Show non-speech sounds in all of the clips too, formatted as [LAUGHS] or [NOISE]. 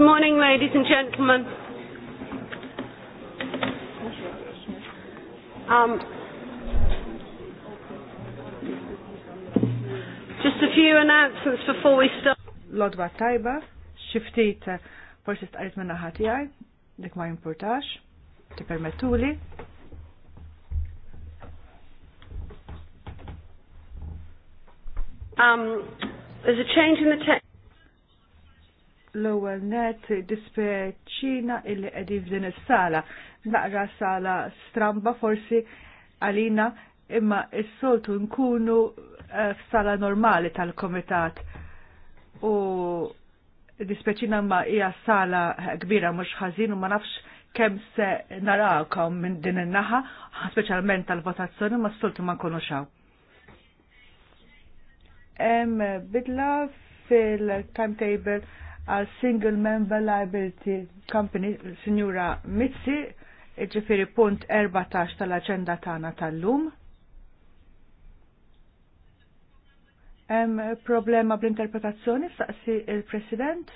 morning, ladies and gentlemen. Um, just a few announcements before we start. Lodwa tajba, xiftit eh, forsi stqarit minna ħatijaj, dik ma jimportax, ti permetuli. Um, there's a change in the text l-ewwel net dispeċina illi qed f'din is-sala. Naqra sala stramba forsi għalina imma s-soltu nkunu eh, f'sala normali tal-komitat u dispeċina ma hija sala kbira mhux ħażin u ma nafx kemm se narawkom minn din in-naħa, speċjalment tal-votazzjoni ma s-soltu ma nkonoxaw. Em bidla fil-timetable għal Single Member Liability Company, Signora Mizzi, ġifiri punt 14 tal-agenda tagħna tal-lum. Hemm problema bl-interpretazzjoni staqsi il-President?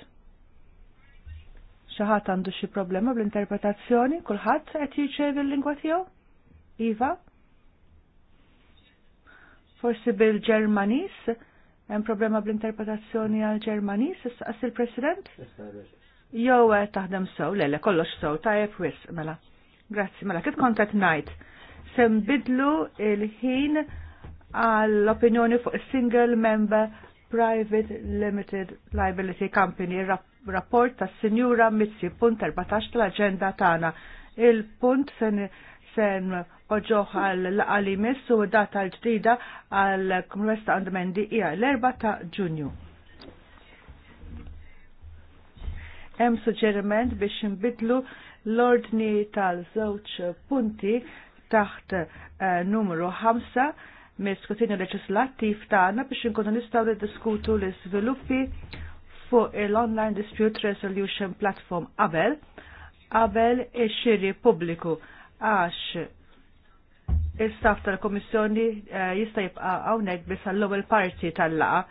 Xi ħadd għandu xi problema bl-interpretazzjoni? Kulħadd qed jirċevi l-lingwa tiegħu? Iva? Forsi bil-Ġermanis? Hemm problema bl-interpretazzjoni għal Ġermanis, issa il-President? Jew eh, taħdem sew, lele, kollox sew, tajjeb wis, mela. Grazzi, mela, kif kont qed ngħid? Se nbidlu il-ħin għall-opinjoni fuq single member private limited liability company rapport tas sinjura Mizzi punt 14 tal-agenda tagħna. Il-punt sen sen oġoħ għal laqali li u data l-ġdida għal-Kongress ta' Andamendi hija l-4 ta' Ġunju. Hemm suġġeriment biex nbidlu l-ordni tal-żewġ punti taħt eh, numru 5 mis-skutinju leġislattiv tagħna biex inkunu nistgħu niddiskutu l-iżviluppi fuq il-Online Dispute Resolution Platform qabel qabel ix-xiri pubbliku għax il-staff tal-Komissjoni eh, jista' jibqa' hawnhekk biss għall-ewwel parti tal-laqa.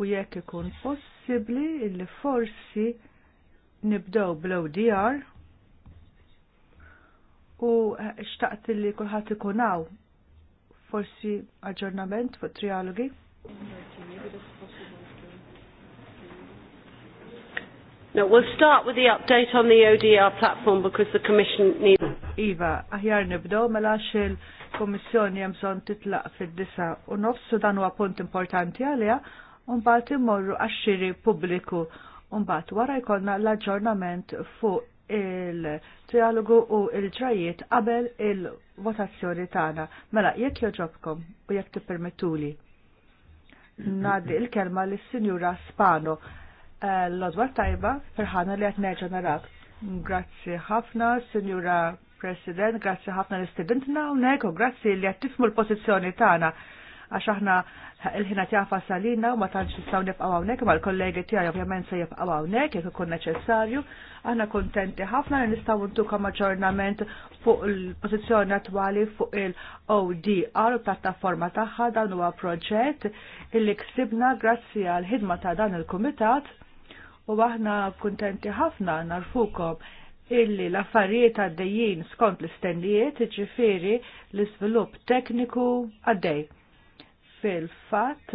U jekk ikun possibbli li forsi nibdew bl-ODR u eh, xtaqt li kulħadd ikun hawn forsi aġġornament fuq trialogi. No, we'll start with the update on the ODR platform because the Commission needs... Iva, aħjar nibdow mela xil kommissjoni jemżon titlaq fil-disa u nofsu dan huwa punt importanti għalija un bat immorru għaxxiri publiku un bat wara jkollna l-aġġornament fuq il-trialogu u il-ġrajiet qabel il-votazzjoni tagħna. Mela, jekk joġobkom u jekk tippermettuli. [COUGHS] Nadi il-kelma lis-Sinjura Spano l odwar tajba, ferħana li għat nerġa narak. Grazzi ħafna, Signora President, grazzi ħafna l-istudentna unnek, u grazzi li għattifmu tifmu l-pozizjoni tana għax aħna il-ħina tjafa salina u ma tantx nistgħu nibqgħu hawnhekk ma l-kollegi tiegħi ovvjament se jefqaw hawnhekk jekk ikun neċessarju. Aħna kuntenti ħafna li nistgħu ntukom aġġornament fuq il-pożizzjoni attuali fuq il-ODR plattaforma tagħha dan huwa proġett illi ksibna grazzi għal ħidma ta' dan il-kumitat u aħna kuntenti ħafna narfukom illi l-affarijiet għaddejjin skont l istendijiet ġifiri l-izvilupp tekniku għaddej. Fil-fat,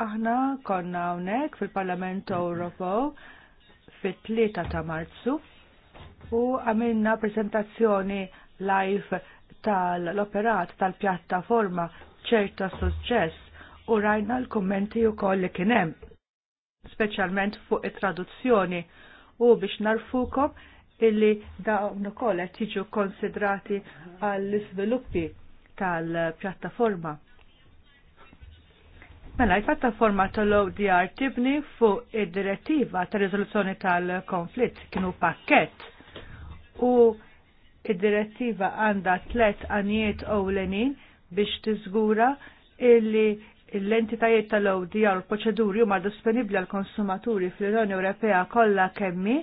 aħna konna hawnhekk fil-Parlament Ewropew fit-3 ta' Marzu u għamilna prezentazzjoni live tal-operat tal-pjattaforma ċerta suċċess u rajna l-kommenti u koll li kienem speċjalment fuq it-traduzzjoni u biex narfukom illi dawn ukoll qed jiġu konsidrati għall sviluppi tal-pjattaforma. Mela, il-pjattaforma tal-ODR tibni fuq id-direttiva tal riżoluzzjoni tal-konflitt kienu pakket u id-direttiva għandha tlet għanijiet ewlenin biex tiżgura illi l-entitajiet tal u l proċeduri huma disponibbli għal konsumaturi fl-Unjoni Ewropea kollha kemmi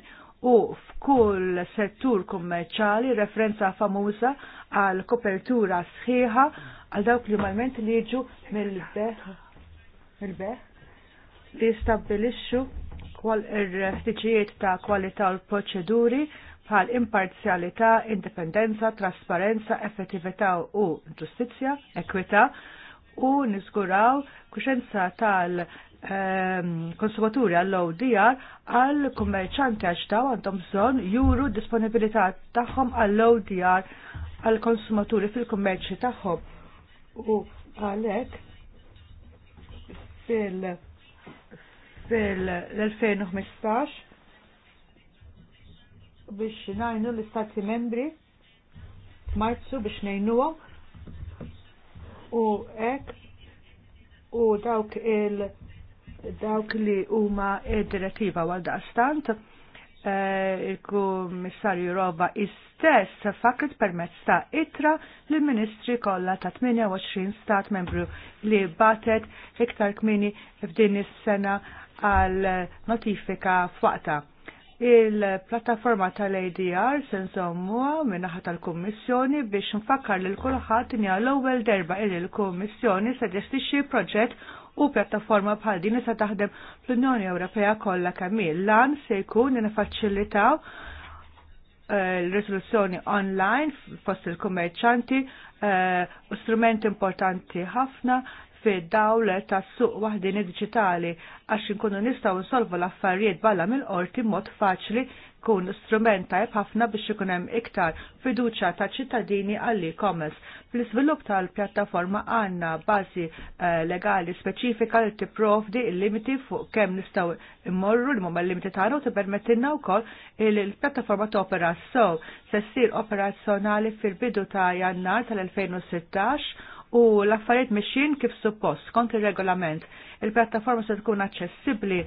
u f'kull settur kummerċali referenza famuża għal kopertura sħiħa għal dawk li malment li jiġu mill-beħ mill-beħ li jistabbilixxu ir-ħtiġijiet ta' kwalità u l-proċeduri bħal imparzjalità, indipendenza, trasparenza, effettività u ġustizzja, ekwità, u niżguraw kuxenza tal- ehm, konsumaturi għall-ODR għall kummerċanti għax taw għandhom bżonn juru disponibilità tagħhom għall-ODR għall konsumaturi fil-kummerċi tagħhom. U għalhekk fil fil-2015 biex najnu l-istati membri marzu biex ngħinuhom u ek u dawk il dawk li huma id-direttiva għal daqstant eh, il-Kummissarju Roba istess fakket permezz ta' itra l-Ministri kollha ta' 28 stat membru li batet iktar kmini f'din is-sena għal notifika f'waqta Il-plattaforma tal-ADR se nżommuha minnaħa tal-Kummissjoni biex nfakkar l kulħadd inja l-ewwel derba il l-Kummissjoni se xie proġett u pjattaforma bħal din se taħdem fl-Unjoni Ewropea kollha kemm lan se jkun nifaċilitaw eh, l-risoluzzjoni online fost il-kummerċanti, eh, strumenti importanti ħafna fi dawle ta' suq waħdini digitali għax inkunu nistgħu nsolvu l-affarijiet balla mill-qorti mod faċli kun strument tajb ħafna biex ikun hemm iktar fiduċja ta' ċittadini għall e-commerce. Fl-iżvilupp tal-pjattaforma għandna bażi eh, legali speċifika li tipprovdi il-limiti fuq kemm nistgħu immorru li huma l-limiti tagħna u tippermettilna wkoll il-pjattaforma topera so se ssir operazzjonali fil-bidu ta' Jannar tal-2016 u l-affarijiet mexjin kif suppost kont il-regolament. Il-pjattaforma se tkun aċċessibbli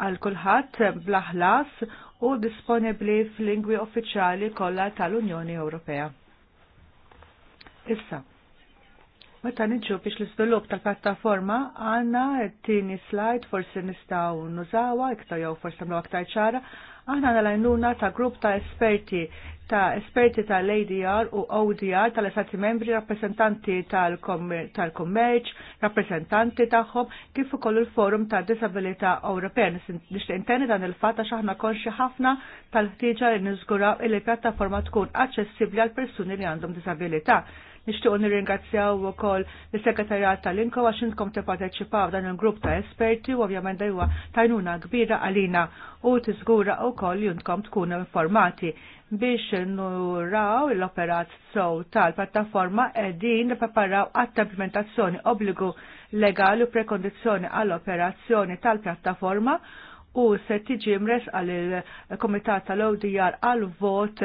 għal kulħadd blaħlas u disponibbli f'lingwi uffiċjali kollha tal-Unjoni Ewropea. Issa, meta niġu biex l-iżvilupp tal-pjattaforma għandna t-tieni slide forsi nistgħu nużawha iktar jew forsi nagħmlu aktar ċara Aħna l għajnuna ta' grupp ta' esperti ta' esperti tal-ADR u ODR tal-Estati membri, rappresentanti tal-kommerċ, rappresentanti tagħhom kif ukoll il-Forum ta' Disabilità Ewropea. Nixtieq inteni dan il-fatt għax aħna konxi ħafna tal-ħtieġa li niżguraw il-pjattaforma tkun aċċessibbli għal persuni li għandhom disabilità Nixtiequ nirringrazzjaw ukoll is segretarjat tal-Inko għax intkom parteċipaw dan il-grupp ta' esperti u ovvjament huwa tajnuna kbira għalina u tiżgura wkoll li intkom tkunu informati biex nuraw l-operat sow tal-pattaforma edin preparaw għat-implementazzjoni obbligu legali u prekondizzjoni għall-operazzjoni tal-pjattaforma u se tiġi mres għal il-Komitat tal-ODR għal vot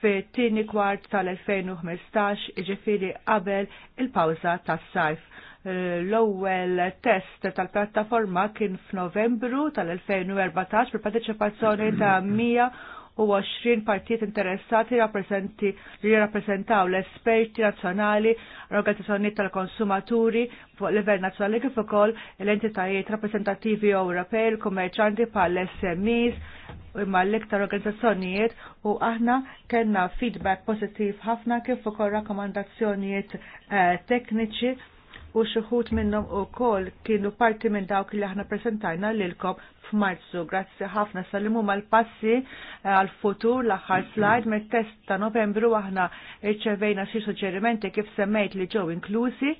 fit-tieni kwart tal-2015 iġifieri qabel il pawza tas-sajf. Eh, l-ewwel test tal-pjattaforma kien f'Novembru tal-2014 bil-parteċipazzjoni ta' 120 [COUGHS] partijiet interessati rappresenti li rappresentaw l-esperti nazzjonali, l-organizzazzjoni tal-konsumaturi fuq livell nazzjonali kif ukoll l-entitajiet rappresentativi Ewropej, il-kummerċanti bħal SMEs, imma l-iktar organizzazzjonijiet u aħna kellna feedback pozittiv ħafna kif ukoll rakkomandazzjonijiet eh, tekniċi u xuħut minnom u kol kienu parti minn dawk li aħna presentajna lilkom f'Marzu. Grazzi ħafna salimu mal-passi eh, għal-futur l-aħħar slide me test ta' novembru aħna irċevejna xi suġġerimenti kif semmejt li ġew inklusi.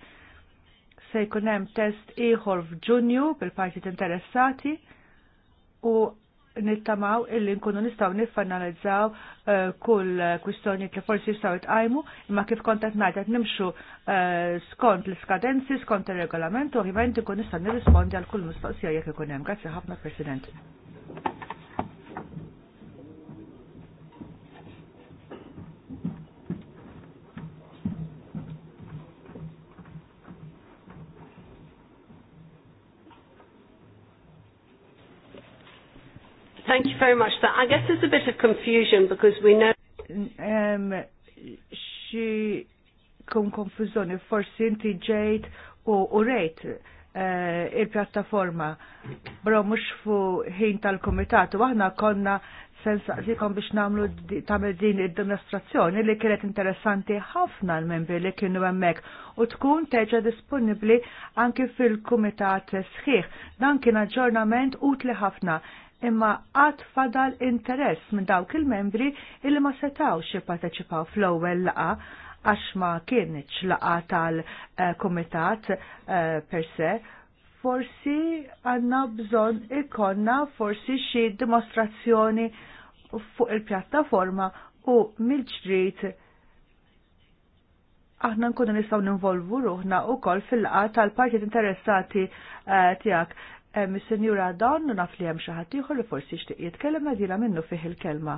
Se jkun hemm test ieħor f'Ġunju bil-partit interessati u nittamaw illi nkunu nistaw nifanalizzaw eh, kull kwistjoni li forsi jistaw itqajmu imma kif kontet najt nimxu eh, skont l-iskadenzi, skont ir regolament u ovvjament nkun nistaw nirrispondi għal kull mistoqsija jekk ikun hemm. ħafna President. Thank you very much. I guess there's a bit of confusion because we know... Um, xi kun konfuzjoni, forsi inti ġejt u rejt eh, il-pjattaforma, bro mux fu ħin tal-komitatu, aħna konna kon biex namlu tamel din id-demonstrazzjoni li kienet interessanti ħafna l-membri li kienu hemmhekk u tkun teġa disponibbli anki fil-kumitat sħiħ. Dan kien aġġornament utli ħafna imma għad fadal interess minn dawk il-membri illi ma setawx jipparteċipaw fl-ewwel laqa għax ma kienx laqa tal-komitat eh, per se, forsi għanna bżon ikonna forsi xi dimostrazzjoni fuq il-pjattaforma u mill-ġrid aħna nkunu nistgħu ninvolvu ruħna wkoll fil-laqa tal-partit interessati eh, tiegħek mis-senjura Don naf li hemm xi ħadd ieħor li forsi jixtieq jitkellem għadila minnu fih il-kelma.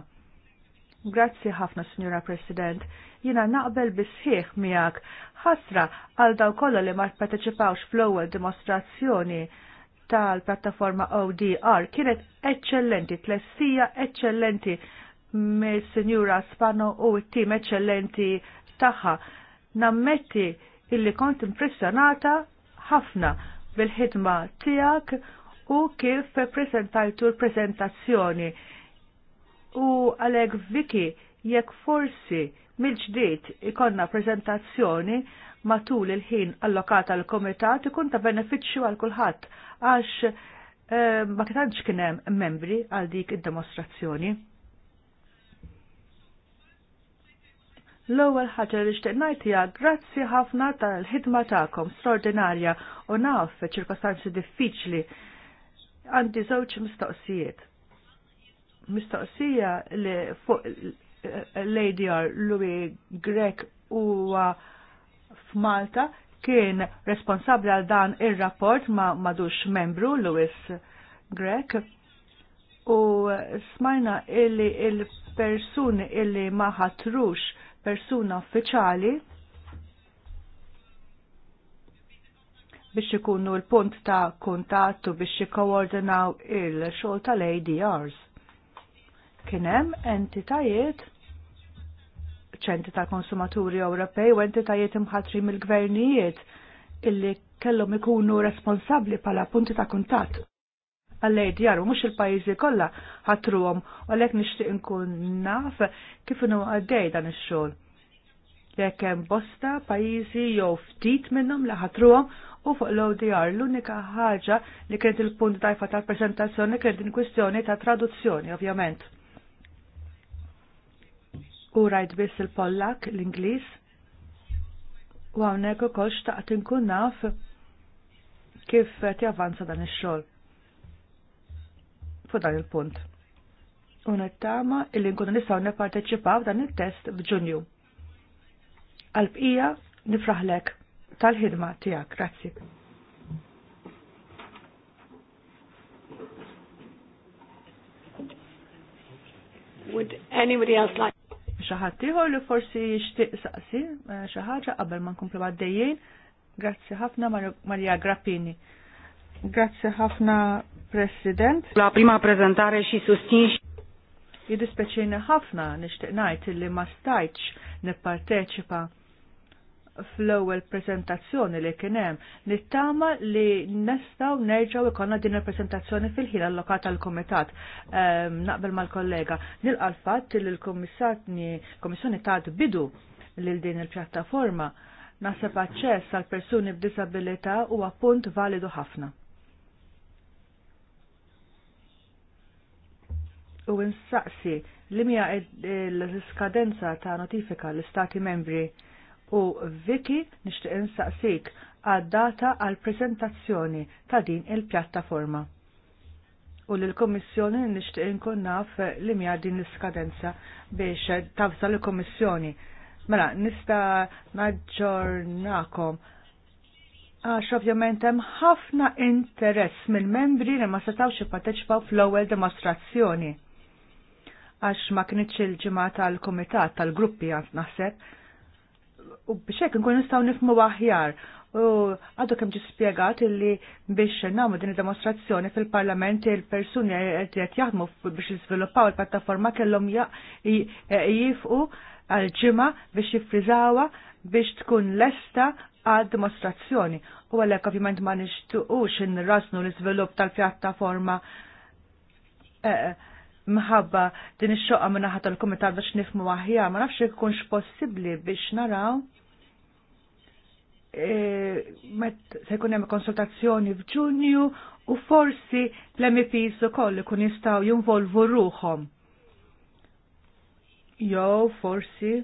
Grazzi ħafna, Sinjura President. Jina naqbel bisħiħ miegħek ħasra għal daw kollha li ma pparteċipawx fl-ewwel dimostrazzjoni tal-plattaforma ODR kienet eccellenti, tlessija eccellenti mis sinjura Spano u t-tim eccellenti tagħha. Nammetti illi kont impressjonata ħafna bil-ħidma tijak u kif prezentajtu l-prezentazzjoni. U għalek Viki, jekk forsi mil ġdid ikonna prezentazzjoni matul il-ħin allokata l komitat ikun ta' beneficju għal kulħadd għax eh, ma kienx kien hemm membri għal dik id-demostrazzjoni. L-ewwel ħaġa li xtieq ngħid grazzi ħafna tal-ħidma tagħkom straordinarja u naf ċirkostanzi diffiċli. Għandi żewġ mistoqsijiet. Mistoqsija li fuq l-ADR Louis Grek huwa f'Malta kien responsabbli għal dan ir-rapport ma madux membru Louis Grek u smajna illi il-persuni illi ma ħatrux persuna uffiċjali biex ikunu l-punt ta' kuntattu biex jikkoordinaw il-xogħol tal-ADRs. Kien hemm entitajiet ċenti ta' konsumaturi Ewropej u entitajiet imħatri mill-gvernijiet illi kellhom ikunu responsabbli pala punti ta' kuntatt għallej adr u mux il-pajizi kolla ħatruhom u għallek nishtiq nkun naf kif inu għaddej dan ix-xogħol. Jekk hemm bosta pajjiżi jew ftit minnhom li ħatruhom u fuq l-ODR l-unika ħaġa li kienet il-punt tajfa tal-presentazzjoni kred in kwistjoni ta' traduzzjoni ovvjament. U rajt biss il-Pollak, l-Ingliż, u għawnek u kox taqt nkun naf kif ti avanza dan ix-xogħol fuq dan il-punt. U nittama illi nkunu nistgħu nipparteċipaw dan il-test f'Ġunju. Għalbqija nifraħlek tal-ħidma tiegħek. Grazzi. Would anybody else like xaħat tiħor li forsi jishtiq saqsi eh, xaħġa qabel ma nkomplu għaddejjien. Grazzi ħafna Maria Grappini. Grazzi ħafna President. La prima prezentare xi sustin Jidispeċina ħafna nixtieq ngħid li ma stajtx nipparteċipa fl-ewwel prezentazzjoni li kien hemm nittama li nistgħu nerġgħu ikollna din il-preżentazzjoni fil-ħin allokata l kumitat ehm, naqbel mal-kollega. Nilqa l-fatt li l-Kummissjoni tad bidu lil din il-pjattaforma naħseb aċċess għal persuni b'disabilità huwa punt validu ħafna. u nsaqsi li mija l-skadenza ta' notifika l-Stati membri u Viki nixtieq insaqsik għad-data għal prezentazzjoni ta' din il-pjattaforma. U l-Komissjoni nixtieq inkun naf li mija din l-skadenza biex tafsa l-Komissjoni. Mela, nista' naġġornakom għax ovvjament hemm ħafna interess mill-membri li ma setgħux jipparteċipaw fl-ewwel demostrazzjoni għax ma kienx il-ġimgħa tal-kumitat tal-gruppi għand naħseb. U biex hekk nkun nistgħu nifhmu aħjar. U għadu kem ġispiegat illi biex namu din il-demonstrazzjoni fil-parlament il-persuni għet jaħdmu biex jizviluppaw il-pattaforma kellhom e, jifqu għal ġimgħa biex jifrizawa biex tkun lesta għad demonstrazzjoni. U għalek ovvjament ma nixtuqux rasnu l-izvilupp tal-pjattaforma e, e, mħabba din ix-xoqa minn naħa tal-kumitat biex nifmu aħjar, ma nafx ikunx possibbli biex naraw e, se jkun hemm konsultazzjoni f'Ġunju u forsi l-MPs ukoll ikun jistgħu jinvolvu ruhom. Jew forsi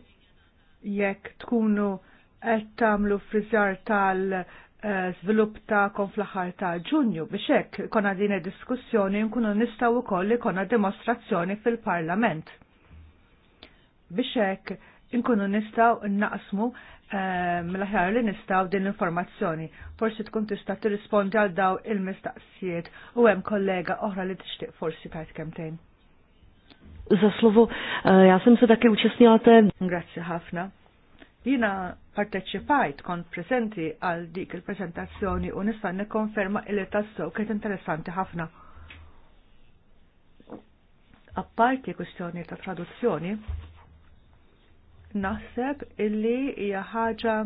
jekk tkunu qed tagħmlu friżjar tal- żvilupp eh, ta'kom fl-aħħar ta' Ġunju biex hekk konna din id-diskussjoni nkunu nistgħu wkoll ikonna dimostrazzjoni fil-Parlament. Biex hekk nkunu nistgħu naqsmu eh, mill-aħjar li nistgħu din l-informazzjoni. Forsi tkun tista' tirrispondi għal daw il-mistaqsijiet u hemm kollega oħra li tixtieq forsi tajt kemtejn. Za slovo, eh, ja sem se taky účastnila té... Grazie, Hafna. Jina parteċipajt kont presenti għal dik il-prezentazzjoni u nista' nikkonferma li tassew kiet interessanti ħafna. Apparti kwistjoni ta' traduzzjoni, naħseb illi hija ħaġa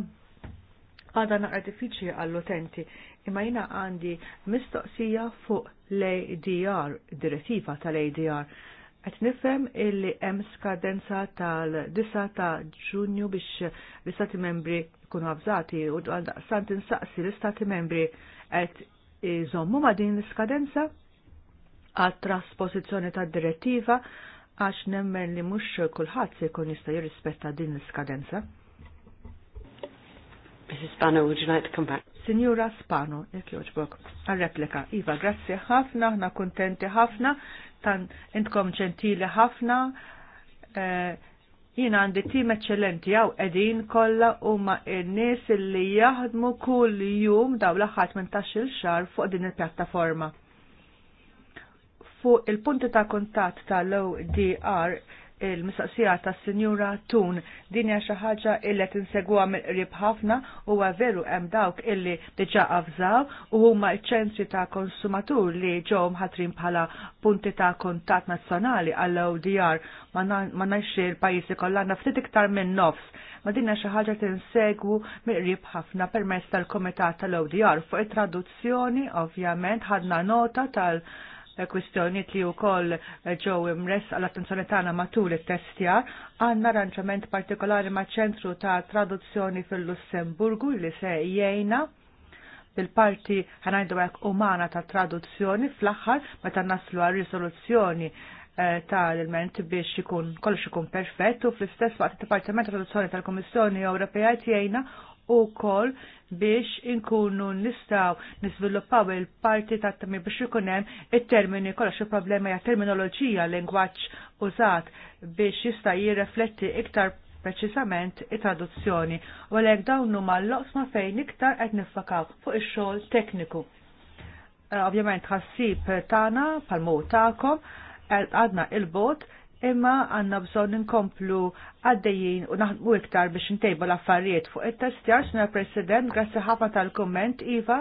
għadha naqra diffiċli għall-utenti imma jina għandi mistoqsija fuq l-ADR, direttiva tal-ADR Qed nifhem illi hemm skadenza tal-9 ta' Ġunju biex l-Istati Membri jkunu għabżati u għal daqstant insaqsi l-Istati Membri qed iżommu ma' din l-iskadenza għat trasposizjoni tad direttiva għax nemmen li mhux kulħadd se jkun jista' jirrispetta din l-iskadenza. Mrs. Spano, would you like to come back? Signora Spano, jek joġbok, għal-replika. Iva, grazzi ħafna, ħna kontenti ħafna tan intkom ġentili ħafna. Eh, jina għandi tim eccellenti għaw edin kolla ma n-nis li jaħdmu kull jum daw laħħat minn taxil xar fuq din il-pjattaforma. Fuq il-punti ta' kontat tal-ODR il-mistaqsija ta' Sinjura Tun din hija xi ħaġa illi qed insegwa mill-qrib ħafna huwa veru hemm dawk illi diġà qafżaw u huma ċ-ċentri ta' konsumatur li ġew mħatrin bħala punti ta' kuntatt nazzjonali għall ODR ma nafx il-pajjiżi kollha ftit iktar minn nofs ma dinja xi ħaġa tinsegwu qrib ħafna permezz tal kumitat tal-ODR fuq it-traduzzjoni ovvjament ħadna nota tal- Eh, kwistjoniet li wkoll eh, ġew imres għall attenzjoni tagħna matul it-testjar għandna arranġament partikolari ma' ċentru ta' traduzzjoni fil-Lussemburgu li se jgħinna bil-parti ħanajdu għek umana ta' traduzzjoni fl-axħar meta naslu għal risoluzzjoni eh, ta' l-ment biex ikun kollox ikun perfett u fl-istess waqt id-Dipartiment Traduzzjoni tal-Kommissjoni Ewropea tgħinna u kol biex inkunu nistaw nisviluppaw il-parti ta' tammi biex ikunem il-termini kolla xo problema ja' terminoloġija lingwaċ użat biex jista' jirrefletti iktar preċisament it-traduzzjoni u għalek dawnu ma l-loqsma fejn iktar qed nifakaw fuq ix-xogħol tekniku. Eh, ovvjament ħassib tagħna pal-mod tagħkom għadna il-bot imma għanna bżon nkomplu għaddejjien u naħdmu iktar biex intejbu l-affarijiet fuq it-testjar, sena President, grazzi ħafna tal-komment, Iva,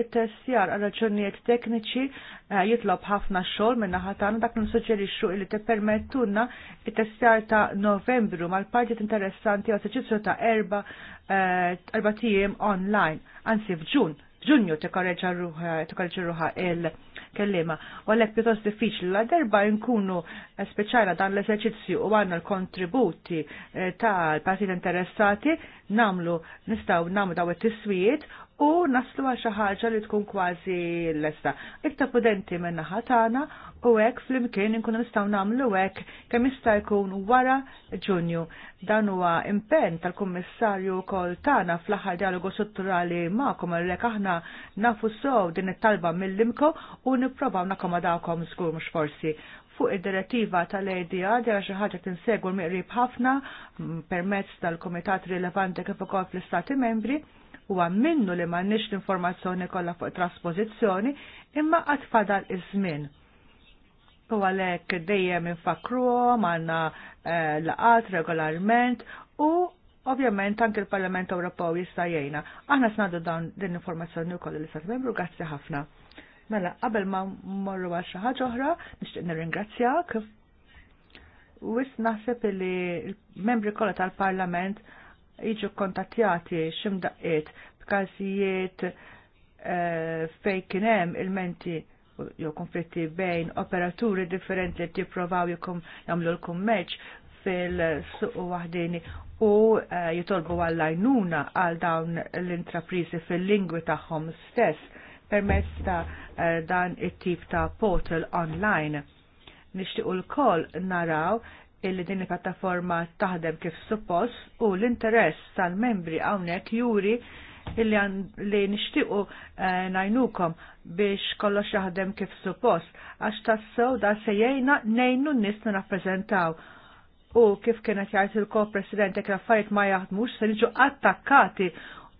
it-testjar għal raġunijiet tekniċi eh, jitlob ħafna xogħol minn ħatana dak nsuġġerixxu li tippermettunna it-testjar ta' Novembru mal-partit interessanti għal eżerċizzju ta' erba eh, erba' tiem online, anzi f'Ġun, f'ġunju tikkoreġġa ruħa il- kellima. U għalhekk pjuttost diffiċli la darba nkunu speċjala dan l-eżerċizzju u għandna l-kontributi eh, tal-partit interessati namlu nistgħu namlu daw it tiswiet u naslu għal xi ħaġa li tkun kważi lesta. Iktar pudenti minna naħa tagħna u hekk flimkien inkunu nistgħu nagħmlu hekk kemm jista' jkun wara Ġunju. Dan huwa impenn tal-Kummissarju wkoll tagħna fl-aħħar dialogu strutturali magħkom għalhekk aħna nafu sow din it-talba mill-imko u nipprovaw nakkomodawkom żgur mhux forsi fuq id-direttiva tal-EDA ġara xi ħaġa tinsegwu miqrib ħafna permezz tal komitat Rilevanti kif ukoll fl-Istati Membri huwa minnu li m'għandniex l-informazzjoni kollha fuq trasposizzjoni imma qatt fadal iż-żmien. U għalhekk dejjem infakruhom għandna eh, laqat regolarment u ovvjament anke l-Parlament Ewropew jista' jgħina. Aħna snadu dawn din l-informazzjoni wkoll li istat membru grazzi ħafna. Mela, qabel ma mmorru għal xi ħaġa oħra, nixtieq nirringrazzjak. Wis naħseb li l-membri kollha tal-Parlament jiġu kontattjati x'imdaqiet, b'każijiet eh, fejn kien hemm il-menti jew konflitti bejn operaturi differenti li jippruvaw jagħmlu l-kummerċ fil-suq wahdini u eh, jitolbu għall-għajnuna għal dawn l-intraprizi fil-lingwi tagħhom stess permezz ta' eh, dan it-tip ta' portal online. Nixtiequ l-koll naraw illi din il pattaforma taħdem kif suppost u l-interess tal-membri hawnhekk juri illi għan li nishtiqu uh, eh, najnukom biex kollox jaħdem kif suppost, għax tassew da sejjena nejnu n-nis rappresentaw U kif kienet jgħajt il-ko-president jek raffariet ma jaħdmux, se nġu attakkati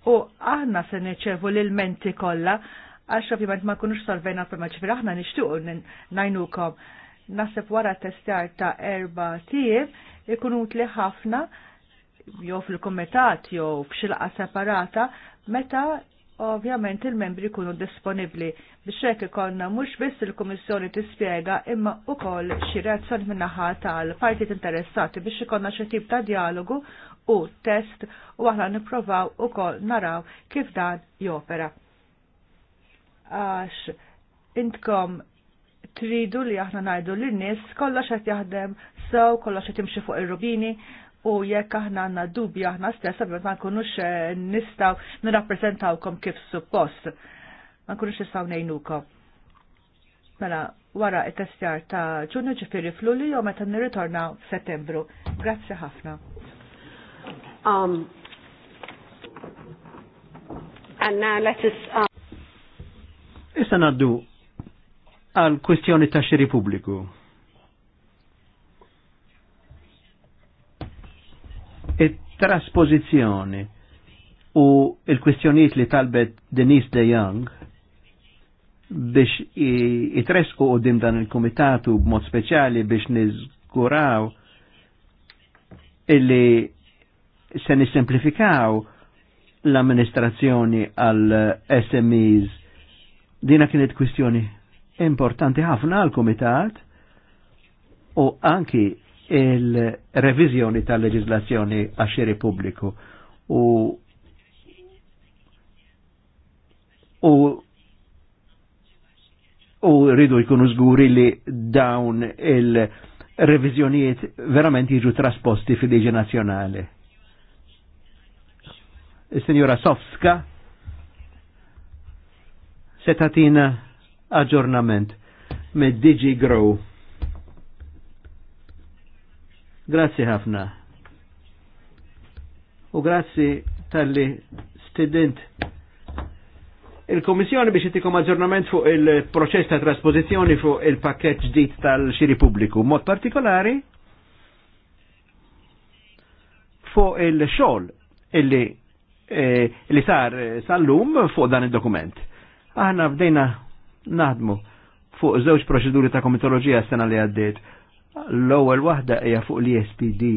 u aħna se neċevu l-menti kolla, għax ovvijament ma kunux solvejna problema ċifir aħna nishtiqu najnukom nasib wara testjar ta' erba tijib ikun utli ħafna jew fil-komitat jew f'xilqa separata meta ovvjament il-membri jkunu disponibbli biex hekk ikollna mhux biss il-Kummissjoni tispjega imma wkoll xi reazzjoni min-naħa tal-partit interessati biex ikonna xi tip ta' dialogu u test u aħna nipprovaw ukoll naraw kif dan jopera. Għax intkom tridu li aħna najdu li nies kollox qed jaħdem sew, kollox qed jimxi fuq ir-rubini u jekk aħna għandna dubja aħna stess sabiex ma nkunux eh, nistgħu nirrappreżentawkom kif suppost. Ma nkunux nistgħu ngħinukom. Mela, wara it-testjar ta' ġunju ġifieri f'Lulju jew meta nirritorna f'Settembru. Grazzi ħafna. Um, and now let us... Um... Issa naddu għal kwestjoni ta' xiri pubbliku. It-traspożizzjoni u il kwestjoniet li talbet Denise De Young biex jitresqu u dim dan il-komitatu b'mod speċjali biex nizguraw illi se nisimplifikaw l-amministrazzjoni għal SMEs. Dina kienet kwistjoni importanti ħafna għal komitat u anki il-revizjoni tal-leġizlazzjoni għaxiri pubbliku u u u rridu jkunu żguri li dawn il-revizjonijiet verament jiġu trasposti fil-liġi nazjonali. Il-Senjora Sofska setatina aġġornament me' Digi Grow. Grazzi ħafna. U grazzi tal-li stident il-Komissjoni biex jittikom aġġornament fuq il-proċess ta' trasposizjoni fuq il-pakket ġdid tal-xiri pubbliku. Mod partikolari fuq il-xol illi eh, li sar eh, sal-lum fuq dan il-dokument. Aħna bdejna naħdmu fuq żewġ proċeduri ta' komitoloġija s-sena li għaddiet. L-ewwel waħda hija fuq l-ESPD.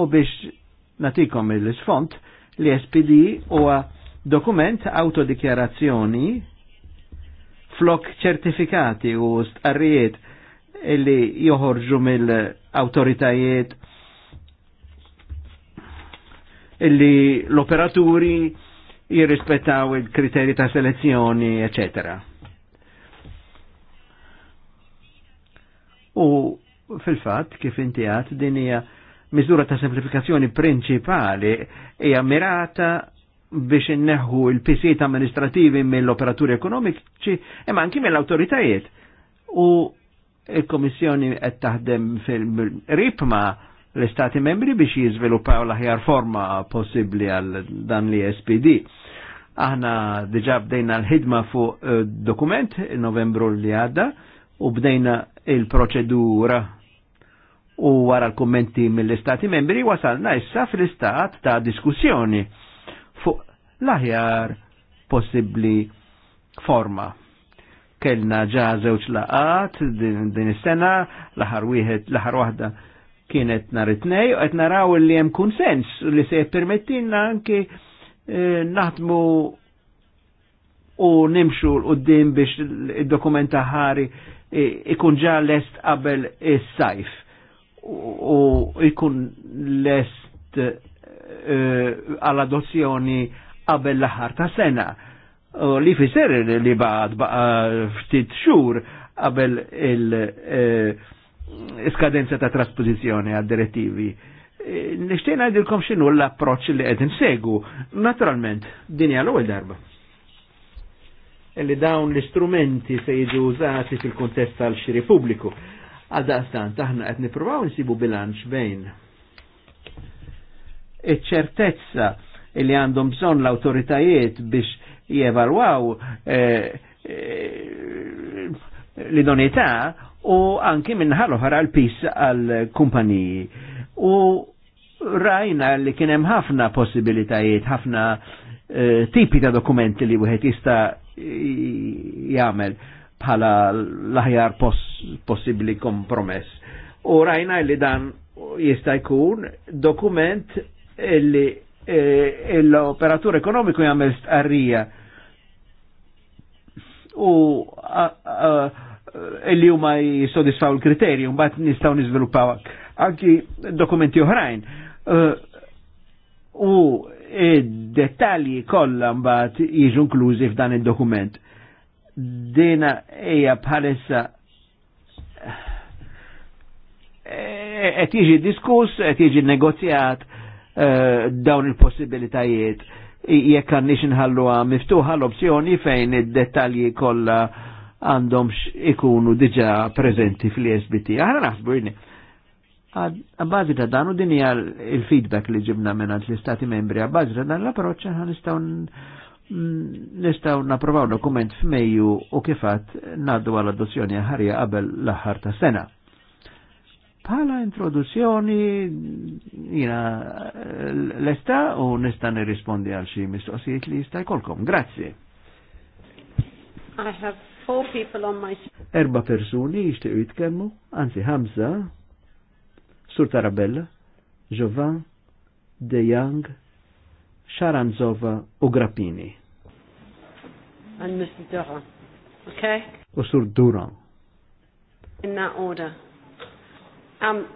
U biex natikom il-sfont, l-ESPD huwa dokument autodikjarazzjoni flok ċertifikati u stqarrijiet illi joħorġu mill-autoritajiet illi l-operaturi jirrispettaw il-kriteri ta' selezzjoni, etc. U fil-fat, kif inti għat, din hija miżura ta' semplifikazzjoni prinċipali hija mirata biex inneħu il-pisiet amministrativi mill-operaturi ekonomiċi imma anki mill-autoritajiet. U il-Komissjoni qed taħdem fil-ripma l-Istati membri biex jizvilupaw l-aħjar forma possibli għal dan li SPD. Aħna diġa bdejna l-ħidma fuq eh, dokument novembru li għadda u bdejna il-proċedura u wara l-kommenti mill-Istati membri wasalna issa fl-istat ta' diskussjoni fuq l-aħjar possibli forma. Kellna ġa żewġ laqat din is-sena, l wieħed, l waħda kienet nhar it-tnej, qed naraw li hemm kunsens li se jippermettilna anki eh, naħdmu u nimxu l-qoddim biex id dokumenta ħari eh, ikun ġa lest qabel is-sajf u ikun lest eh, għall-adozzjoni qabel l-aħħar ta' sena. U li fisser li baqgħet ftit xhur qabel il- eh, skadenza ta' trasposizjoni għad direttivi. E, Nishtejna għadilkom xinu l-approċ li għed nsegu, naturalment, din l ewwel darba. Illi e dawn l-istrumenti se jiġu użati fil-kontest tal-xiri publiku. Għal taħna għed nipruvaw nsibu bilanċ bejn. Iċ-ċertezza illi għandhom bżon l-autoritajiet biex jevalwaw eh, eh, l u anki minnaħal oħra l-pis għal-kumpaniji. U rajna li kienem ħafna possibilitajiet, ħafna uh, tipi ta' dokumenti li wieħed jista' jagħmel bħala l-aħjar pos possibli kompromess. U rajna li dan jista' jkun dokument li eh, l-operatur ekonomiku jagħmel stqarrija u uh, uh, Eh, li huma jissodisfaw il-kriterji, mbagħad nistgħu niżviluppaw anki dokumenti oħrajn. Eh, u id-dettalji kollha mbagħad jiġu inklużi f'dan id-dokument. Dina hija bħalissa eh, qed jiġi diskuss, qed jiġi negozjat dawn il-possibilitajiet jekk għandix inħalluha miftuħa l-opzjoni fejn id-dettalji kollha għandhomx ikunu diġa prezenti fil-SBT. Aħna naħsbu jini. Għabbażi ta' dan u din hija il-feedback li ġibna minn l-Istati membri, għabbażi ta' dan l approċ aħna nistgħu nistaw napprovaw dokument f'Mejju u kifat naddu għal adozzjoni ħarja qabel l-aħħar ta' sena. Bħala introduzzjoni jina l-esta u nista' nirrispondi għal xi mistoqsijiet li jista' jkollkom. Grazzi. I have four people on my Erba persuni jixtiequ jitkellmu, anzi Hamza, Sur Tarabella, Jovan, De Young, Sharanzova u Grappini. And Mr. Dora. Okay? U Sur Duran. In that order. Um,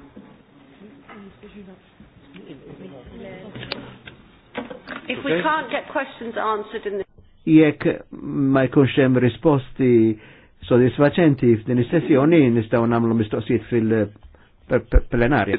if we can't get questions answered in the jekk ma jkunx hemm risposti sodisfaċenti f'din is-sessjoni nistgħu nagħmlu mistoqsijiet fil- plenarja.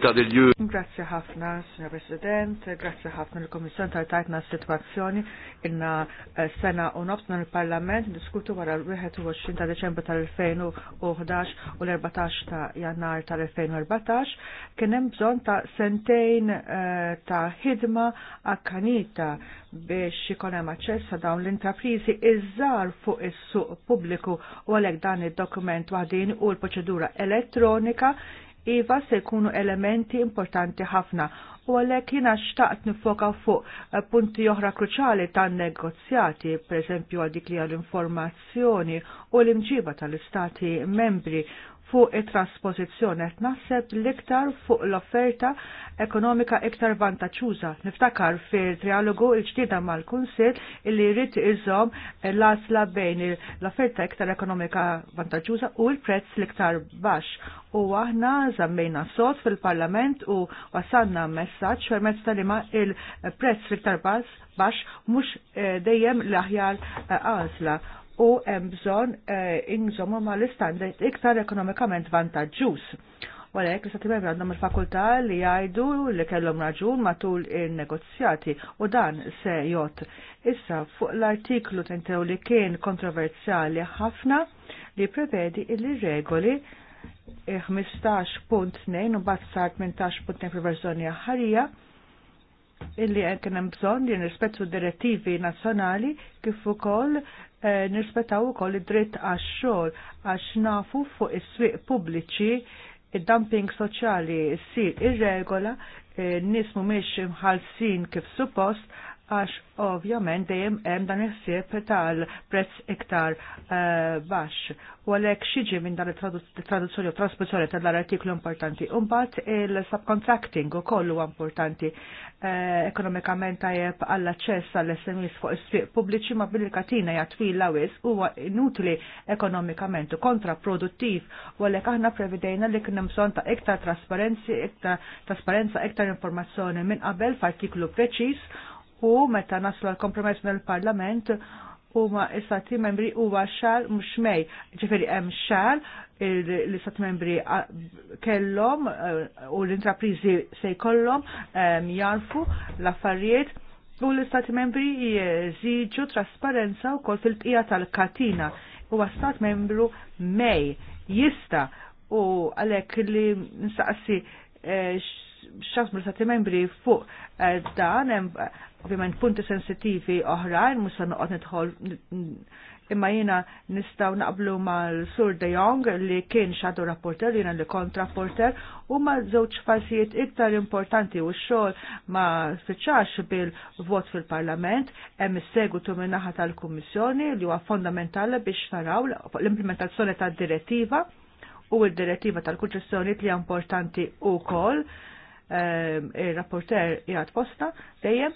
Grazie ħafna, Sra. President, grazie ħafna l-Komissjon tal-tajtna s-situazzjoni inna eh, sena u nofs il-Parlament diskutu wara l-21 ta' Deċembru tal-2011 u l-14 ta' Jannar tal-2014 kien hemm bżonn ta' sentejn eh, ta' ħidma akkanita biex ikun hemm aċċess ta' dawn l-intraprizi iżżar fuq is-suq pubbliku u għalhekk dan id-dokument waħdin u l-proċedura elettronika iva se jkunu elementi importanti ħafna u għalek jina xtaqt nifoka fuq eh, punti oħra kruċali tan negozjati, per għal għadik li għal-informazzjoni u l-imġiba tal-istati membri fuq it-trasposizzjoni qed naħseb l-iktar fuq l-offerta ekonomika iktar vantaċuża. Niftakar fil-trialogu l ġdida mal-Kunsill illi jrid iżom l-asla bejn l-offerta iktar ekonomika vantaġġuża u l-prezz l-iktar baxx. U aħna żammejna sod fil-Parlament u wasanna messaġġ permezz tal-ima il-prezz l-iktar baxx mhux eh, dejjem l-aħjar eh, għażla u hemm bżonn eh, inżommu mal-istandard iktar ekonomikament vantaġġuż. Walek, sa' tibem għandhom il-fakultà li jgħidu li kellhom raġun matul il-negozjati u dan se jot. Issa, fuq l-artiklu tentew li kien kontroversjali ħafna li prevedi il-regoli 15.2 eh, u bat sar 18.2 fil-verżjoni ħarija illi kien hemm bżonn li nirrispettu direttivi nazzjonali kif ukoll Eh, nirrispettaw ukoll id-dritt għax-xogħol għax nafu fuq is-swieq pubbliċi id-dumping soċjali ssir ir-regola, eh, n-nies mhumiex imħallsin kif suppost għax ovvjament dejjem hemm dan is ħsieb tal-prezz iktar eh, baxx. U għalhekk xiġi minn dan it-traduzzjoni u trasposizzjoni ta' dan artiklu importanti. Imbagħad il-subcontracting ukoll huwa importanti eh, ekonomikament tajjeb għall-aċċess għall-SMEs fuq is-swieq pubbliċi ma' bil-katina hija twila wis huwa inutli ekonomikament u kontraproduttiv u għalhekk aħna prevedejna li kien hemm bżonn ta' iktar trasparenzi, iktar trasparenza, iktar informazzjoni minn qabel f'artiklu preċiż u meta naslu għal kompromess mill-Parlament huma istati membri huwa xar mhux mej, ġifieri hemm xar l-istati membri kellhom eh, u l-intrapriżi se jkollhom eh, jarfu l-affarijiet u l-istati membri jeżiġu trasparenza wkoll fil-tqija tal-katina huwa għastat membru mej jista' u għalek li nsaqsi eh, xans mill stati membri fuq eh, dan, eh, ovvjament punti sensitivi oħrajn, mux san noqot nidħol imma jina nistaw naqblu mal-Sur De Jong li kien xadu rapporter, jina li kont rapporter, u ma żewġ falsijiet iktar importanti u xol ma fiċax bil-vot fil-parlament, hemm is-segwitu minnaħa tal-Kummissjoni li huwa fondamentali biex naraw l-implementazzjoni tad-direttiva u l direttiva tal-kuċessjoni li importanti u kol Ehm, il-rapporter jgħat posta dejjem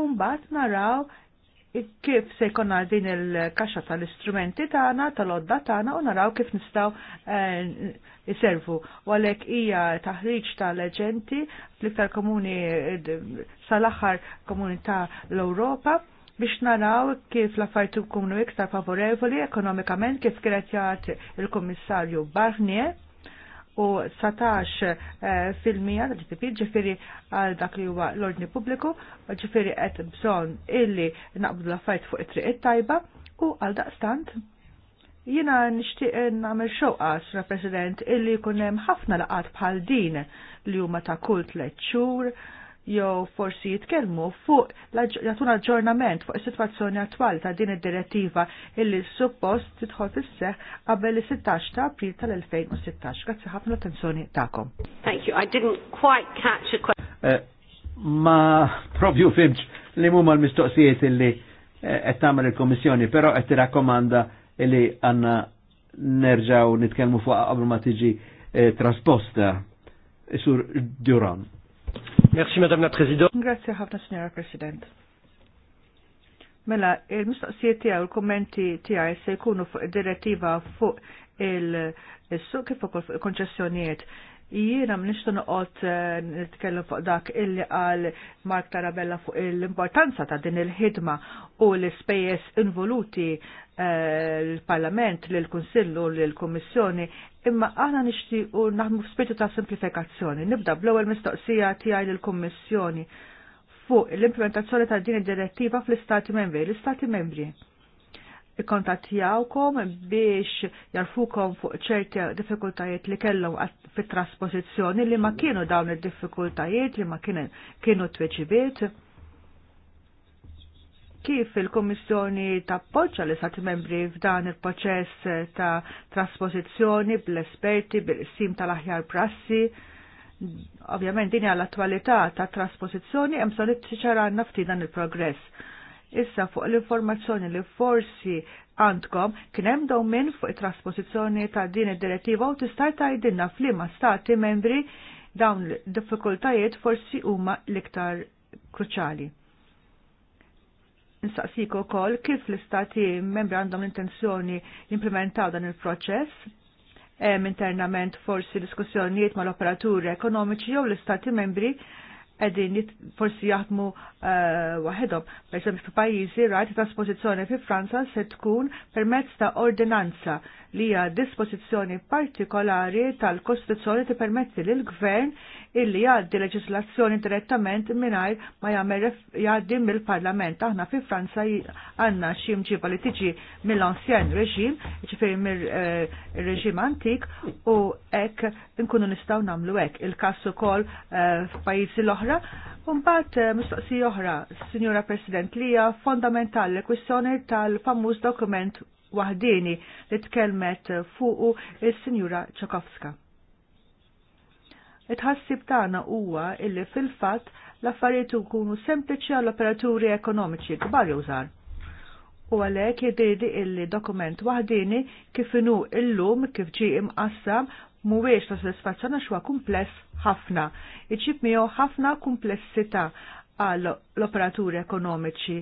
Umbat naraw kif se jkonna din il-kaxa tal-istrumenti tagħna, tal-odda tagħna u naraw kif nistgħu eh, iservu. U għalhekk hija taħriġ tal-leġenti fl-iktar komuni sal-aħħar komuni ta' l-Ewropa biex naraw kif l-affarijiet ikunu iktar favorevoli ekonomikament kif kienet jagħti il-Kummissarju Barnier u 17 eh, fil-mija tal-GDP ġifiri għal dak li huwa l-ordni pubbliku, ġifiri qed bżonn illi naqbdu l-affarijiet fuq it-triq it-tajba u għal daqstant jiena nixtieq nagħmel xewqa sra President illi jkun hemm ħafna laqat bħal din li huma ta' kult leċċur. xhur jew forsi jitkellmu fuq jagħtuna aġġornament fuq is-sitwazzjoni attwali ta' din id-direttiva illi suppost tidħol fis-seħ qabel is-16 ta' April tal-2016. Grazzi ħafna l-attenzjoni tagħkom. Thank you. I didn't quite catch a question. Eh, ma provju fimx li mhuma l-mistoqsijiet illi eh, qed tagħmel il kummissjoni però qed tirakkomanda illi għandna nerġaw nitkellmu fuq qabel ma tiġi eh, trasposta. Sur Duran. Merci, Madame la Présidente. Grazie, ħafna, Signora President. Mela, il-mistoqsijiet tiegħu l-kummenti tiegħi se jkunu fuq direttiva fuq il-suq kif ukoll fuq il-konċessjonijiet. Jiena m'nix noqgħod eh, nitkellem fuq dak illi qal Mark Tarabella fuq l-importanza ta' din il-ħidma u l-ispejjeż involuti l-Parlament, l-Konsillu, l komissjoni imma aħna nixtiequ naħdmu spiritu ta' simplifikazzjoni. Nibda bl-ewwel mistoqsija tiegħi lill-Kummissjoni fuq l-implementazzjoni ta' din id-direttiva fl-Istati Membri. L-Istati Membri ikkontattjawkom biex jarfukom fuq ċerti diffikultajiet li kellhom fit trasposizjoni li ma kienu dawn id-diffikultajiet li ma kienu tweġibiet kif il-Kommissjoni poċa li sati membri f'dan il-proċess ta' trasposizjoni bl-esperti bil-sim tal-aħjar prassi. Ovvjament din għall attualità ta' trasposizzjoni hemm son ċaranna ftit dan il-progress. Issa fuq l-informazzjoni li forsi għandkom kien hemm dawmin fuq it-trasposizzjoni ta' din id-direttiva u tista' tgħidilna f'liema stati membri dawn l diffikultajiet forsi huma l-iktar kruċali. Nsaqsiku wkoll kif l-istati membri għandhom l-intenzjoni jimplementaw dan il-proċess hemm internament forsi diskussjonijiet mal-operaturi ekonomiċi jew l-istati membri qegħdin forsi jaħdmu uh, waħedhom. esempio, fi pajjiżi rajt trasposizzjoni fi Franza se tkun permezz ta' ordinanza li hija dispożizzjoni partikolari tal-Kostituzzjoni permetti lil gvern illi jgħaddi leġislazzjoni direttament mingħajr ma jagħmel jgħaddi mill-Parlament. Aħna fi Franza għandna xi mġiba li tiġi mill-ansjen reġim, ġifieri mir-reġim antik u hekk nkunu nistgħu nagħmlu hekk il-każ ukoll eh, f'pajjiżi l-oħra. Mbagħad eh, mistoqsija oħra, Sinjura President, li hija fondamentali kwissjoni tal-famuż dokument waħdini li tkellmet fuqu il-Sinjura Ċokowska. It-ħassib tagħna huwa illi fil-fatt l-affarijiet ikunu sempliċi għall operaturi ekonomiċi kbar jużar. U għalhekk jidhirli illi dokument waħdini kif inhu illum kif ġie imqassam mhuwiex ta' sodisfazzjoni xwa kumpless ħafna. Iġib miegħu ħafna kumplessità għall l-operaturi ekonomiċi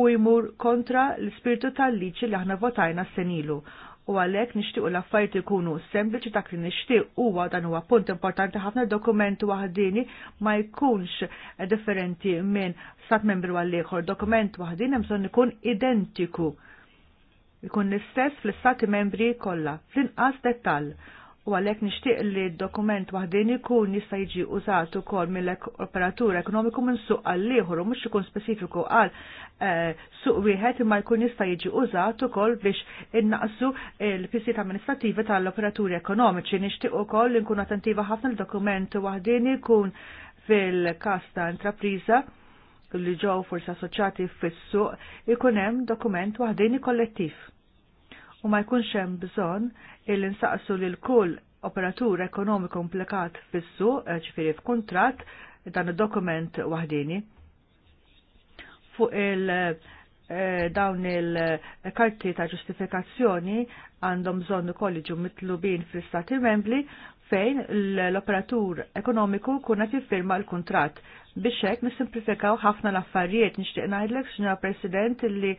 u jmur kontra l-spiritu tal-liċi li aħna votajna senilu u għalhekk nixtiequ l-affarijiet ikunu sempliċi dak li nixtieq huwa dan huwa punt importanti ħafna dokument waħdini ma jkunx differenti minn stat membru għal ieħor. Dokument waħdini hemm ikun identiku. Ikun l-istess fl-istati membri kollha, fl-inqas dettall u għalek nishtiq li dokument waħdin ikun jista' jiġi użat ukoll mill-operatur ekonomiku minn suq għall-ieħor u mhux ikun speċifiku għal eh, suq wieħed imma jkun jista' jiġi użat ukoll biex innaqsu l-fisijiet amministrativi tal-operaturi ekonomiċi. Nixtieq ukoll li nkun attentiva ħafna l-dokument waħdin ikun fil-kas ta' intrapriża li ġew forsi assoċjati fis-suq ikun hemm dokument waħdini kollettiv u ma jkunx hemm bżonn il-insaqsu li l-kull operatur ekonomiku implikat fissu, ċifiri eh, f'kontrat, dan il-dokument wahdini. Fuq il- eh, dawn il-karti ta' ġustifikazzjoni għandhom bżonn ukoll jiġu mitlubin fl-Istati Membri fejn l-operatur ekonomiku kuna tiffirma l-kuntratt biex hekk nisimplifikaw ħafna l-affarijiet. Nixtieq ngħidlek, Sinjor President, li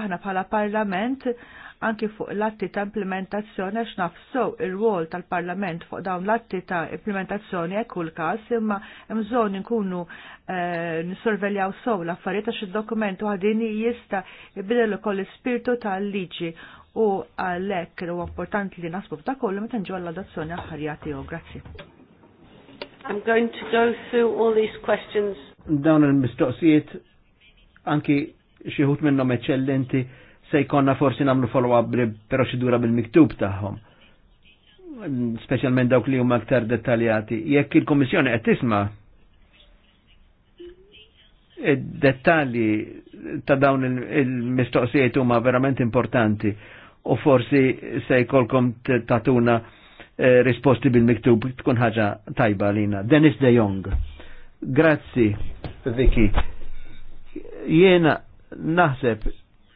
aħna bħala Parlament anki fuq l-atti ta' implementazzjoni għax nafsow ir-rwol tal-Parlament fuq dawn l-atti ta' implementazzjoni hekk kull każ, imma hemm bżonn inkunu eh, nissorveljaw sew l-affarijiet għax id-dokument waħdin jista' jbidel ukoll l-ispirtu tal-liġi u għalhekk huwa importanti li nasbu f'dak kollu meta nġu l adozzjoni aħħarja tiegħu. Grazzi. I'm going to go through all these questions. Dawn il-mistoqsijiet anki xieħut minnom eccellenti se jkonna forsi namlu follow-up proċedura bil-miktub tagħhom. Speċjalment dawk li huma aktar dettaljati. Jekk il-Kommissjoni qed tisma' dettalji ta' dawn il-mistoqsijiet huma verament importanti u forsi se jkolkom tatuna ta Eh, risposti bil-miktub tkun ħaġa tajba lina. Dennis De Jong. Grazzi, Viki. Jena naħseb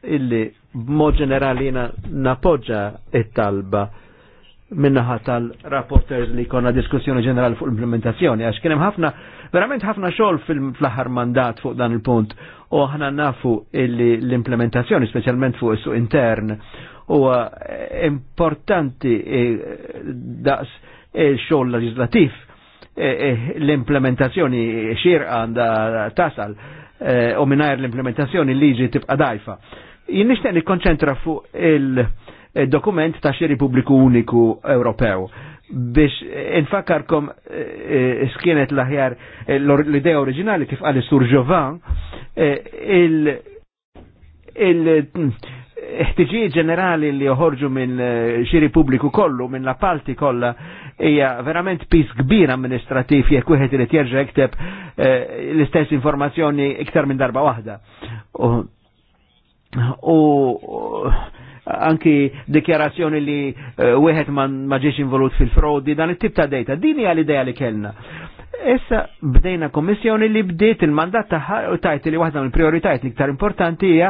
illi b'mod ġenerali jena napoġġa it-talba minnaħa tal-rapporters li konna diskussjoni ġenerali fuq l-implementazzjoni, għax kienem ħafna, verament ħafna xol fil-flaħar mandat fuq dan il-punt, u ħana nafu illi l-implementazzjoni, specialment fuq il su intern, huwa importanti eh, daqs il-xogħol eh, leġislattiv eh, l-implementazzjoni xirqa għandha tasal u mingħajr l-implementazzjoni liġi tibqa' dajfa. Jien nixtieq nikkonċentra fuq il-dokument ta' xiri pubbliku uniku Ewropew biex infakarkom skienet l-aħjar l-idea oriġinali kif għal sur Jovan il ħtiġijiet ġenerali li joħorġu minn eh, xiri pubbliku kollu, minn la palti kollha, hija verament pis kbir amministrativ jekk wieħed li tjerġa jekteb eh, l-istess informazzjoni iktar minn darba waħda. U anki dikjarazzjoni li eh, wieħed ma ġiex involut fil-frodi, dan it-tip ta' dejta. din hija l-idea li kellna. Issa bdejna kommissjoni li bdiet il-mandat taħħa u tajt li waħda mill prioritajiet l-iktar importanti hija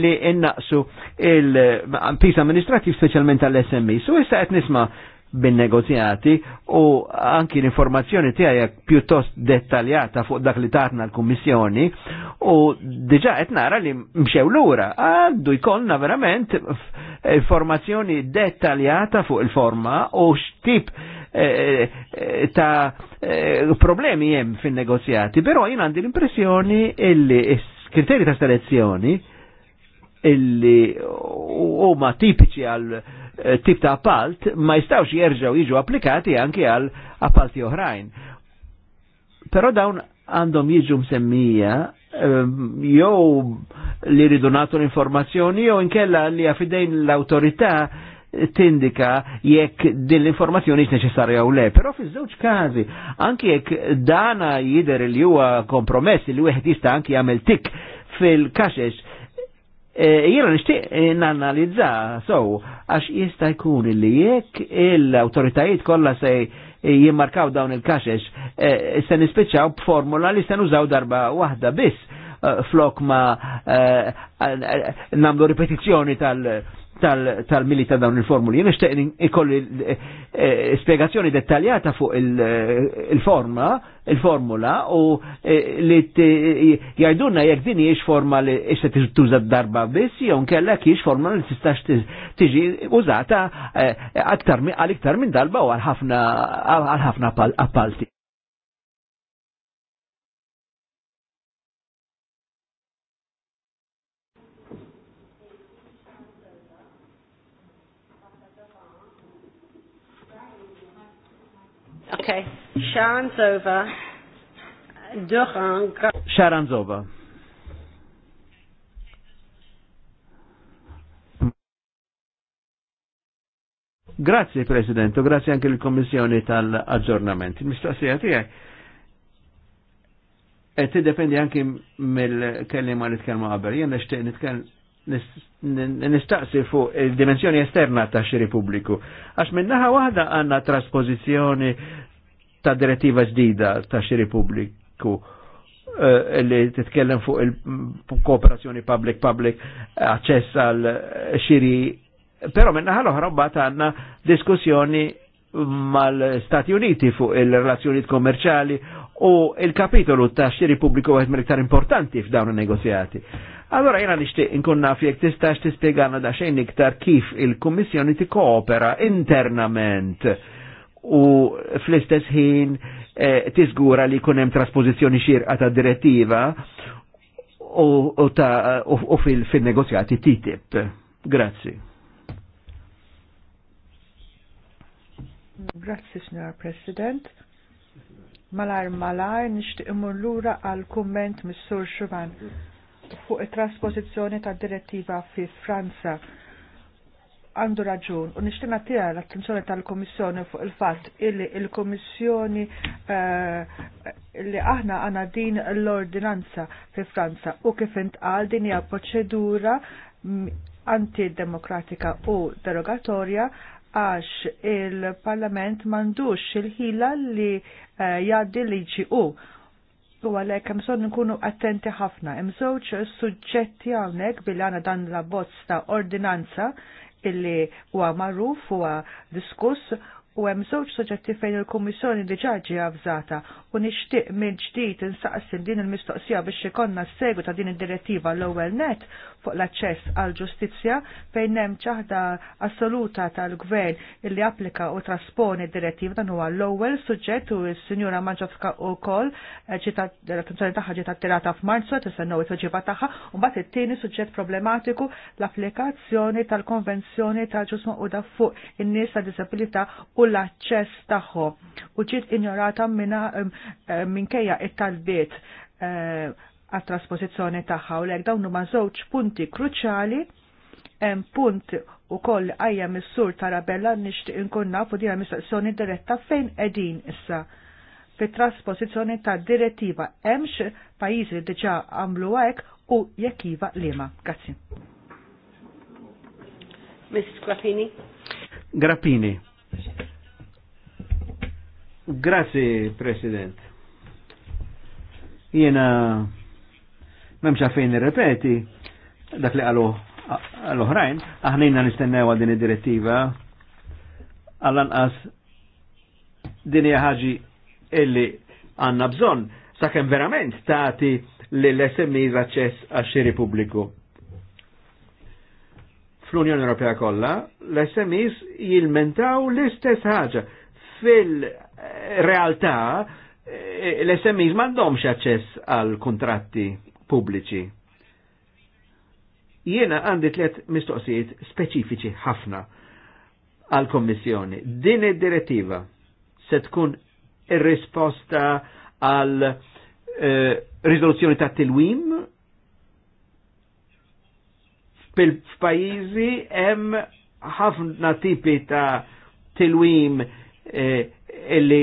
li innaqsu il-pis amministrativ speċjalment għall smi Su issa qed nisma' bin-negozjati u anki l-informazzjoni tiegħi pjuttost dettaljata fuq dak li tatna l-Kummissjoni u diġà qed nara li mxew lura għaddu jkollna verament informazzjoni dettaljata fuq il-forma u x'tip eh, eh, ta' eh, problemi jem fin negozjati però jien għandi l-impressjoni illi kriteri ta' selezzjoni illi huma tipiċi għal tip ta' appalt ma jistawx jerġaw jiġu applikati anki għal appalti oħrajn. Però dawn għandhom jiġu msemmija ehm, jew li ridu nagħtu l-informazzjoni jew inkella li għafidejn l-autorità tindika jekk din l-informazzjoni neċessarja u le. Però fi żewġ każi, anki jekk dana jider li huwa kompromess li wieħed jista' anki jagħmel tik fil-kaxex Eh, Jena nishtiq eh, nanalizza, so, għax jista jkun li jekk l-autoritajiet kollha se eh, jimmarkaw dawn il-kaxex, se nispiċċaw b'formula li se nużaw darba waħda biss flok ma namlu ripetizzjoni tal- tal milita dawn il-formuli. Jena nixtieq ikolli eh, eh, spiegazzjoni dettaljata fuq eh, il-forma, il-formula u li jajdunna jekk din ix forma li se tuża darba biss jew nkella kiex forma li tistax tiġi użata aktar għal iktar minn darba u għal ħafna appalti. Okay. Sharon Zova. Duran. Sharon Zova. Grazie Presidente, grazie anche l-Kommissjoni tal-aġġornament. aggiornamento Mi Il-mistoqsija tiegħek qed tiddependi anke mill-kellima li tkellmu qabel. Jien nixtieq nitkellem nistaqsi fuq il-dimensjoni esterna ta' xiri pubbliku. Għax minnaħa waħda għanna trasposizjoni ta' direttiva ġdida ta' xiri Repubbliku eh, li titkellem fuq il-kooperazzjoni public-public access għal xiri. Pero minnaħa l-oħra mbagħad għandna diskussjoni mal-Stati Uniti fuq il-relazzjoniet kommerċali u il-kapitolu ta' xiri pubbliku għed mill importanti f'dawn il-negozjati. Allora jena nishtiq nkun naf jek tistax tispiegana da xejn iktar kif il-Kummissjoni koopera internament u fl-istess ħin eh, tiżgura li jkun hemm trasposizzjoni xirqa ta' direttiva u, u, u, u fil-negozjati fil TTIP. Grazzi. Grazzi, signor President. Malar malar nixtieq imur lura għal kumment mis-Sur Xuvan fuq it-trasposizzjoni tad direttiva fi Franza. Għandu raġun u nixtieq natija l-attenzjoni tal-Kummissjoni fuq il-fatt illi il-Kummissjoni eh, li aħna għandna din l-ordinanza fi Franza u kif intqal din hija proċedura antidemokratika u derogatorja għax il-Parlament mandux il-ħila li eh, jgħaddi liġi u u għalek għamson nkunu attenti ħafna. Imżoċ suġġetti għawnek bil-għana dan la bozz ta' ordinanza illi huwa marruf huwa diskuss u hemm żewġ soġġetti fejn il-Kummissjoni diġà ġie avżata u nixtieq minn ġdid insaqsim din il-mistoqsija biex ikonna s-segu ta' din id-direttiva l-ewwel net fuq l-aċċess għal ġustizzja fejn hemm ċaħda assoluta tal-gvern illi applika u trasponi d-direttiva dan huwa l-ewwel suġġett u s-Sinjura Maġofka wkoll eh, l-attenzjoni tagħha ġiet attirata f'Marzu qed istennew it-tweġiba tagħha u mbagħad it-tieni suġġett problematiku l-applikazzjoni tal-Konvenzjoni tal-Ġus u fuq in-nies ta' disabilità u l-aċċess tagħhom u ġiet injorata eh, minkejja it-talbiet eh, għat-trasposizzjoni tagħha u lek dawn huma żewġ punti kruċjali hemm punt ukoll għajja mis-sur Tarabella nixtieq inkun naf u dina mistaqsjoni diretta fejn qegħdin issa fit-trasposizzjoni ta' direttiva hemmx pajjiżi li diġà għamlu hekk u jekk iva liema. Grazzi. Mrs. Grappini. Grappini. Grazzi, President. Jena memxa fejn nirrepeti dak li għalu għal-oħrajn, aħnejna nistennew għal din id-direttiva għall-anqas din hija ħaġi illi għandna bżonn sakemm verament tagħti lill smis aċċess għax-xiri pubbliku. Fl-Unjoni Ewropea kollha, l-SMEs jilmentaw l-istess ħaġa. Fil-realtà eh, l smis m'għandhomx aċċess għal kuntratti pubbliċi. Jiena għandi tliet mistoqsijiet speċifiċi ħafna għal kommissjoni Din id-direttiva se tkun ir-risposta għal eh, riżoluzzjoni ta' tilwim f'pajjiżi hemm ħafna tipi ta' tilwim eh, illi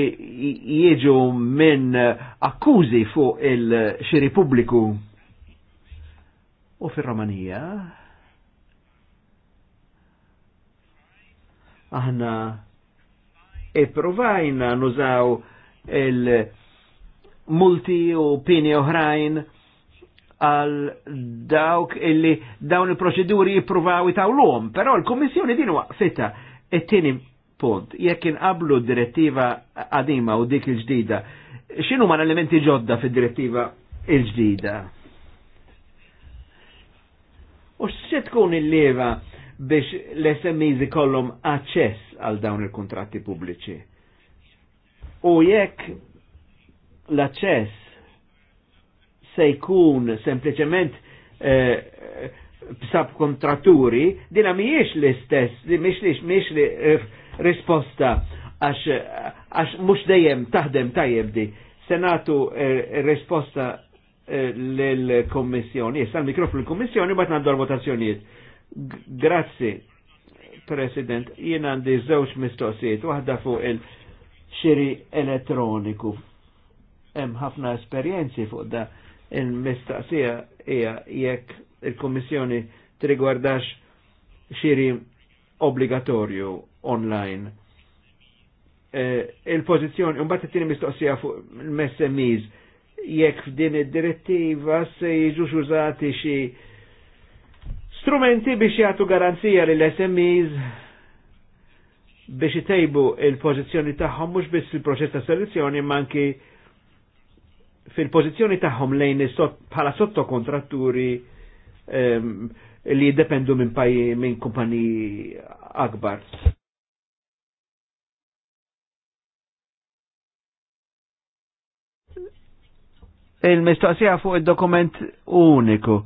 jieġu minn akkużi fuq il-xiri pubbliku U fir-Romanija aħna ipprovajna nużaw il-multi u pini oħrajn għal dawk illi dawn il-proċeduri jippruvaw itawlhom, però l-Kummissjoni din waqfitha it-tieni punt, jekk inqablu direttiva qadima u dik il-ġdida, x'inhuma l-elementi ġodda fid-direttiva il-ġdida? U se tkun il-leva biex l-SMEs ikollhom aċċess għal dawn il-kontratti pubbliċi. U jekk l-aċċess se jkun sempliċement b'sab eh, b'sabkontratturi, dina mhijiex l-istess, li mhix li eh, risposta għax mhux dejjem taħdem tajjeb di. Senatu eh, risposta l-Kommissjoni. Issa l-mikrofon l-Kommissjoni bat għandu votazzjonijiet. Grazzi, President, jien għandi żewġ mistoqsijiet, waħda fuq il-xiri elettroniku. Hemm ħafna esperjenzi fuq da il mistoqsija hija jekk il-Kommissjoni trigwardax xiri obbligatorju online. Eh, il-pozizjoni, un bat t-tini mistoqsija fuq il messemiz jekk f'din id-direttiva se jiġux użati xi strumenti biex jagħtu garanzija lill SMEs biex itejbu il-pożizzjoni tagħhom mhux biss il-proċess ta' selezzjoni ma anki fil-pożizzjoni tagħhom lejn bħala sottokontratturi ehm, li jiddependu minn minn kumpaniji akbar. il-mistoqsija fuq il-dokument uniku.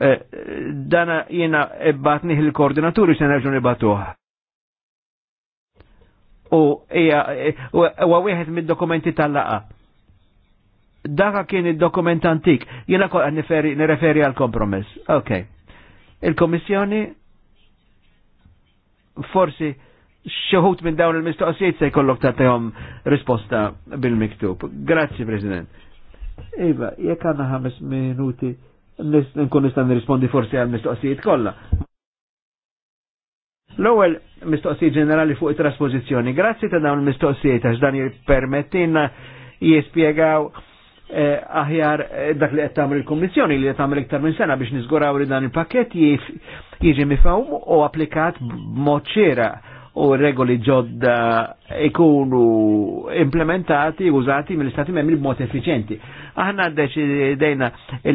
Eh, dana jena ebbatni il-koordinaturi se nerġu nibbatuħ. U huwa wieħed mid-dokumenti tal-laqa. Daka kien id-dokument antik, jiena nireferi għal kompromess. Ok. Il-Komissjoni forsi xeħut minn dawn il-mistoqsijiet se jkollok tatihom risposta bil-miktub. Grazzi, President. Iva, jekk għandna ħames minuti, nkun nista' nirrispondi forsi għal mistoqsijiet kollha. L-ewwel mistoqsijiet ġenerali fuq it-trasposizzjoni. Grazzi ta' dawn il-mistoqsijiet għax dan jippermettilna jispjegaw eh, aħjar eh, dak li qed tagħmel il-Kummissjoni li qed tagħmel iktar minn sena biex niżguraw li dan il-pakkett jiġi mifhum u applikat b'mod ċira u regoli ġodda ikunu implementati użati mill-Stati membri b'mod efficienti. Aħna deċidejna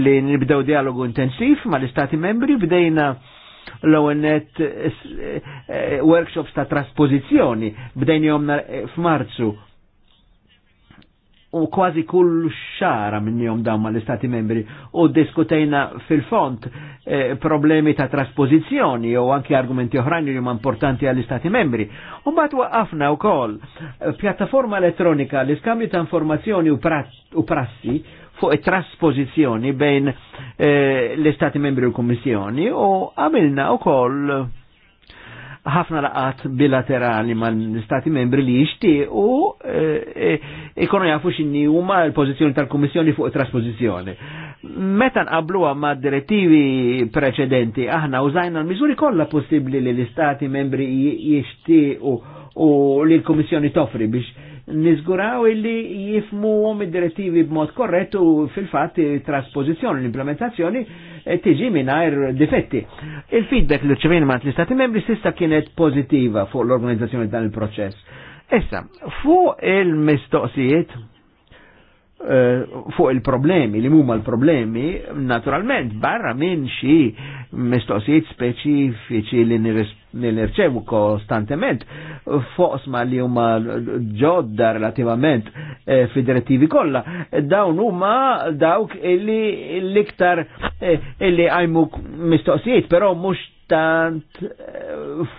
li nibdew dialogu intensiv ma l-Stati membri bdejna l net eh, eh, workshops ta' trasposizjoni bdejni jomna f'Marzu u kważi kull xara jom dawn l istati membri u diskutejna fil-font eh, problemi ta' trasposizjoni u anki argumenti oħrajn li huma importanti għall-Istati membri. U mbagħad waqafna wkoll eh, pjattaforma elettronika li skambju ta' informazzjoni u, u prassi fuq it-trasposizjoni bejn eh, l-Istati membri u l-Kummissjoni u għamilna wkoll ħafna laqat bilaterali mal istati membri li u eh, eh, ikonu jafu x'inni huma l-pożizzjoni tal komissjoni fuq trasposizjoni. Meta nqabluha ma' direttivi preċedenti aħna użajna l-miżuri kollha possibbli li l-Istati membri jixtiequ u li l-Komissjoni toffri biex nizguraw illi jifmu id-direttivi b'mod korrettu fil fat trasposizjoni, l-implementazzjoni eh, tiġi minnajr difetti. Il-feedback li ċevin ma' l-istati membri sista kienet pozitiva fuq l-organizzazzjoni dan il-proċess. Issa, fuq il-mistoqsijiet, Eh, fuq il-problemi, li mumma l-problemi, naturalment, barra minn xi mistoqsijiet speċifiċi li nirċevu konstantement fuq ma li huma ġodda relativament eh, federativi kollha, dawn huma dawk illi l-iktar eh, illi għajmu mistoqsijiet, però mhux tant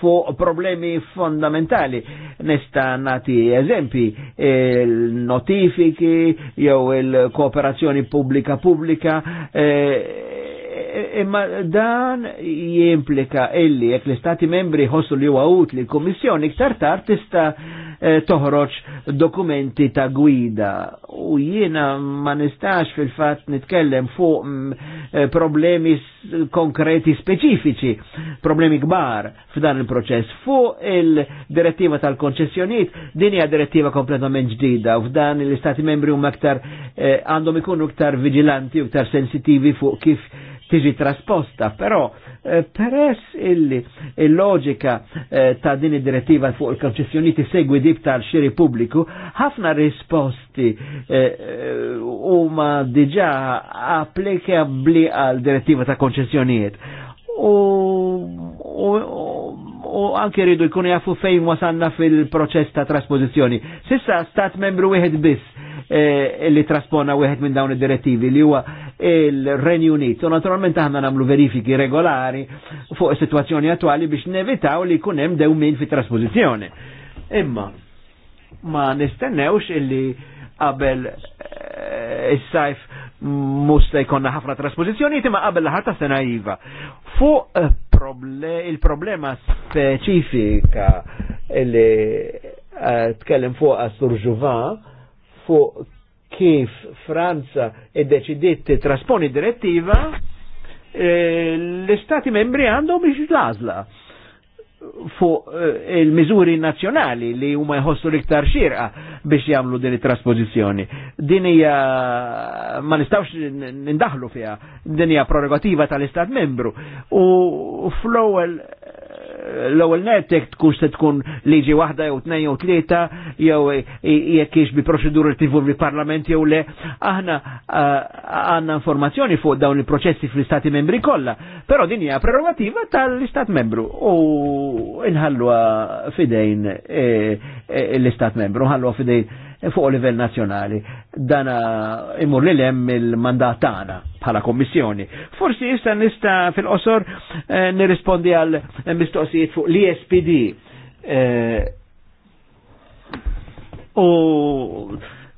fuq problemi fondamentali nesta nati eżempi il-notifiki jew il-kooperazzjoni pubblika pubblika eh, imma e, dan jimplika illi jekk l-istati membri ħossu li huwa utli l-Kummissjoni iktar tard tista' Eh, toħroġ dokumenti ta' gwida. U jiena ma nistax fil-fat nitkellem fuq mm, eh, problemi konkreti speċifiċi, problemi kbar f'dan il-proċess. Fuq il-direttiva tal-konċessjoniet, din hija direttiva kompletament ġdida u f'dan l-Istati membri huma aktar eh, għandhom ikunu iktar vigilanti u iktar sensitivi fuq kif tiġi trasposta, però eh, peress il-loġika eh, ta' din id-direttiva fuq il-konċessjoni segwi dib tal-xiri pubbliku, ħafna risposti eh, huma eh, diġà applikabli għal direttiva ta' konċessjoniet. U, anke rridu jkunu jafu fejn wasanna fil-proċess ta' trasposizjoni. Sissa stat membru wieħed biss li traspona wieħed minn dawn id-direttivi li huwa il-Renju Unit. U naturalment aħna namlu verifiki regolari fuq situazzjoni attuali biex nevitaw li jkun hemm dewmin fit trasposizzjoni. Imma ma nistennewx illi qabel eh, is-sajf musta jkonna ħafna trasposizjoni imma qabel l-ħar ta' sena iva. Fuq eh, il-problema speċifika li eh, tkellem fuq Astur Ġuvan fuq kif Franza id-deċidiet trasponi direttiva, eh, l-Istati membri għandhom biex lazla fuq eh, il mizuri nazjonali li huma jħossu l-iktar xirqa biex jagħmlu din it-trasposizzjoni. Din hija ma nistgħux nindaħlu fiha, din hija prerogativa tal-Istat membru. U fl-ewwel l-ewwel nettek tkun se tkun liġi waħda jew tnejn jew tlieta jew jekk hiex bi proċeduri tinvolvi parlament jew le, aħna għandna informazzjoni fuq dawn il-proċessi fl-istati membri kollha, però din hija prerogativa tal-istat membru u inħalluha fidejn e, e, l-istat membru, nħalluha fidejn fuq livell nazzjonali. Dana imur li lem il-mandat tagħna bħala kommissjoni. Forsi issa nista fil-qosor eh, nirrispondi għal mistoqsijiet fuq l-ISPD. Eh, u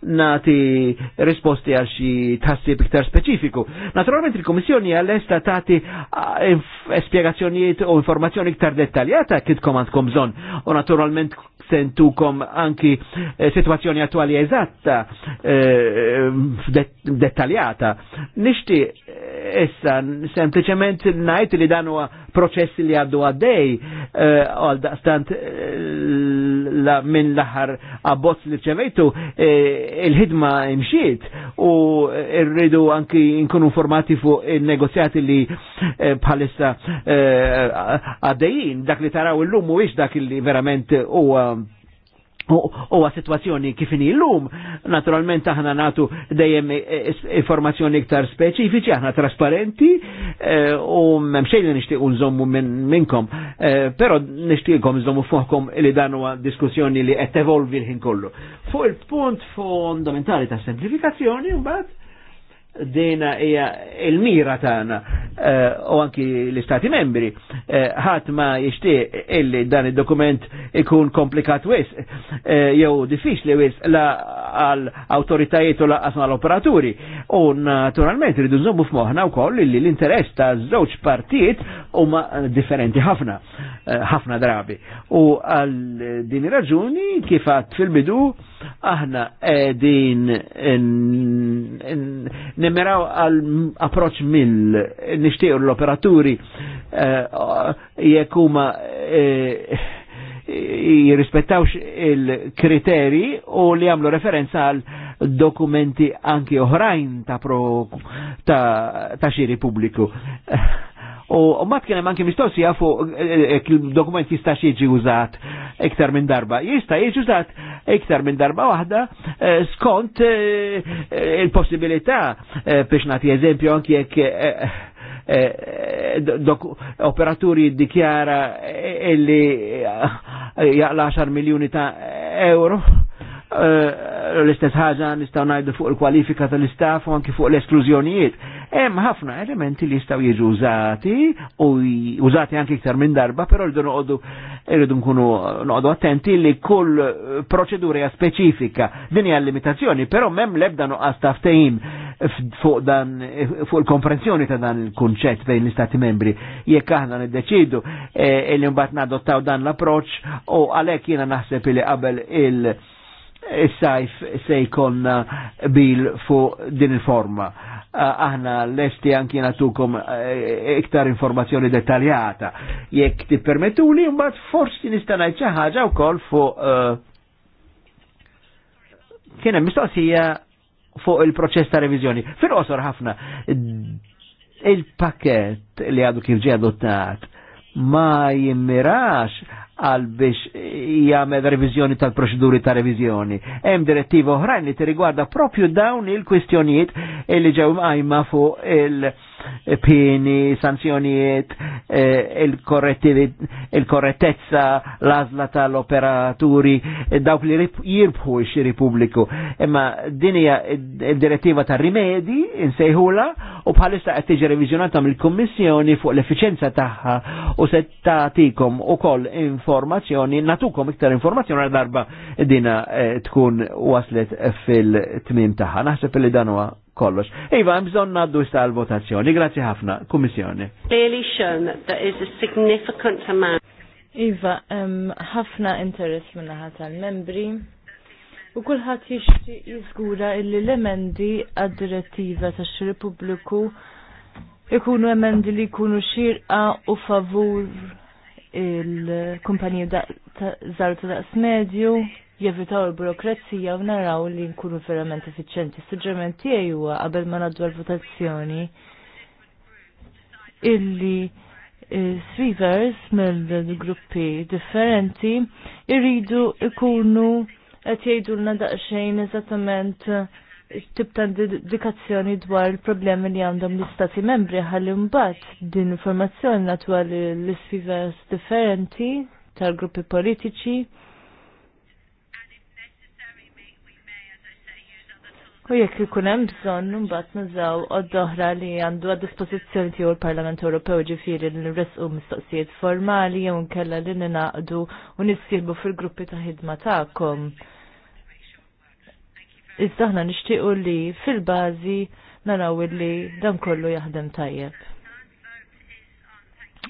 nati risposti għal xi tassib iktar speċifiku. Naturalment il-Komissjoni għall-esta tagħti eh, spjegazzjonijiet u informazzjoni iktar dettaljata kif għandkom bżonn u naturalment sentukom anki eh, situazzjoni attuali eżatta eh, dettaljata. Nishti issa eh, sempliciment najt li danu il proċessi li għaddu għaddej eh, għal daqstant eh, minn laħar aħħar abbozz li ċevejtu eh, il-ħidma imxiet u rridu anki inkunu formati fuq il-negozjati li bħalissa għaddejjin dak li taraw il-lum u dak li verament u għa situazzjoni kif inhi llum. Naturalment aħna natu dejjem informazzjoni iktar speċifiċi, aħna trasparenti e, u m'hemm xejn li nixtiequ nżommu minnkom, e, però nixtieqkom nżommu fuqkom li dan huwa diskussjoni li qed evolvi l-ħin kollu. Fuq il-punt fondamentali ta' semplifikazzjoni mbagħad dina hija il-mira tagħna eh, u anki l-Istati membri. Eh, ħadd ma jixtieq illi dan id-dokument ikun komplikat wis eh, jew diffiċli wis la għal awtoritajiet u laqas mal operaturi U naturalment ridu nżommu f'moħħna wkoll li l-interess ta' żewġ partijiet huma differenti ħafna ħafna drabi. U għal din ir-raġuni kif fil-bidu aħna edin nimeraw għal approċ mill nishtiqu l-operaturi eh, jekuma eh, jirrispettawx il-kriteri u li għamlu referenza għal dokumenti anki oħrajn ta', ta xiri pubbliku. U mbagħad kien hemm mistoqsi għafu fuq e, e, e, il-dokument jistax jiġi użat iktar minn darba. Jista' jiġi użat iktar minn darba waħda skont il-possibilità biex nagħti eżempju anki jekk operaturi dikjara illi jaqla 10 miljoni ta' euro l-istess ħaġa nistgħu ngħidu fuq il-kwalifika tal-istaff u anki fuq l-esklużjonijiet Hemm ħafna elementi li jistgħu jiġu użati u użati anke iktar minn darba, però rridu noqogħdu irridu nkunu noqogħdu attenti li kull eh, proċedura speċifika din hija limitazzjoni, però m'hemm l-ebda nuqqas ta' ftehim fuq dan fuq il-komprensjoni ta' dan il-kunċett bejn l-Istati membri jekk aħna niddeċidu eh, li mbagħad nadottaw dan l-approċċ u għalhekk jiena naħseb li qabel il- sajf se bil fuq din il-forma aħna lesti anki natukom eh, iktar informazzjoni dettaljata. Jekk ti permettu li mbagħad forsi nista' ngħid u kol wkoll fuq eh, mistoqsija fuq il-proċess ta' revizjoni. fil osor ħafna il-pakket li għadu kif ġie adottat ma jimmirax għal biex jagħmel revizjoni tal-proċeduri ta' revizjoni. Hemm direttiva oħrajn li tirigwarda propju dawn il-kwistjonijiet li ġew għajma fuq -il pieni, sanzjonijiet, eh, il-korrettezza, il l-azla tal-operaturi, eh, dawk li jirbħu xiri pubbliku. Imma dinija direttiva ta' rimedi, insejħula, u bħalissa qed tiġi revizjonata mill kommissjoni fuq l-effiċenza tagħha u se tagħtikom ukoll informazzjoni, natukom iktar informazzjoni għal darba dina eh, tkun waslet fil-tmim tagħha. Naħseb li dan kollox. Iva, bżon naddu sta l-votazzjoni. Grazie ħafna, Kummissjoni. Clearly shown that there is a significant amount. Iva, ħafna um, interess minna ħatan membri. U kullħat jixti jizgura illi l-emendi għad-direttiva tax-xiri pubbliku ikunu emendi li jkunu xirqa u favur il-kumpanija żaru ta' daqs medju jevitaw il-burokrazija u naraw li nkunu verament effiċenti. Suġġerment tiegħi huwa qabel ma naddu l-votazzjoni illi eh, sweepers mill-gruppi differenti irridu ikunu qed jgħidulna daqsxejn eżattament tip ta' dedikazzjoni dwar il-problemi li għandhom l-istati membri ħalli mbagħad din informazzjoni natwa l-isfivers differenti tal-gruppi politiċi U jekk ikun hemm bżonn imbagħad nużaw għad-doħra li għandu għad dispożizzjoni tiegħu l-Parlament Ewropew ġifieri li nresqu mistoqsijiet formali jew nkella li ninaqdu u nissieħbu fil-gruppi ta' ħidma tagħkom. Iżda aħna nixtiequ li fil-bażi naraw li dan kollu jaħdem tajjeb.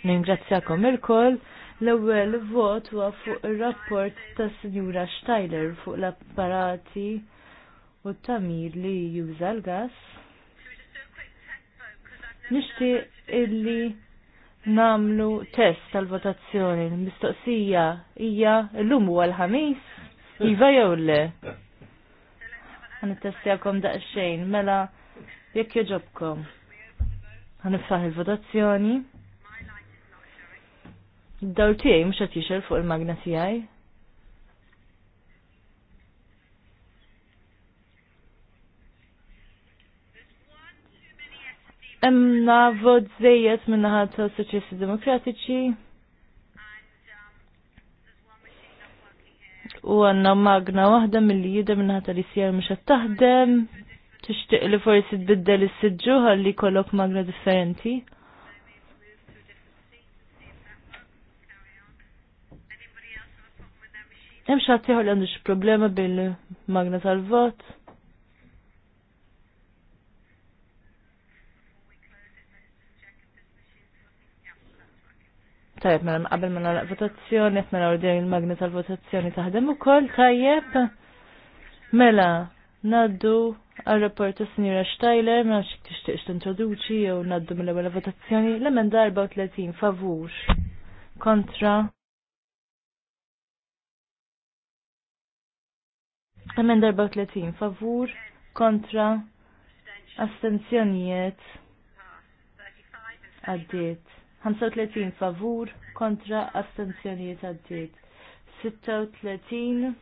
Ningrazzjakom il-koll l-ewwel vot huwa fuq ir-rapport tas Sinjura Steiler fuq l-apparati u t-tamir li juża l-gas. Nishti illi namlu test tal-votazzjoni. Mistoqsija hija l-lum huwa l-ħamis? Iva jew le? Għanittestjakom daqxejn, mela jekk joġobkom. Għaniftaħ il-votazzjoni. Daw tiegħi mhux qed jixel fuq il-magna tiegħi. emna vot zejet minnaħat ta' soċjesti demokratiċi. U għanna magna wahda mill-li jida minnaħat ta' li sijar mux taħdem. Tishtiq li forsi tbiddel is-sidġu li kolok magna differenti. Hemm xi ħadd li għandu problema bil-magna tal-vot. Tajjeb, mela qabel ma nagħlaq votazzjoni, qed naraw din il-magni tal-votazzjoni taħdem ukoll tajjeb. Mela, naddu għal-rapport tas Sinjura Steiler, ma nafx tixtieq tintroduċi jew naddu mill-ewwel votazzjoni l-emenda 34 favur kontra. Emenda 34 favur kontra astenzjonijiet għaddiet. 35 favur kontra astenzjonijiet għaddiet. 36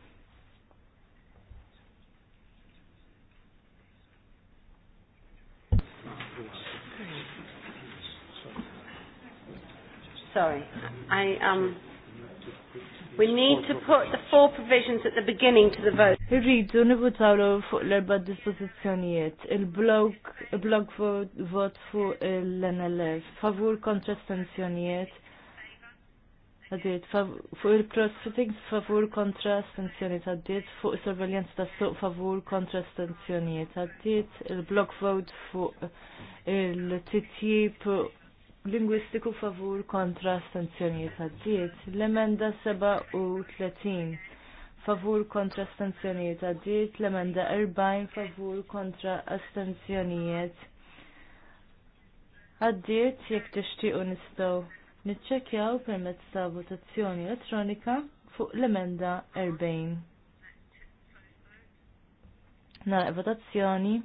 Sorry, I am um... We need to put the four provisions at the beginning to the vote. Irridu nivutawlu fuq l-erba dispozizjonijiet. Il-blog blog vot fuq l-NLF. Favur kontra sanzjonijiet. Għaddiet, fuq il-crossfittings favur kontra sanzjonijiet. Għaddiet, fuq sorveljanza ta' suq favur kontra sanzjonijiet. Għaddiet, il-blog vote fuq il-titjib lingwistiku favur kontra stanzjonijiet għaddiet. L-emenda 37 favur kontra stanzjonijiet għaddiet. L-emenda 40 favur kontra stanzjonijiet għaddiet jekk tixtiequ nistgħu niċċekkjaw permezz ta' votazzjoni elettronika fuq l-emenda 40. Nara votazzjoni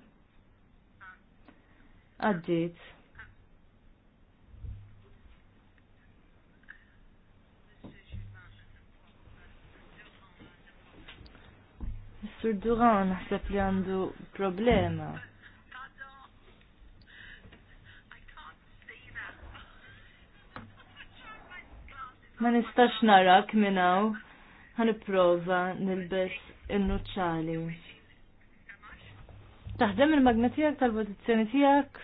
għaddiet. Sur Duran naħseb li għandu problema. Ma nistax narak minnaw, ħaniprofa nilbes innuċċali. Taħdem il-magnetijak tal-pozizjoni tijak?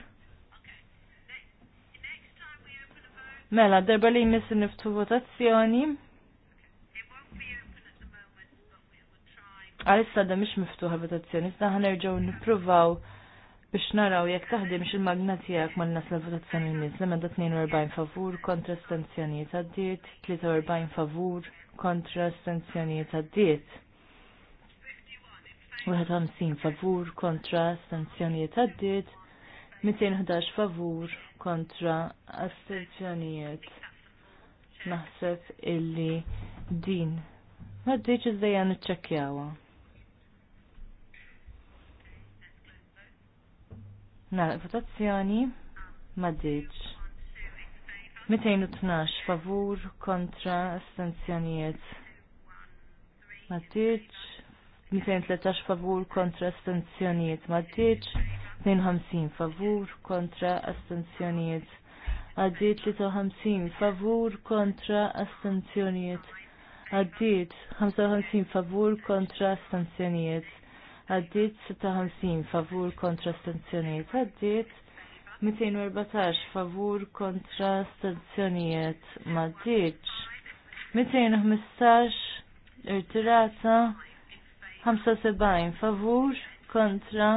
Mela, darba li jmiss niftu votazzjoni. għalissa da mish miftuħa votazzjoni, sta ħanerġaw nipruvaw biex naraw jekk taħdimx il-magna tiegħek mal nasla votazzjoni mis, l-emenda 42 favur kontra stanzjonijiet għaddiet, 43 favur kontra stanzjonijiet għaddiet. 51 favur kontra stanzjonijiet għaddiet, 211 favur kontra astenzjonijiet. Naħseb illi din. Ma d-deċi Nara votazzjoni ma ditx. 212 favur kontra astenzjonijiet. Ma ditx. 213 favur kontra astenzjonijiet. Ma ditx. 52 favur kontra astenzjonijiet. Għaddi 53 favur kontra astenzjonijiet. Għaddi 55 favur kontra astenzjonijiet għaddit 56 favur kontra stanzjoniet, għaddit 214 favur kontra stanzjoniet, maddiċ 215 irtirata 75 favur kontra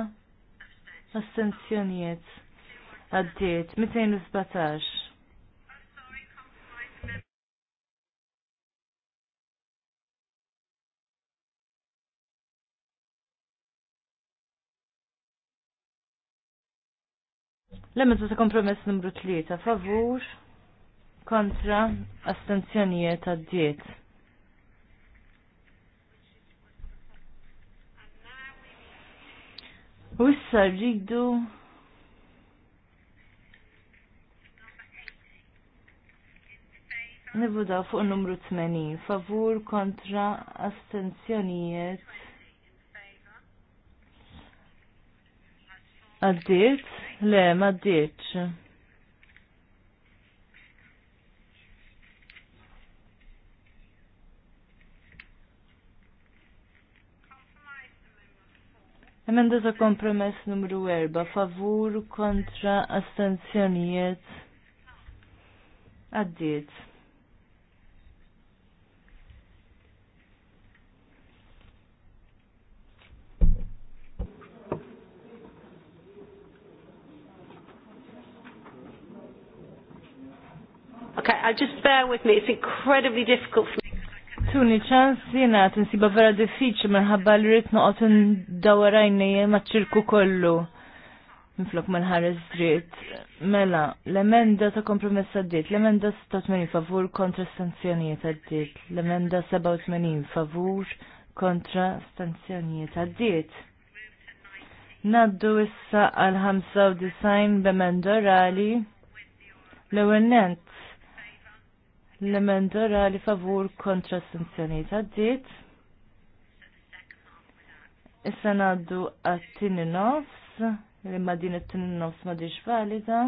astenzjonijiet għaddiet 217 l ta' kompromess numru 3, favur, kontra, astenzjonijiet għaddiet. U issa rridu Nibuda fuq numru 80, favur kontra astenzjonijiet. Għaddiet, Le, ma ddiċ. Emenda ta' kompromess numru 4, favur kontra astenzjonijiet. Addiet. Okay, I'll uh, just bear with me. It's incredibly difficult for me. Tuni ċans jena tinsiba vera diffiċi minħabba l rrit noqgħod indawarajni maċ-ċirku kollu. Minflok mal dritt. Mela, l-emenda ta' kompromess għaddit, l-emenda 86 favur kontra stanzjonijiet għaddit, l-emenda 87 favur kontra stanzjonijiet għaddit. Naddu issa għal 95 b'emenda orali l-ewwel l-emenda orali favur kontra sanzjonijiet dit. Issa naddu għattini nofs, li ma din għattini nofs ma valida.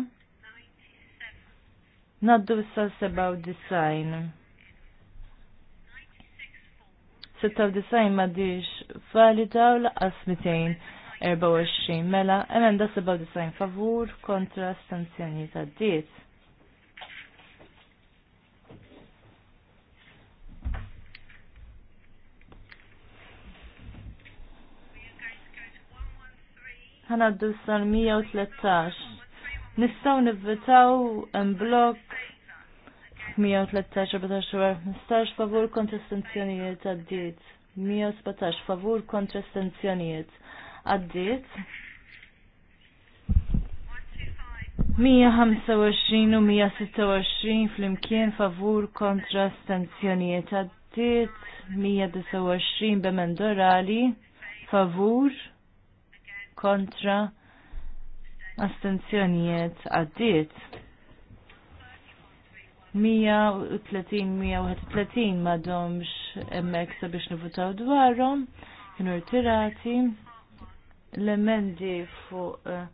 Naddu issa sebaw design. Sittaw design disajn diġ valida u laqas 224 mela, emenda sebaw disajn favur kontra sanzjonijiet dit. ħanaddu sal-113. Nistaw nivvitaw en blok 113, 14, 15 favur kontra għaddit. 117 favur kontra għaddit. 125 u 126 fl-imkien favur kontra sanzjonijiet għaddit. 129 bemendorali favur kontra astenzjonijiet għaddiet. 130-131 madomx emmek sabiex nivutaw dwarom, kienu ritirati l-emendi fuq eh,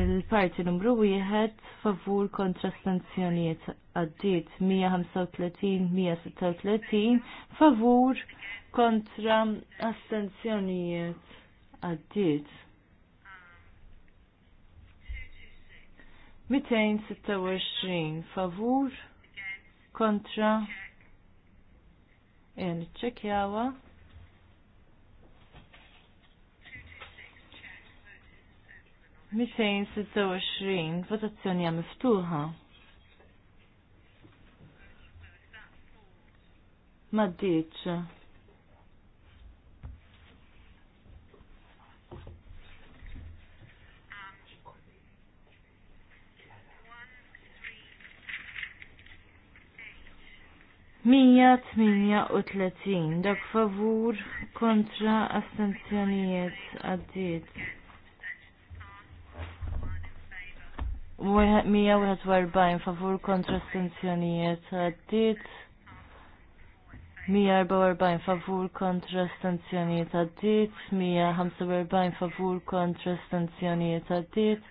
il-parti numru wieħed favur kontra sanzjonijiet għaddit 135-136 favur kontra astenzjonijiet għaddit. 226 favur kontra jen ċekjawa. Mitejn sitta votazzjoni għam miftuħa. Maddiċ. 138 dak favur kontra astenzjonijiet għaddiet. 141 favur kontra astenzjonijiet għaddiet. 144 favur kontra astenzjonijiet għaddit, 145 favur kontra astenzjonijiet għaddit,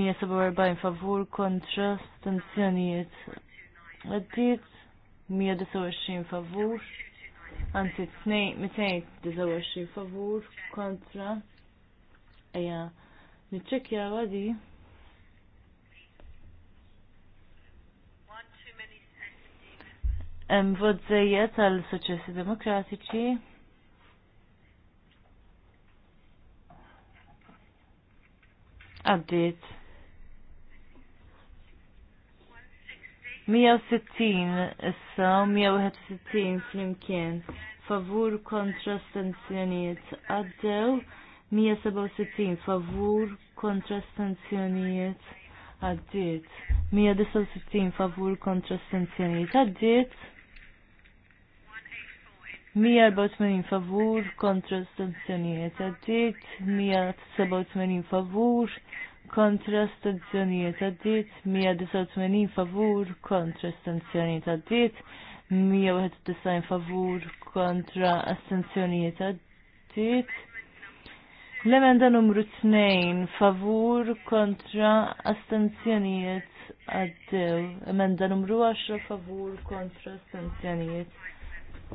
147 favur kontra astenzjonijiet għaddit, 129 favur, anzi 229 favur kontra eja niċċekja għadi. Hemm vot soċessi Demokratiċi. 160 issa, 161 flimkien, favur kontra stanzjonijiet għaddew, 167 favur kontra stanzjonijiet għaddit 169 favur kontra stanzjonijiet għaddit 184 favur kontra stanzjonijiet għaddit 187 favur kontra stanzjonijiet għaddit, 189 favur kontra stanzjonijiet għaddit, 191 favur kontra astenzjonijiet għaddit. L-emenda numru 2 favur kontra astenzjonijiet għaddew. Emenda numru 10 favur kontra astenzjonijiet.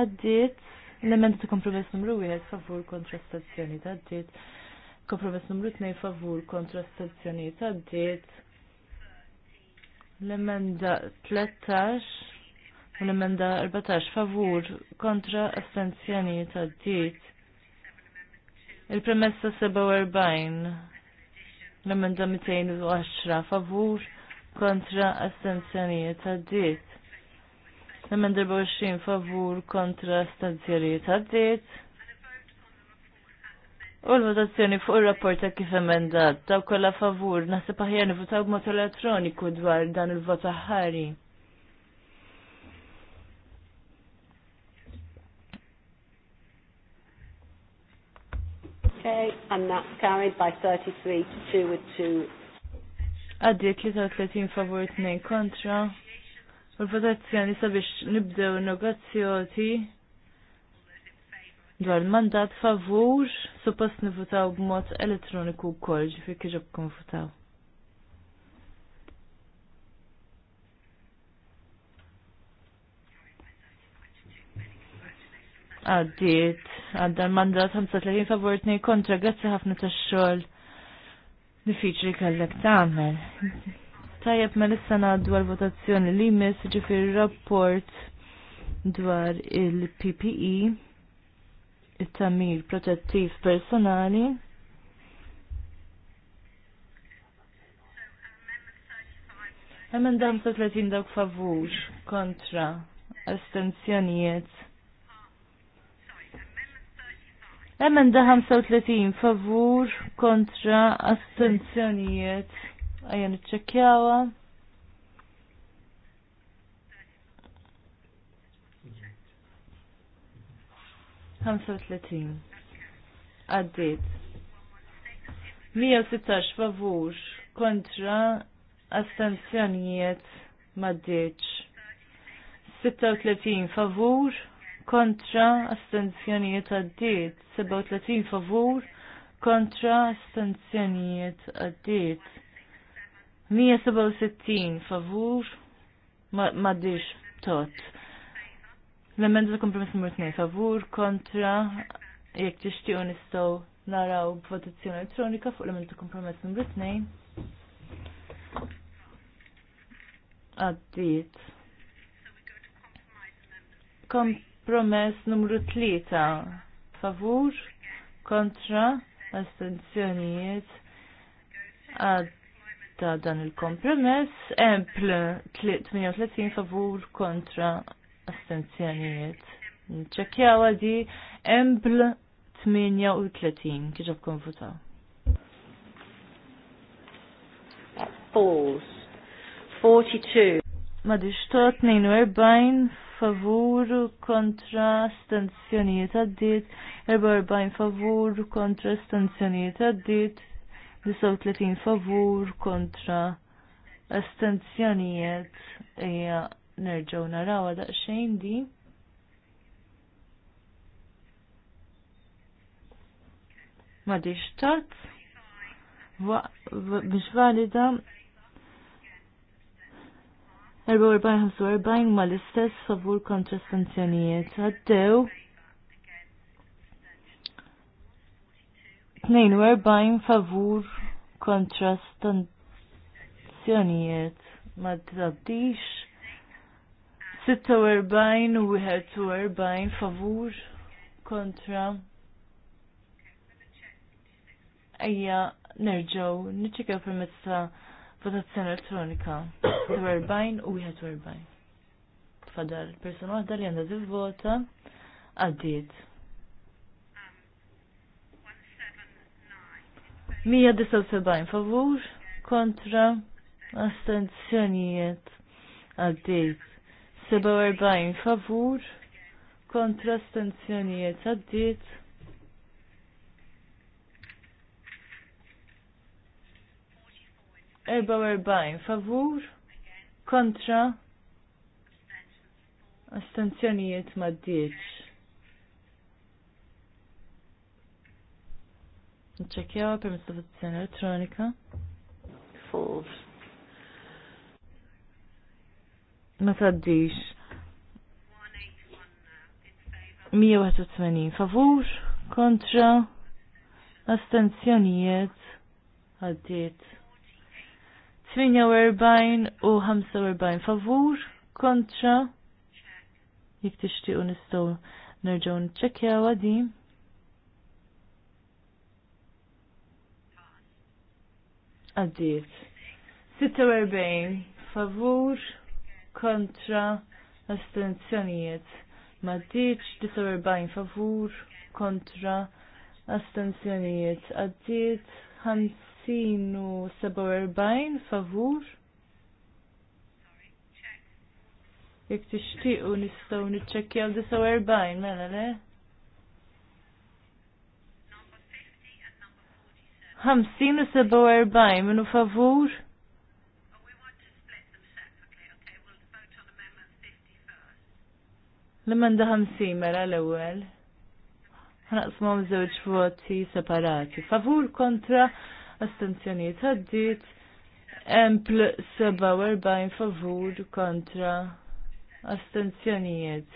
Għaddit l-emenda ta' kompromess numru 1 favur kontra astenzjonijiet għaddit. Kompromess numru 2 favur kontra d għaddiet. L-emenda 13 u l-emenda 14 favur kontra astenzjonijiet għaddiet. Il-premessa 47 l-emenda 210 favur kontra astenzjonijiet għaddiet. L-emenda 24 favur kontra d għaddiet. U l-votazzjoni fuq il-rapport ta' kif emendat, ta' kolla favur, nasib aħjar b b'mod elettroniku dwar dan il-vot ħari. Okay, and that carried by 33 to 2 with 2. Għaddi 33 favur 2 kontra. U l-votazzjoni sabiex nibdew negozjoti dwar il-mandat favur suppost nivutaw b'mod elettroniku wkoll ġifier kif kum votaw. Għaddiet, għadda l-mandat 35 favur 2 kontra, grazzi ħafna tax-xogħol diffiċli kellek tagħmel. Tajjeb ma issa ngħaddu għal-votazzjoni li jmiss ġifier rapport dwar il-PPE it-tamir protettiv personali. Għemmen dam 30 dawk favur kontra astenzjonijiet. Emenda da 35 favur kontra astenzjonijiet. Ajan iċċekjawa. 35. Għaddit. 116 favur kontra astenzjonijiet maddiċ. 36 favur kontra astenzjonijiet għaddit. 37 favur kontra astenzjonijiet għaddit. 167 favur maddiċ tot. L-emenda ta' kompromess numru 2 favur kontra jekk tixtiequ nistgħu naraw b'votazzjoni elettronika fuq l-emenda ta' kompromess numru 2. Għaddit. Kompromess numru 3 favur kontra astenzjonijiet għadda ta' dan il-kompromess, empl 38 favur kontra astenzjonijiet. Ċekjaw għadi embl 38 kħiġab konfuta. Falls. 42. Madix tot 42 favur kontra stanzjonijiet għaddit, 44 favur kontra stanzjonijiet għaddit, 39 favur kontra astenzjonijiet hija nerġaw narawa daqsxejn di. Ma di xtart biex valida 44-45 ma l-istess favur kontra sanzjonijiet. Għaddew 42 favur kontra sanzjonijiet. Ma d-daddix 46 u 41 favur kontra ejja nerġaw niċċekja permezz ta' votazzjoni elettronika 40 u 41. Fadal persona waħda li għandha tivvota għaddiet. 179 favur kontra astenzjonijiet għaddiet. 47 favur kontra stenzjonijiet għaddit. Erba erbajn favur kontra astenzjonijiet maddiċ. Nċekjaw per mistofazzjoni elektronika. False. ma taddix. 181 favur kontra astenzjonijiet għaddiet. 48 u 45 favur kontra jek tixtiequ nistgħu nerġgħu nċekkjaw għadi. Għaddiet. 46 favur kontra astenzjonijiet ma ddiċ 49 favur kontra astenzjonijiet għaddiet 57 favur jek tixtiqu nistgħu niċċekkjaw 49 mela le? 50 u 47 minu favur? L-emenda 50 mera l-ewwel. Ħanaqsmhom żewġ voti separati. Favur kontra astenzjonijiet ħaddiet. Empl 47 favur kontra astenzjonijiet.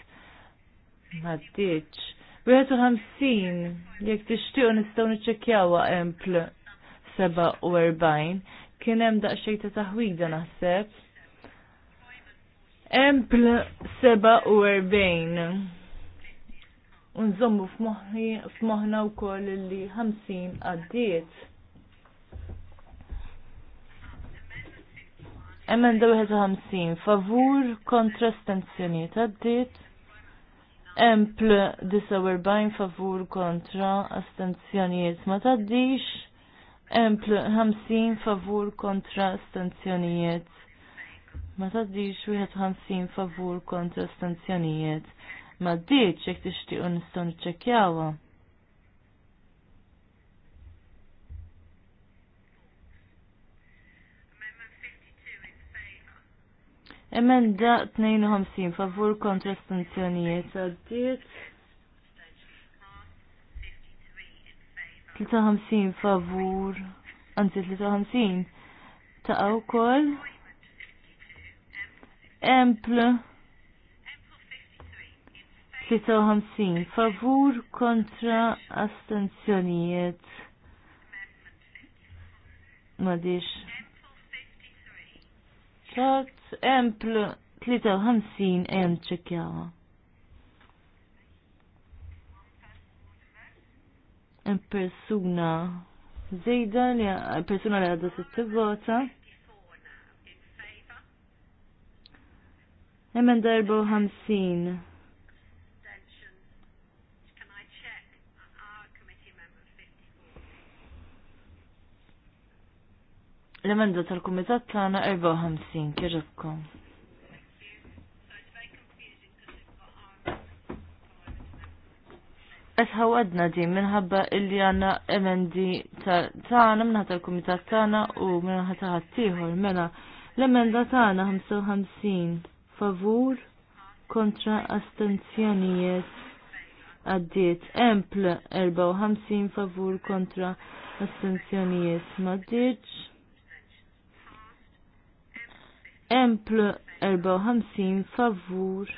Ħaddietx. 51 jekk tixtiequ nistgħu niċċekkjawha empl 47 kien hemm daqsxejn ta' taħwida naħseb. Empl 47. Unżommu f'moħna u koll li 50 għaddiet. Emenda 51, favur kontra stenzjoniet għaddiet. Empl 49, favur kontra astenzjonijiet ma taddix. Empl 50, favur kontra stenzjoniet ma wieħed ħamsin favur kontra stanzjonijiet. Ma ddiċ jek tixtiqu nistgħu niċċekkjawha. Emenda 52 favur kontra stanzjonijiet għaddiet. 53 favur, anzi 53 ta' wkoll. Empl 53 favur kontra astenzjonijiet madix ċart empl 53 ejem ċekjawa persuna zejda li persuna li għadda s Vota. Emenda 54. L-emenda tal-Kumitat tagħna 54 kieġobkom. Esħaw għadna di minħabba illi għanna emendi tana minħat tal-Kumitat tagħna u minħat taħat tiħor mela l-emenda tagħna 55 favur kontra astenzjonijiet għaddiet. Empl 54 favur kontra astenzjonijiet maddiċ. Empl 54 favur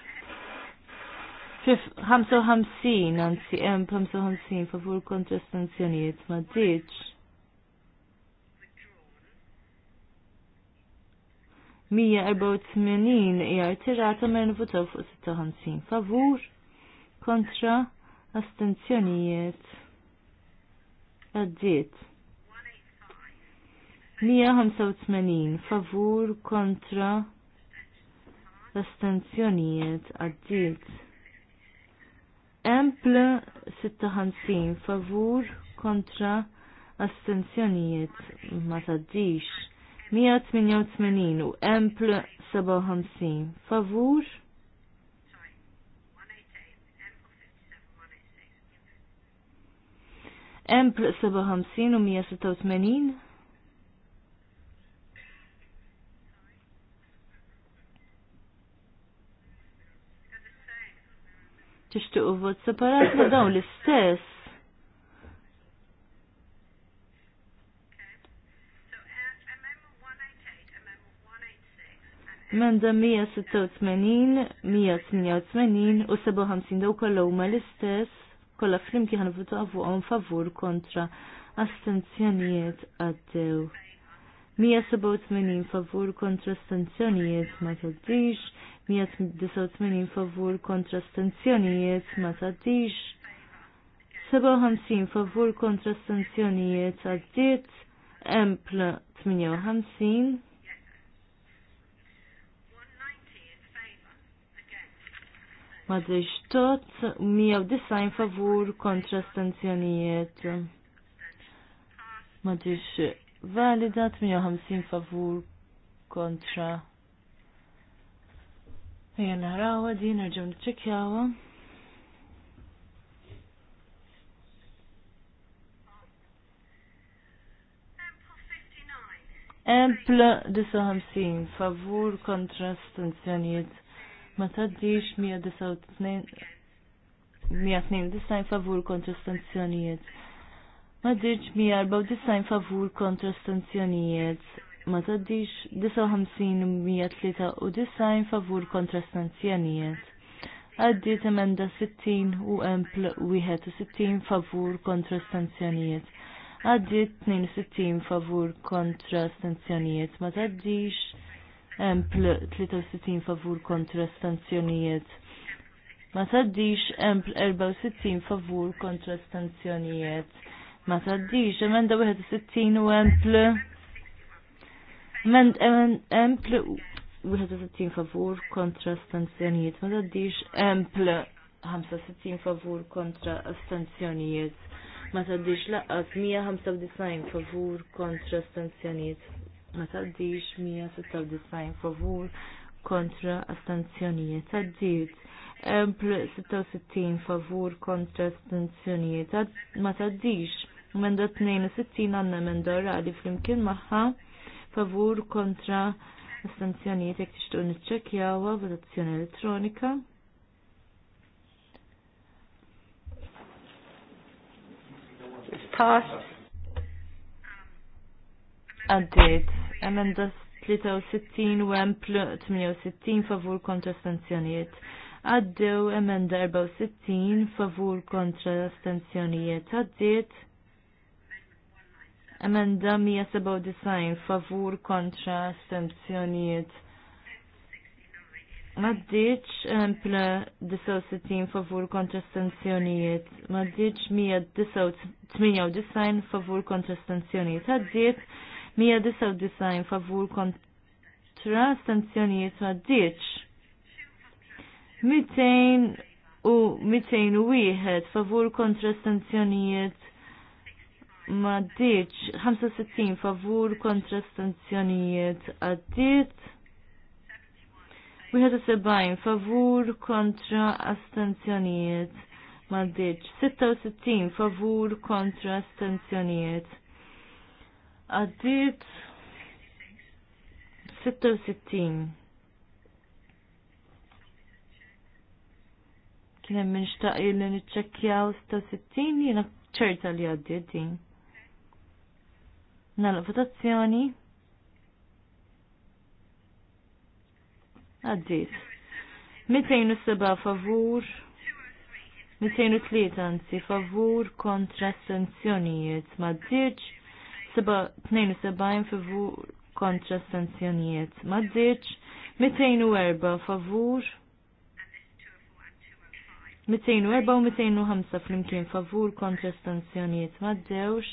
55 anzi empl 55 favur kontra astenzjonijiet maddiċ. 184 jgħar tirata minn votaw fuq 56 favur kontra astenzjonijiet għaddiet 185 favur kontra astenzjonijiet għaddiet Emple 56 favur kontra astenzjonijiet ma taddix 188 u empl 57 favur empl 57 u 186 u vot separat ma daw l-istess Menda 186, 188 u 57 daw kollha huma l-istess, kollha flimkien għavu għom favur kontra astenzjonijiet għaddew. 187 favur kontra astenzjonijiet ma taddix, 189 favur kontra astenzjonijiet ma taddix, 57 favur kontra astenzjonijiet għaddiet, empl 58 madrix tot, 190 favur kontra stanzjonijiet. Madrix valida, 58 favur kontra. Ejja narawa din nerġgħu nċekjawa. Empl 59 favur kontra stanzjonijiet ma taddix 192 favur kontra stanzjonijiet. Ma taddix 194 favur kontra stanzjonijiet. Ma taddix 59 favur kontra stanzjonijiet. Għaddiet emenda 60 u empl 61 favur kontra stanzjonijiet. Għaddiet 62 favur kontra stanzjonijiet. Ma taddix empl 63 favur kontra stanzjonijiet. Ma taddix empl 64 favur kontra stanzjonijiet. Ma taddix emenda 61 u empl Mend empl 61 favur kontra stanzjonijiet. Ma taddix empl 65 favur kontra stanzjonijiet ma taddix laqqas 195 favur kontra stanzjonijiet ma taddix 196 favur kontra astanzjonijiet għaddiet. Empl 66 favur kontra astanzjonijiet ma taddix. Menda 62 għanna menda orali flimkien maħħa favur kontra astanzjonijiet jek tixtuq niċċekjawa votazzjoni elettronika. Pass. Għaddiet emenda 63 u empl 68 favur kontra stanzjonijiet. Għaddew emenda 64 favur kontra stanzjonijiet. Għaddiet emenda 197 favur kontra stanzjonijiet. Maddiċ empla 69 favur kontra stanzjonijiet. Maddiċ 198 favur kontra stanzjonijiet. Għaddiet 199 favur kontra sanzjonijiet ma ddiċ. 200 u 201 favur kontra sanzjonijiet ma ddiċ. 65 favur kontra stanzjonijiet għaddiet. 71 favur kontra astenzjonijiet maddiċ 66 favur kontra astenzjonijiet għaddit 66. Kien hemm nixtaq li niċċekkjaw 66 jiena ċerta li għaddiet din. Nagħlaq votazzjoni. Għaddiet. 207 favur, 203 anzi favur kontra sanzjonijiet ma' 72 favur kontra sanzjonijiet. Maddiċ 204 favur 204 u 205 flimkien favur kontra stanzjonijiet maddewx.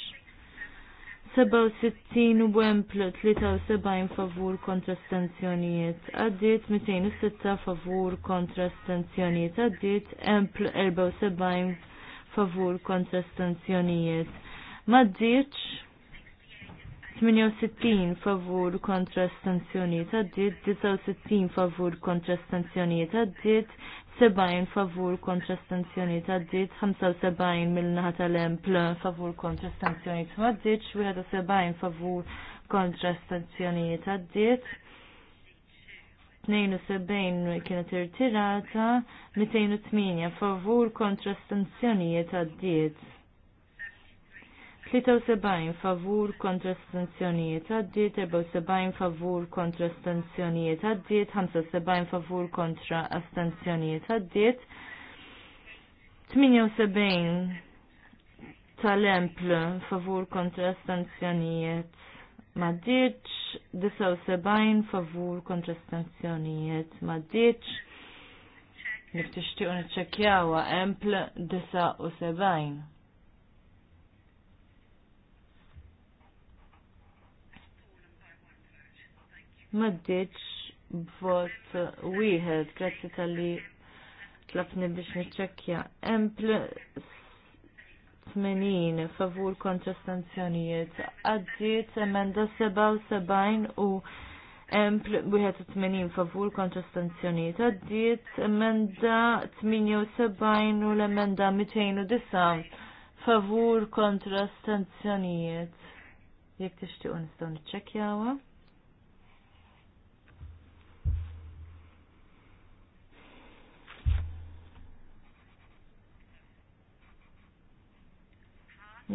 67 u Wempl 73 favur kontra stanzjonijiet għaddit, 206 favur kontra stanzjonijiet għaddit, Empl 74 favur kontra stanzjonijiet. Maddiċ 68 favur kontra ta' dit, 69 favur kontra ta' dit, 70 favur kontra ta' dit, 75 mill-naħa tal-empl favur kontra ta' dit, 71 favur kontra ta' dit, 72 kienet irtirata, 208 favur kontra stanzjonijiet għaddiet. 73 favur kontra stanzjonijiet għaddiet, 74 favur kontra stanzjonijiet għaddiet, 75 favur kontra astanzjonijiet għaddiet, 78 tal-empl favur kontra stanzjonijiet maddiċ, 79 favur kontra stanzjonijiet maddiċ, Jek tixtiqu niċċekjawa, empl 79. maddiċ b'vot wieħed grazzi tal-li tlapni biex niċċekkja. Empl 80 favur kontra sanzjonijiet. Għaddiet emenda 77 u empl 81 favur kontra sanzjonijiet. Għaddiet emenda 78 u l-emenda 209 favur kontra sanzjonijiet. Jek tixtiequ nistgħu niċċekkjawha.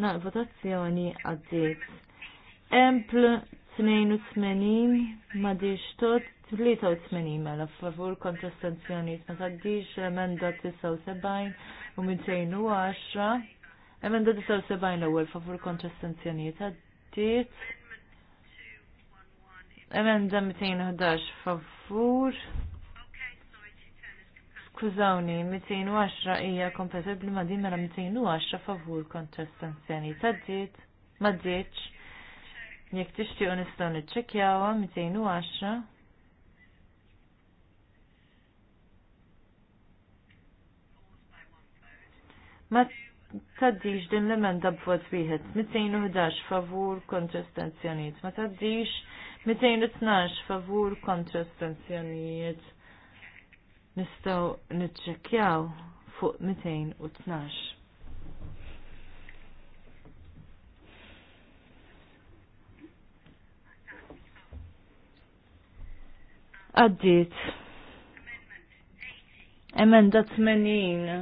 Na, votazzjoni għaddiet. Empl 82 madix tot 83 mela favur kontra stanzjoni. Ma taddix emenda 79 u 210. Emenda 79 l-ewwel favur kontra stanzjoni taddit. Emenda 211 favur Skużawni, 210 hija kompatibbli ma' din mela 210 favur kontra stanzjani ta' diet, ma' dietx. Jekk tixtiequ nistgħu niċċekkjawha 210. Ma taddix din l-emenda b'vot wieħed 211 favur kontra stanzjonijiet, ma taddix 212 favur kontra stanzjonijiet nistaw nitċekjaw fuq 212. Għaddit. Emenda 80,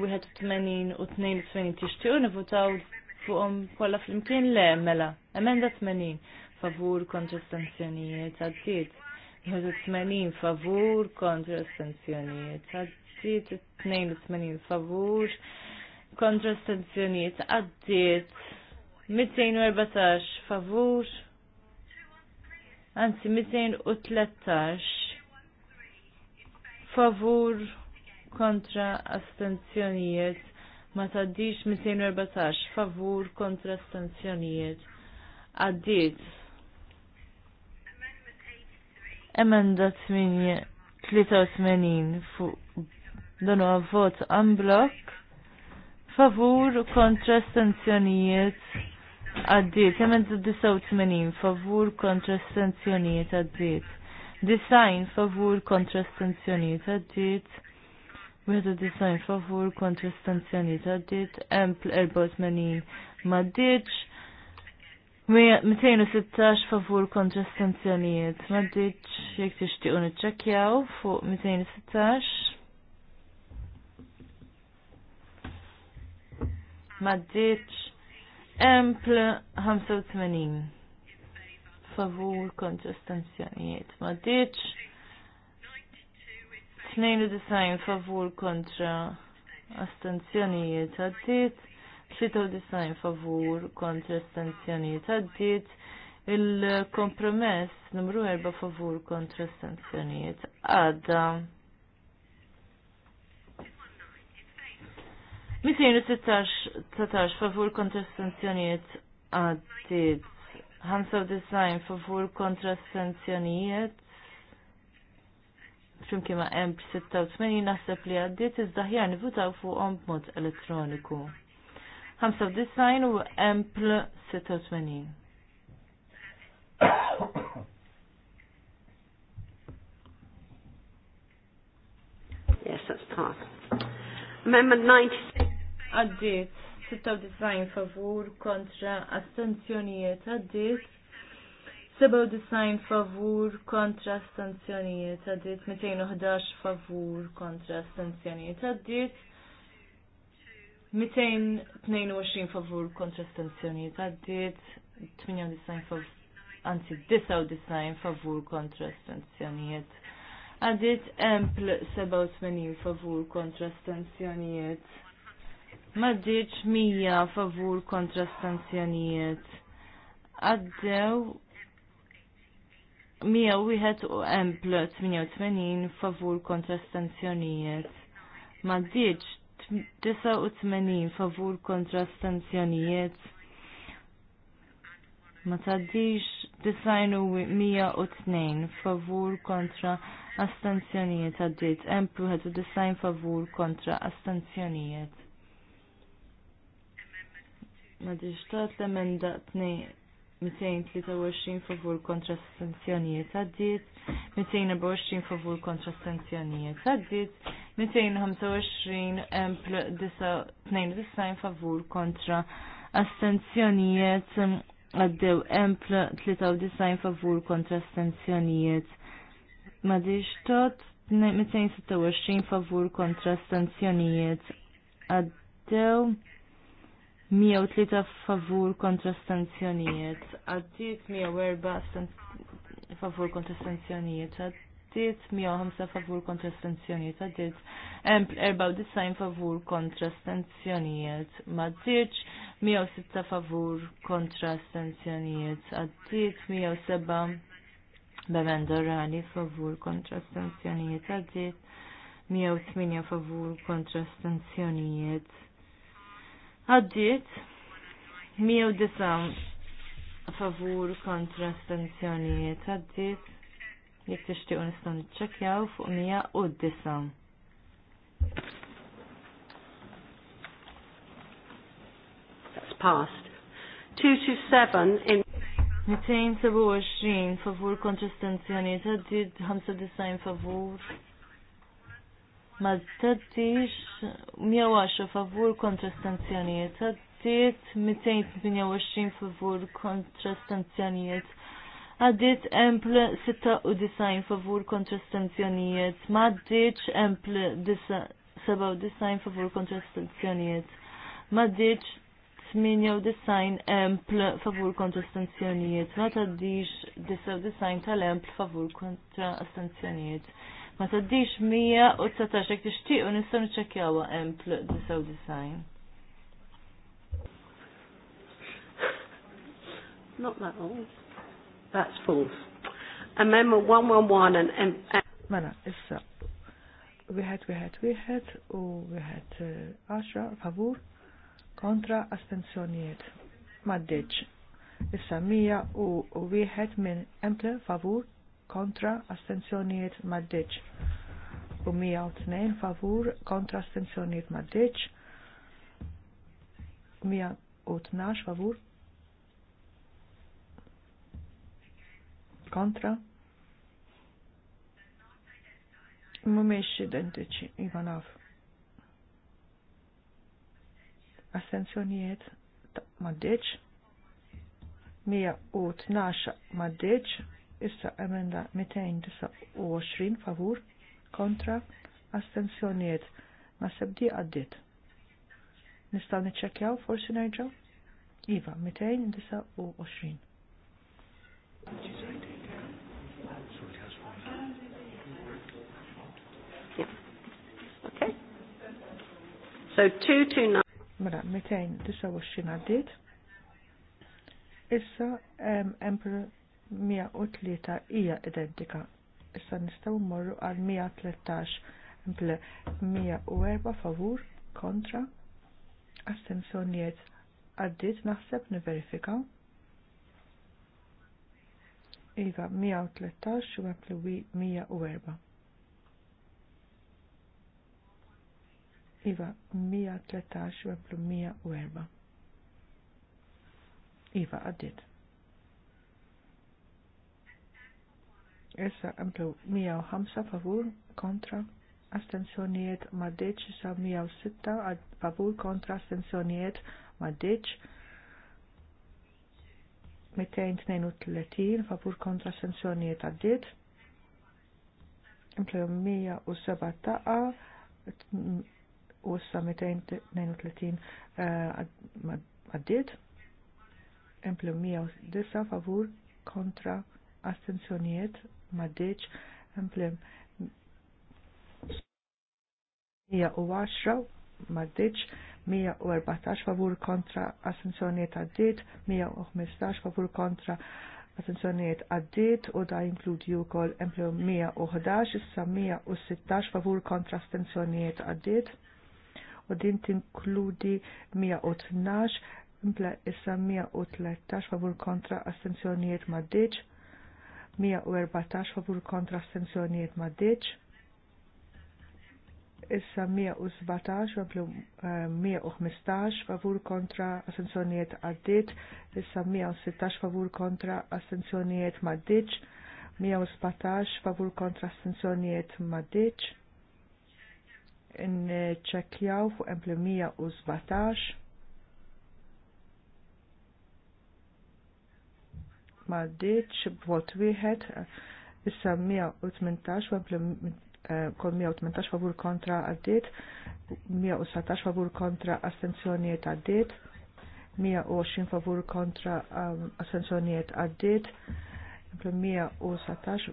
81 u 82 tixtiju nivutaw fuqom kolla fl-imkien le, mela. Emenda 80, favur kontra stanzjonijiet, għaddit. 80 favur kontra astenzjonijiet. Għaddit 82 favur kontra astenzjonijiet. Għaddit 214 favur. Anzi, 213 favur kontra astenzjonijiet. Ma taddix 214 favur kontra astenzjonijiet. Għaddit emenda 83 fu dan huwa unblock favur kontra stanzjonijiet għaddiet emenda 89 favur kontra stanzjonijiet għaddiet design favur kontra stanzjonijiet għaddiet Wieħed design favur kontra stanzjonijiet għaddiet empl 84 ma' ditx 216 favur kontra stanzjonijiet. Maddiċ, jek tixtiqu nitċekjaw fuq 216. Maddiċ, empl 85. Favur kontra stanzjonijiet. Maddiċ, 92 favur kontra astanzjonijiet. Għaddit, 96 favur kontra stanzjonijiet għaddit. Il-kompromess numru 4 favur kontra stanzjonijiet għadda. 216 favur kontra stanzjonijiet għaddit. 95 favur kontra sanzjonijiet flimkien ma' M86 naħseb li għaddiet iżda ħjar nivutaw fuqhom b'mod elettroniku. 95 u empl 86. Yes, that's tough. Amendment 96. Addit, 96 favur kontra astenzjonijiet. Għaddit, 97 favur kontra astenzjonijiet. Għaddit, 211 favur kontra astenzjonijiet. Għaddit, 222 favur kontra astensjonijiet għaddiet, 98 favur, anzi 99 favur kontra astensjonijiet. Għaddiet empl 87 favur kontra astensjonijiet. Maddiċ 100 favur kontra astensjonijiet. Għaddew 101 u empl 88 favur kontra astensjonijiet. Maddiċ 89 favur kontra stanzjonijiet. Ma taddix 902 favur kontra astanzjonijiet għaddit. Emplu 91 favur kontra astanzjonijiet. Ma tot l-emenda 223 favur kontra astanzjonijiet għaddit. 224 favur kontra astanzjonijiet għaddit. 225 favur kontra astenzjonijiet għaddew empl 93 favur kontra astenzjonijiet. Madix tot 226 favur kontra astenzjonijiet għaddew 103 favur kontra astenzjonijiet. Għaddit 104 favur kontra astenzjonijiet għaddiet, 105 favur kontra stanzjonijiet għaddiet, 94 favur kontra stanzjonijiet maddiċ, 106 favur kontra stanzjonijiet għaddiet, 107 bemenda orali favur kontra stanzjonijiet għaddiet, 108 favur kontra stanzjonijiet għaddiet, 109 favur kontra stanzjonijiet għaddiet, Jek tixtiqu nistgħu niċċekkjaw fuq mija u d disam That's passed. 227 in 227 favur kontra stanzjoni taddid 95 favur ma taddix 110 favur kontra stanzjonijiet taddid 228 favur kontrastanzjoni. stanzjonijiet għaddit empl 96 favur kontra stanzjonijiet, maddiċ empl 97 favur kontra stanzjonijiet, maddiċ 98 empl favur kontra stanzjonijiet, ma taddix 99 tal-empl favur kontra stanzjonijiet. Ma taddix 119 jek tixtiq u nistaw niċċekjawa empl 99. Not that old. That's false. Amendment 111 and... and, and Mela, issa. Wieħed, wieħed, wieħed u wieħed 10 eh, favur kontra astenzjonijiet. Maddiċ. Issa mija u wieħed minn emple favur kontra astenzjonijiet maddiċ. U mija u tnejn favur kontra astenzjonijiet maddiċ. Mija u tnax favur kontra mumiex identiċi, iva naf. Assenzjonijiet maddiċ, 112 maddiċ, issa emenda 229 favur kontra astensjonijiet ma sebdi għaddit. Nistaw niċċekjaw forsi nerġaw? Iva, 229. Okay. So 229. Mela, 229 għaddit. Issa um, Emperor 103 ija identika. Issa nistgħu mmorru għal 113 Emple 104 favur kontra. Astensjonijiet għaddit naħseb niverifikaw. Iva 113 u għaplu 104. Iva 113 u għaplu 104. Iva għaddit. Issa għamlu 105 favur kontra astensjonijiet maddeċ sa 106 favur kontra astensjonijiet maddeċ 232 favur kontra sanzjonijiet għaddit. Implejum 107 taqa u 232 eh, għaddit. Implejum 109 favur kontra astenzjonijiet maddeċ. Implejum 110 maddeċ. 114 favur kontra assenzjoniet għaddit, 115 favur kontra attenzjoniet għaddit u da jinkludi u kol emplu 111, issa 116 favur kontra astenzjoniet għaddit u din tinkludi 112, impla issa 113 favur kontra astenzjoniet maddiċ, 114 favur kontra astenzjoniet maddiċ, issa 117 115 eh, favur kontra astenzjonijiet għaddit, issa 116 favur kontra astenzjonijiet maddiċ, 117 favur kontra astenzjonijiet maddiċ, nċekjaw fuq emplu 117. Maddiċ, vot wieħed, issa 118 u kol 118 favur kontra għaddit, 117 favur kontra astenzjoniet għaddit, 120 favur kontra um, astenzjoniet għaddit, 117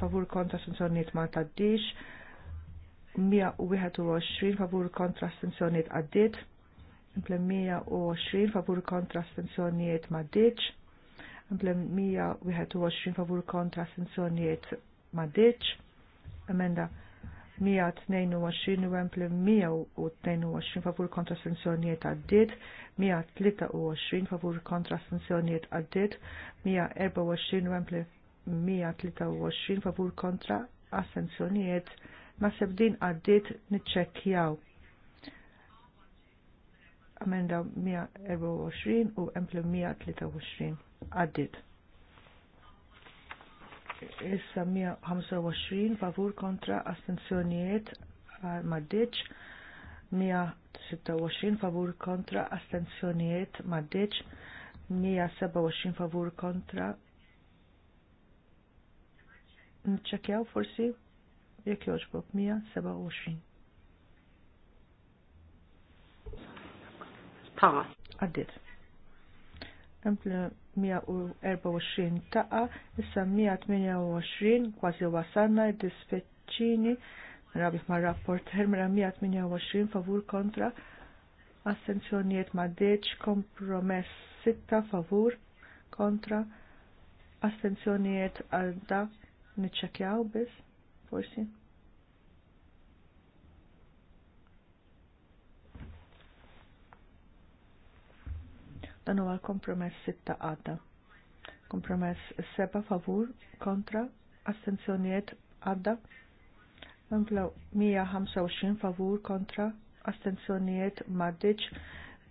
favur kontra astenzjoniet ma taddix, 121 favur kontra astenzjoniet għaddit, 120 favur kontra astenzjoniet ma ddiċ, 121 favur kontra astenzjoniet ma ddiċ, Emenda 122 u għempli 122 favur kontra sanzjonijiet għaddit, 123 favur kontra sanzjonijiet għaddit, 124 u għempli 123 favur kontra assenzjonijiet ma sebdin għaddit nitċekkjaw. Amenda 124 u emplu 123 għaddit issa 125 favur kontra astenzjonijiet maddeċ 126 favur kontra astenzjonijiet maddeċ 127 favur kontra nċekjaw forsi jek joġbok 127. Pass. Għaddit. Emple 124 taqa, issa 128 kważi wasanna id-dispeċċini rabif ma' rapport hermera 128 favur kontra astenzjonijiet ma' deċ kompromess 6 favur kontra astenzjonijiet għalda nitċakjaw bis forsi. dan huwa l-kompromess sitta għadda. Kompromess seba favur kontra astenzjonijiet għadda. Nblaw 125 favur kontra astenzjonijiet maddiċ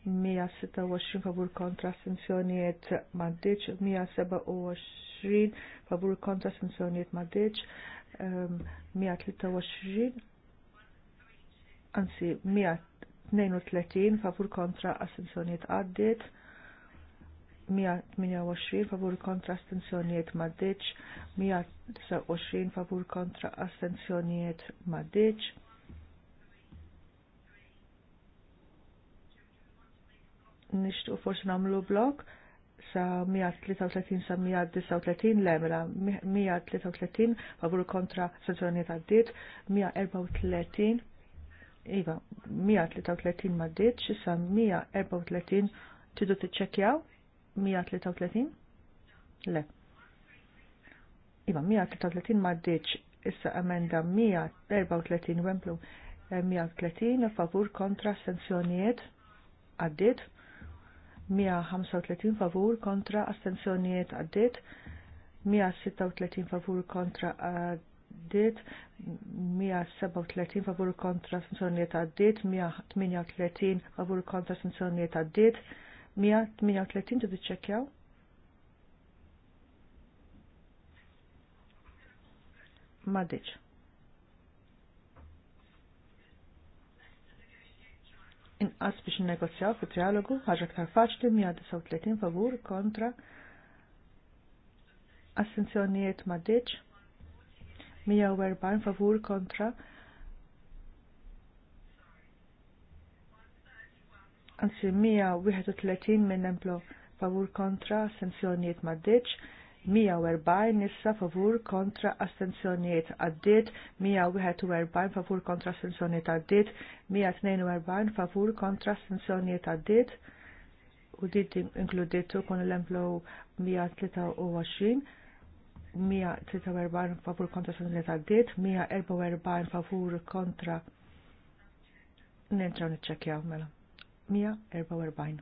126 favur kontra astenzjonijiet maddiċ 127 favur kontra astenzjonijiet maddiċ 123 ehm, anzi 132 favur kontra astenzjonijiet għaddit 128 favur kontra astenzjonijiet maddiċ, 129 favur kontra astenzjonijiet maddiċ. Nishtu forsi namlu blok sa 133 sa 139 lemela 133 favur kontra astenzjonijiet għaddit, 134 Iva, 133 maddiċ, sa 134 tidu t-ċekjaw 133? Le. Iva, 133 ma issa emenda 134 wemplu 130 favur kontra astensjonijiet għaddit 135 favur kontra astensjonijiet għaddit 136 favur kontra għaddit 137 favur kontra astensjonijiet għaddit 138 favur kontra astensjonijiet għaddit 138 tidu ċekjaw. Madiċ. Inqas biex negozjaw fi trialogu ħaġa ktar faċli 139 favur kontra assenzjonijiet madiċ 140 favur kontra għansi 131 minn emplo favur kontra astenzjonijiet maddeċ, 140 nissa favur kontra astenzjonijiet għaddit, 141 favur kontra astenzjonijiet għaddit, 142 favur kontra astenzjonijiet għaddit, u dit inkluditu kun l-emplo 123, 143 favur kontra astenzjonijiet għaddit, 144 favur kontra Nentraw nitċekjaw mela. 144.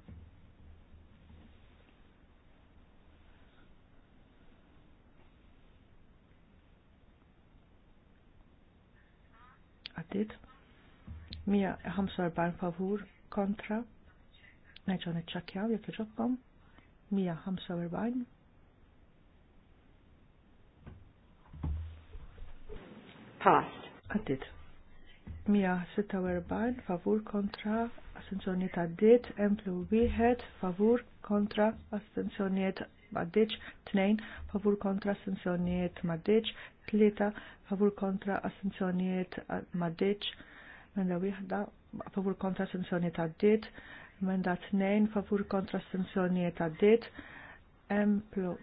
Għaddit 145 favur kontra Neġo iċċakjaw jek iġobkom 145 Pass. Għaddit 146 favur kontra astenzjoni ta' dit, emplu wieħed, favur kontra astenzjoniet maddiċ, tnejn, favur kontra astenzjoniet maddiċ, tlieta, favur kontra astenzjoniet maddiċ, menda wieħda, favur kontra astenzjoniet dit, menda tnejn, favur kontra astenzjoniet dit, emplu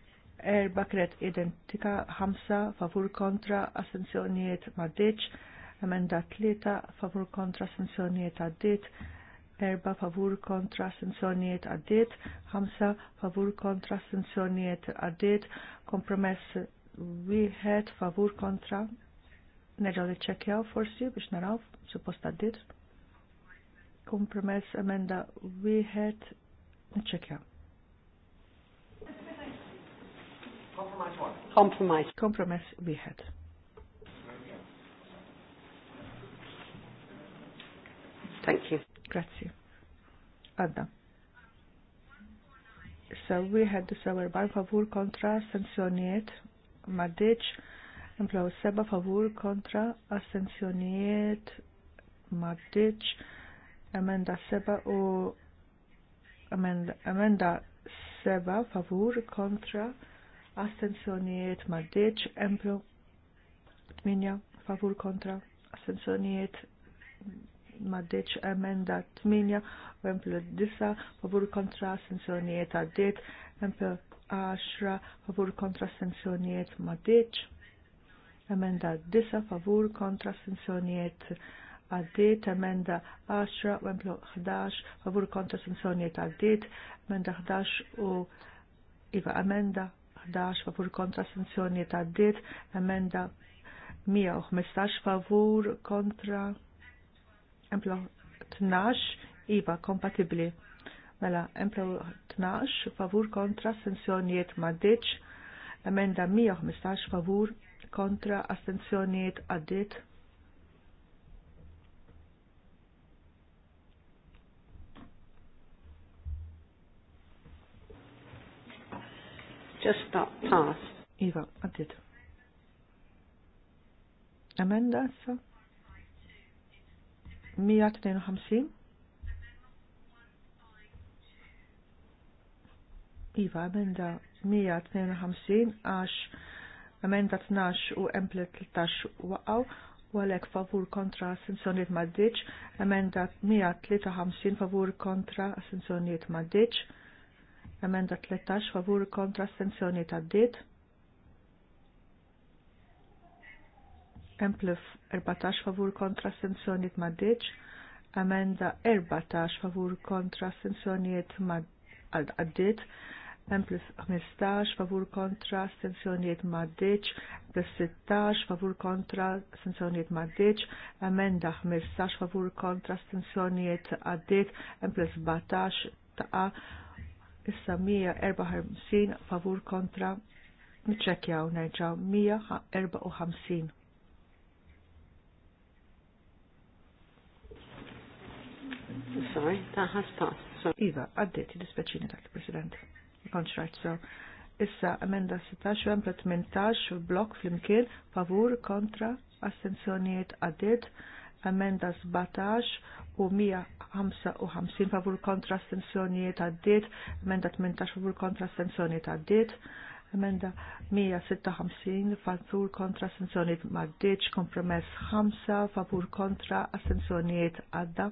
erba kret identika, ħamsa, favur kontra astenzjoniet maddiċ, emenda tlieta, favur kontra sanzjonijiet għaddit, erba favur kontra sanzjonijiet għaddiet, ħamsa favur kontra sanzjonijiet għaddiet, kompromess wieħed favur kontra Nerġaw ċekjaw forsi biex naraw suppost għaddiet. Kompromess emenda wieħed niċċekjaw. Compromise. Compromise wieħed. Thank you. Grazzi. Għadda. Issa wieħed u sewer disawar favur kontra sanzjonijiet ma ditx implaw seba favur kontra assenzjonijiet ma ditx emenda seba u emenda, emenda seba favur kontra assenzjonijiet ma ditx emplu minja favur kontra assenzjonijiet maddeċ emenda 8, emplu 9, favur kontra sensjonijiet għaddit, emplu 10, favur kontra sensjonijiet maddeċ, emenda 9, favur kontra sensjonijiet għaddit, emenda 10, emplu 11, favur kontra sensjonijiet għaddit, emenda 11 u iva emenda 11 favur kontra sensjonijiet għaddit, emenda 115 favur kontra Emplo 12 iva kompatibli. Mela, emplo 12 favur kontra astensjonijiet maddeċ, Emenda 115 favur kontra astensjonijiet addit. Just not pass. Iva, addit. Amenda, sa? So? 152 Iva, emenda 152 għax emenda 12 u emple 13 waqaw u għalek favur kontra assenzjoniet maddiċ, emenda 153 favur kontra assenzjoniet maddiċ, emenda 13 favur kontra assenzjoniet għaddit, Emplif 14 favur kontra sensjoniet maddiċ, amenda 14 favur kontra sensjoniet għaddit, Emplif 15 favur kontra sensjoniet maddiċ, plus 16 favur kontra sensjoniet maddiċ, amenda 15 favur kontra sensjoniet għaddit, Emplif 17 taqa, issa 154 favur kontra, nċekjaw nerġaw 154. Sorry, that has passed. So Iva, għaddit, dispeċini dak il-President. Kontrajt, so. Issa, amenda 16 u emenda 18 blok fl-imkien, favur, kontra, astenzjoniet għaddit, amenda 17 u 155 favur kontra astenzjoniet għaddit, amenda 18 favur kontra astenzjoniet għaddit, amenda 156 favur kontra astenzjoniet maddiċ, kompromess 5 favur kontra astenzjoniet għadda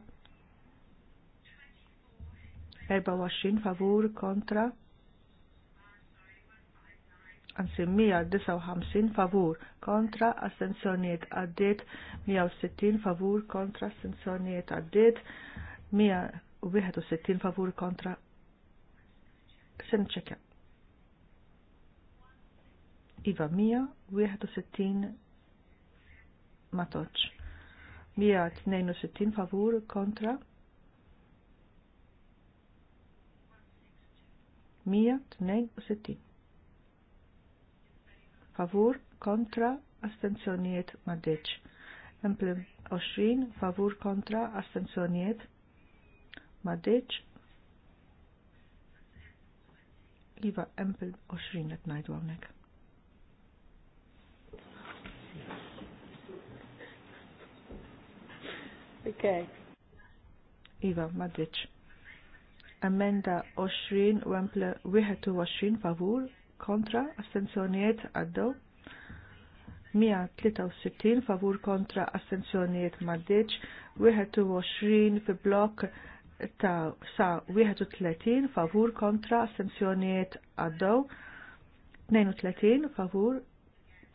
24 favur kontra għansi 159 favur kontra astenzjoniet għaddit 160 favur kontra astenzjoniet għaddit 161 favur kontra sen Iva 161 matoċ. 162 favur kontra 162. Favur kontra astenzjoniet maddeċ. Emplem 20 favur kontra astenzjoniet maddeċ. Iva empel 20 qed ngħidu hawnhekk. Okay. Iva, maddeċ. Emenda 20 u emple 21 favur kontra astenzjonijiet għaddew. 163 favur kontra astenzjonijiet maddeċ, 21 fi blok ta' sa' 31 favur kontra astenzjonijiet għaddew, 32 favur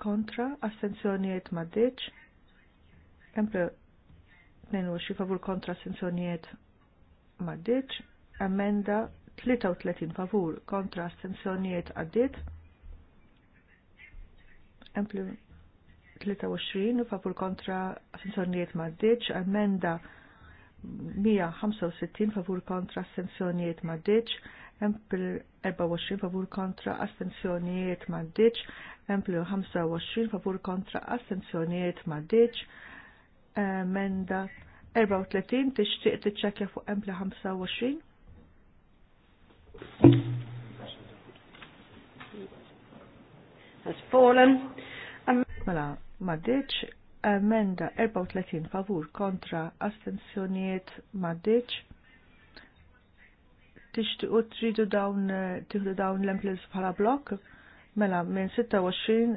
kontra astenzjonijiet maddeċ, emplu 22 favur kontra astenzjonijiet maddeċ, Emenda 33 favur kontra astensjonijiet għaddit. 23 favur kontra astensjonijiet maddiċ. Emenda 165 favur kontra astensjonijiet maddiċ. Empli 24 favur kontra astensjonijiet maddiċ. Empli 25 favur kontra astensjonijiet maddiċ. Emenda 34 tixtieq tiċċekkja fuq Empli 25. Has fallen. Um, mela, maddiċ, emenda 34 favur kontra astensjoniet maddiċ. Tixtiqu tridu dawn, tiħdu dawn l-emplis bħala blok. Mela, minn 26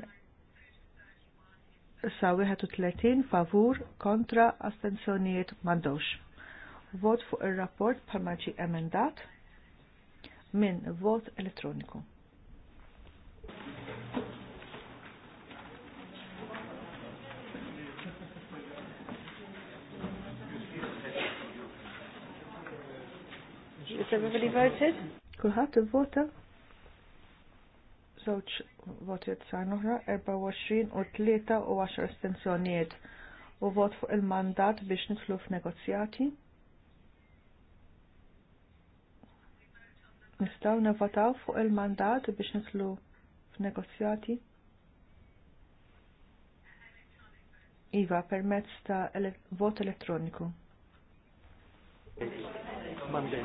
sa 31 favur kontra astensjoniet mandawx. Vot fuq il-rapport bħalma maġi emendat minn vot elettroniku. Is everybody voted? Kulħat vota Zawċ votiet sajn uħra, 24 u 3 u 10 stenzjonijiet u vot fuq il-mandat biex nitlu f'negozjati. Nistaw nevotaw fuq il-mandat biex nitlu f'negozjati? Iva, permezz ta' vot elettroniku. The...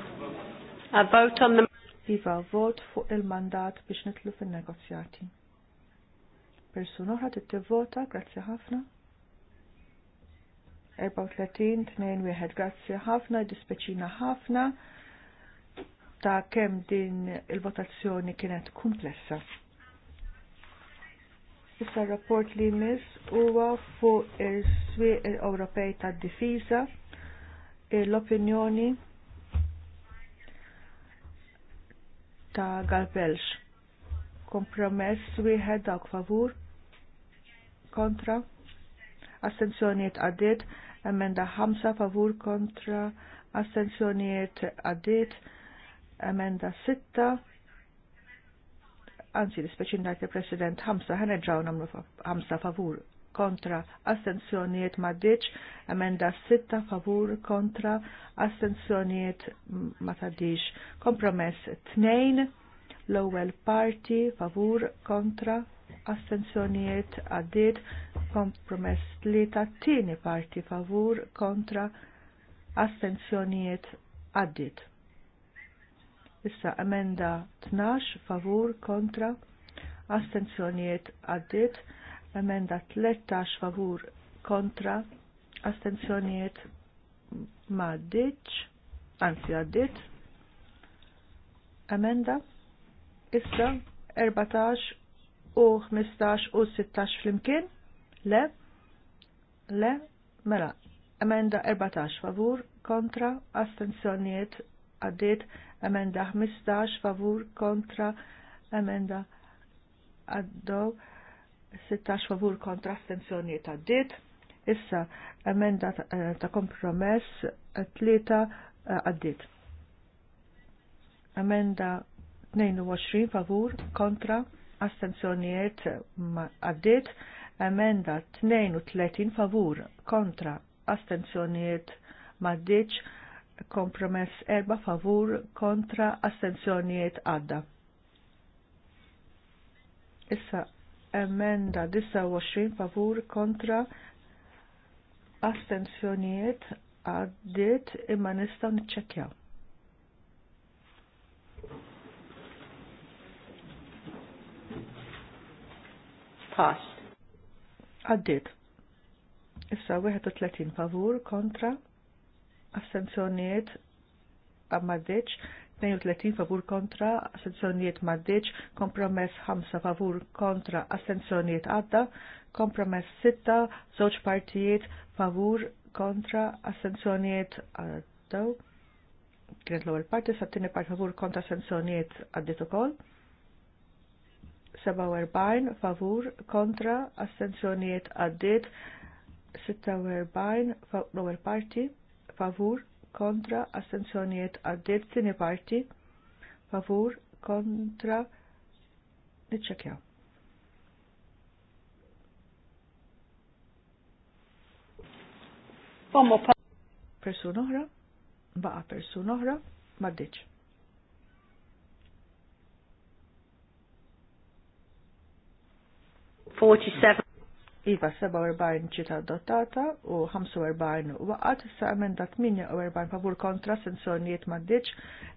Iva, vot fuq il-mandat biex nitlu fil-negozjati. Persuna oħra tivvota, grazzi ħafna. 34, 21, grazzi ħafna, dispeċina ħafna ta' kemm din il-votazzjoni kienet komplessa. Issa rapport li jmiss huwa fuq is-swieq Ewropej tad-difiża l-opinjoni ta' Galbelx. Kompromess wieħed dawk favur kontra astenzjonijiet għaddiet, emenda 5 favur kontra astenzjonijiet għaddiet, Emenda 6, anzi l-speċin dajt il-President 5, ħanerġaw namlu 5 favur kontra astenzjonijiet maddiċ, emenda 6 favur kontra astenzjoniet ma tadix. Kompromess 2, l-ewwel parti favur kontra astenzjonijiet għaddiet, kompromess 3, tini parti favur kontra astenzjonijiet għaddiet. Issa emenda 12 favur kontra astenzjonijiet għaddit, emenda 13 favur kontra astenzjonijiet maddiċ, anzi għaddit, emenda issa 14 u 15 u 16 flimkien, le, le, mela, emenda 14 favur kontra astenzjonijiet għaddit, emenda 15 favur kontra emenda għaddow 16 favur kontra astenzjonijiet dit. Issa emenda ta' eh, kompromess 3 eh, għaddit. Emenda 22 favur kontra astenzjonijiet għaddit. Emenda 32 favur kontra astenzjonijiet maddiċ kompromess erba favur kontra astenzjonijiet għadda. Issa emenda 29 favur kontra astenzjonijiet għaddit imma nistaw nċekjaw. Pass. Għaddit. Issa 31 favur kontra astenzjonijiet maddiċ, 32 favur kontra, astenzjonijiet maddiċ, kompromess 5 favur kontra, astenzjonijiet għadda, kompromess 6, zoċ partijiet favur kontra, astenzjonijiet għaddaw. Kienet l-ewwel parti, sattini parti favur kontra astenzjonijiet għaddit kol, 47 favur kontra, astenzjonijiet għaddit, 46 favur l-ewwel parti favur kontra astenzjonijiet għaddit tini parti favur kontra niċċekjaw. Pommo pa. Persun oħra, baqa persun oħra, maddiċ. Forty-seven. Iva 47 ċita dotata u 45 waqat issa emendat 48 favur kontra astensjonijiet maddiċ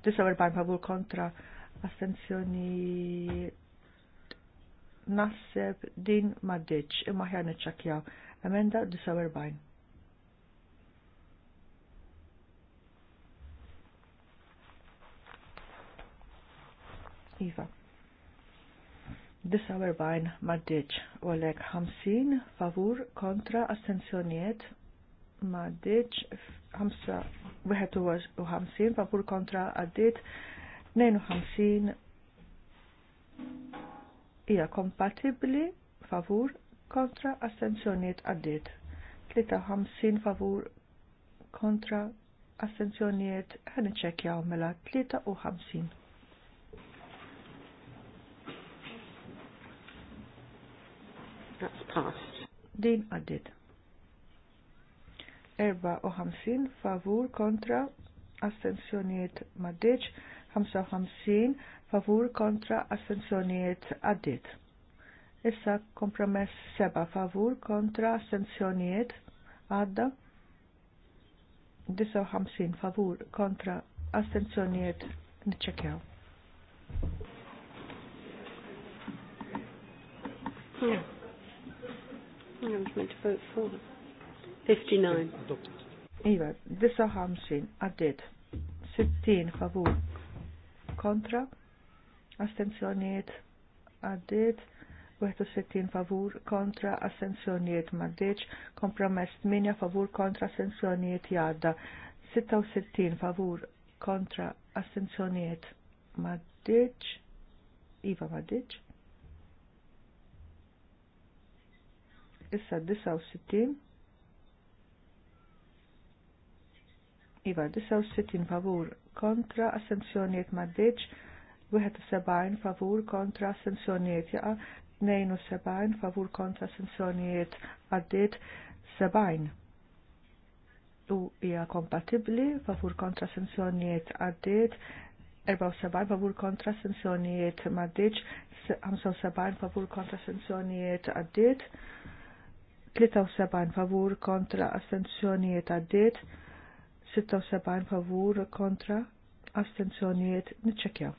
49 favur kontra astensjoni nasseb din maddiċ imma ħjar niċċakjaw. Emenda 49. Iva. 49 maddiċ u għalek 50 favur kontra astenzjoniet maddiċ 51 favur kontra għaddit 52 ija kompatibli favur kontra astenzjoniet għaddit 53 favur kontra astenzjoniet ħan iċċekjaw mela 53 That's passed. Din għaddit. 54 favur kontra astensjoniet maddiċ, 55 favur kontra astensjoniet għaddit. Issa kompromess seba favur kontra astensjoniet għadda, 59 favur kontra astensjoniet nċekjaw. Yeah. Hmm. I was meant to vote for. 59. Iva, 59, għaddit. 60, favur. Kontra. Astenzjoniet, għaddit. 61 favur kontra assenzjoniet maddeċ, kompromess 8 favur kontra assenzjoniet jadda, 66 favur kontra assenzjoniet maddeċ, Iva maddeċ, issa 69 Iva 69 favur kontra assenzjoniet maddeċ 71 favur kontra assenzjoniet jaqa 72 favur kontra assenzjoniet għaddit 70 u hija kompatibli favur kontra assenzjoniet għaddit 74 favur kontra sanzjonijiet maddiċ, 75 favur kontra sanzjonijiet għaddit, 73 favur kontra astenzjonijiet għaddiet, 76 favur kontra astenzjonijiet nitċekja.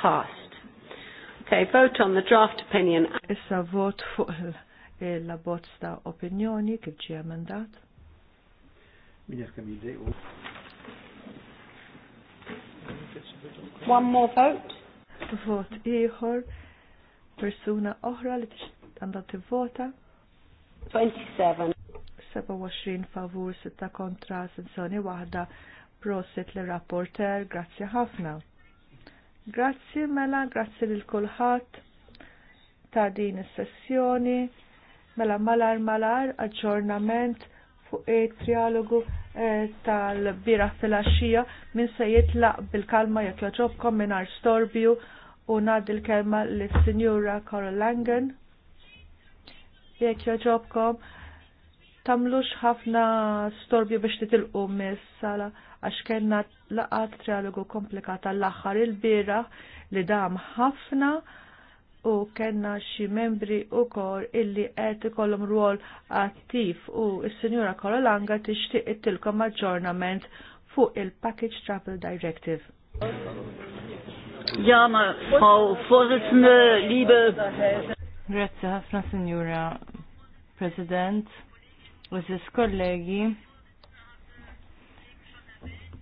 Passed. Okay, vote on the draft opinion. Issa vot fuq la bozza ta' opinjoni kif ġi emendat. Min jekk hemm One more vote. Vot ieħor persuna oħra li għandha tivvota. 27. 27 favur, 6 kontra, sensjoni waħda. Prosit li rapporter, grazzi ħafna. Grazzi mela, grazzi lil kulħadd ta' din is-sessjoni. Mela malar malar aġġornament fuq it-trialogu eh, tal-bira fil-axija minn se jitlaq bil-kalma jekk joġobkom mingħajr storbju u ngħaddi l-kelma lis-Sinjura Carol Langen. Jekk joġobkom tamlux ħafna storbju biex titilqu mis-sala għax kena laqat trialogu komplikata l-aħħar il-bira li dam ħafna u kellna xi membri wkoll illi qed ikollhom ruol attiv u s-Sinjura Kololanga tixtieq ittilkom aġġornament fuq il-Package Travel Directive. Ja, ma, Frau Vorsitzende, liebe. Grazie, ħafna, Signora President, Użis kollegi.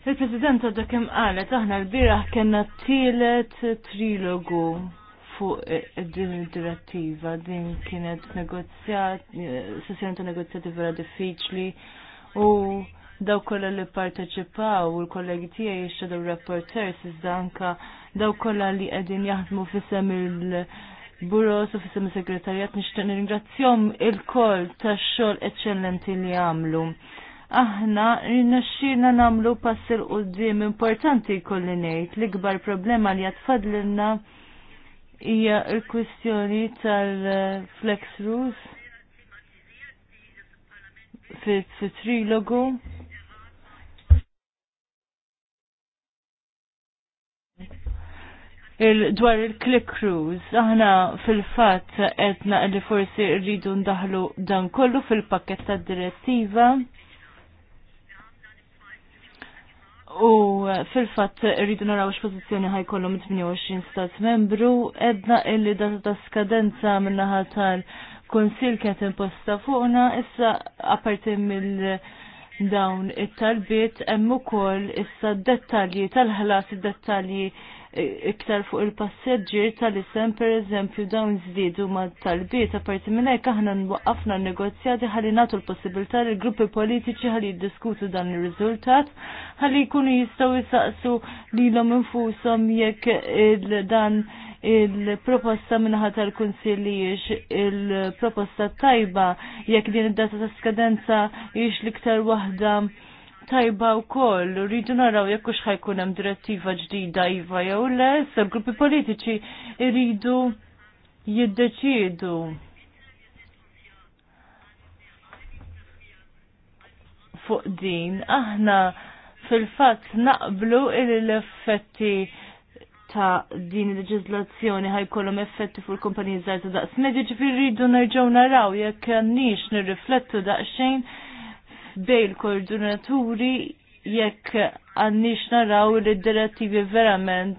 Il-President għadda kem għalet, aħna l birax kena t tilet trilogu fuq eh, din id-direttiva. Din kienet negozjat, eh, sessjoni ta' negozjati vera diffiċli u daw kolla li parteċipaw u l-kollegi tijaj daw reporters iżda anka daw kolla li għedin jaħdmu fissem il- Buros u fissem segretarjat nishtan ringrazzjom il-koll ta' xol eccellenti li għamlu. Aħna xirna namlu passil u d-dim importanti kollinejt li L-ikbar problema li għatfadlilna hija l-kwistjoni tal-flex rules fit-trilogu. Il dwar il-click cruise, aħna fil-fat etna li forsi rridu ndaħlu dan kollu fil-pakket ta' direttiva. U fil-fat rridu naraw x-pozizjoni kollu 28 stat membru, edna illi data ta' skadenza minnaħa tal-Konsil kienet imposta fuqna, issa apparti mill- dawn it-talbiet hemm ukoll issa dettalji tal-ħlas id-dettalji iktar fuq il-passeġġier tal-isem pereżempju dawn żdiedu ma tal-biet apparti minn hekk aħna nwaqqafna n-negozjati ħalli nagħtu l-possibilità li gruppi politiċi ħalli jiddiskutu dan ir-riżultat ħalli jkunu jistgħu jisaqsu lilhom infushom jekk dan il-proposta minnaħat tal-Kunsilli il-proposta tajba jekk din id-data ta' skadenza jiex liktar waħda tajba u koll, rridu naraw jekk ux ħajkun hemm direttiva ġdida iva jew le, sal gruppi politiċi rridu jiddeċidu. Fuq din, aħna fil-fatt naqblu il-effetti ta' din il-leġizlazzjoni ħajkollhom effetti fuq il-kumpaniji ta' daqs medju ġifieri rridu nerġgħu naraw jekk għandniex nirriflettu daqsxejn bej koordinaturi jekk għannix naraw li d-direttivi verament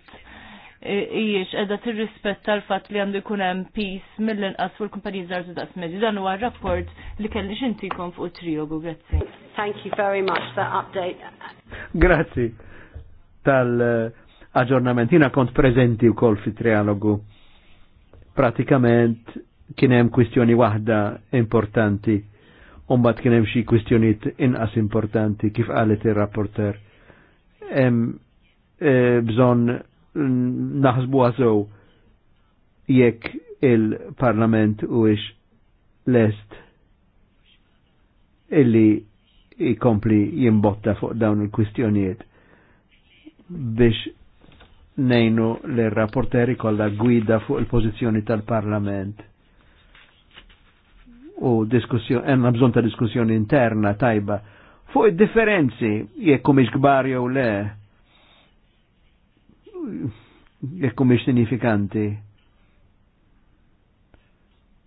e, ijiex edha t rispetta l-fat li għandu jkun hemm peace mill-inqas fuq il-kumpaniji żgħar daqs medji. Dan huwa rapport li kellix intikom fuq triogu, grazzi. Thank you very much for update. Grazzi tal-aġġornament. Jina kont preżenti wkoll fit trialogu. Pratikament kien hemm kwistjoni waħda importanti Umbat kien hemm xi kwistjonijiet inqas importanti kif qalet ir-rapporter. Hemm e, bżonn naħsbu għażew jekk il-Parlament u ix lest illi jkompli jimbotta fuq dawn il-kwistjonijiet biex nejnu l-rapporteri kolla gwida fuq il-pozizjoni tal-Parlament u diskussjoni, hemm bżonn ta' diskussjoni interna tajba fuq id-differenzi jekk miex kbar jew le jekk miex sinifikanti.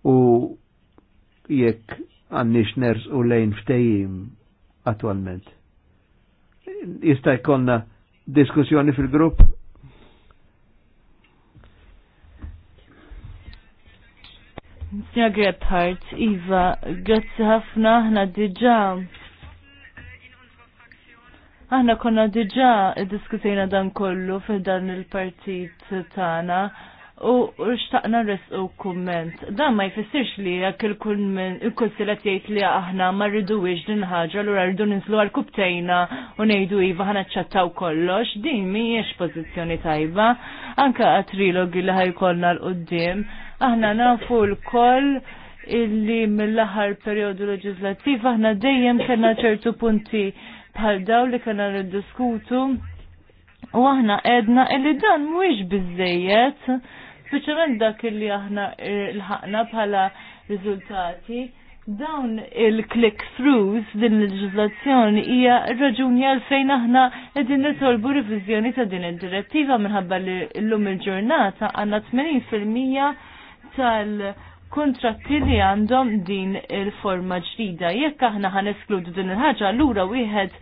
U jekk għandniex ners u lejn ftejim attualment. Jista' jkollna diskussjoni fil-grupp Signor Gebhardt, Iva, grazzi ħafna, ħna diġa. Aħna konna diġa diskutejna dan kollu fil dan il-partit tana u xtaqna u kumment. Dan ma jfissirx li jekk il-kull silet jgħid li aħna ma rridu wiex din ħaġa l-ura rridu ninslu għal-kubtejna u ngħidu iva ħana ċattaw kollox, din mhijiex pożizzjoni tajba, anka għat trilogi li ħajkollna l qoddim Aħna nafu l-koll illi mill-aħħar periodu leġislattiv aħna dejjem kena ċertu punti bħal daw li kena diskutu u aħna edna illi dan mhuwiex bizzejiet speċjalment dak illi aħna l ħakna bħala riżultati dawn il-click-throughs din il-leġizlazzjoni hija raġuni għalfejn aħna qegħdin nitolbu riviżjoni ta' din id-direttiva minħabba li llum il-ġurnata għandna 80% tal-kontratti li għandhom din il-forma ġdida. Jekk aħna ħan eskludu din il-ħaġa, allura wieħed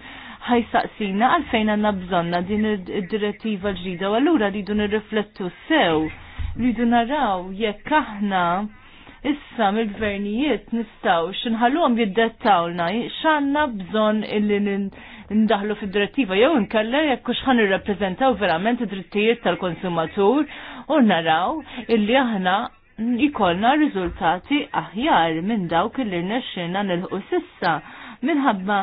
ħajsaqsina għalfejn għanna bżonna din id-direttiva ġdida, u allura rridu nirriflettu sew, rridu naraw jekk aħna issa mill-gvernijiet nistaw xinħallum jiddettawlna xanna bżon illi ndaħlu fil-direttiva jew nkella jekk xħan irrappreżentaw verament id-drittijiet tal-konsumatur u naraw illi aħna ikolna riżultati aħjar minn dawk li rnexxina nilħu sissa minħabba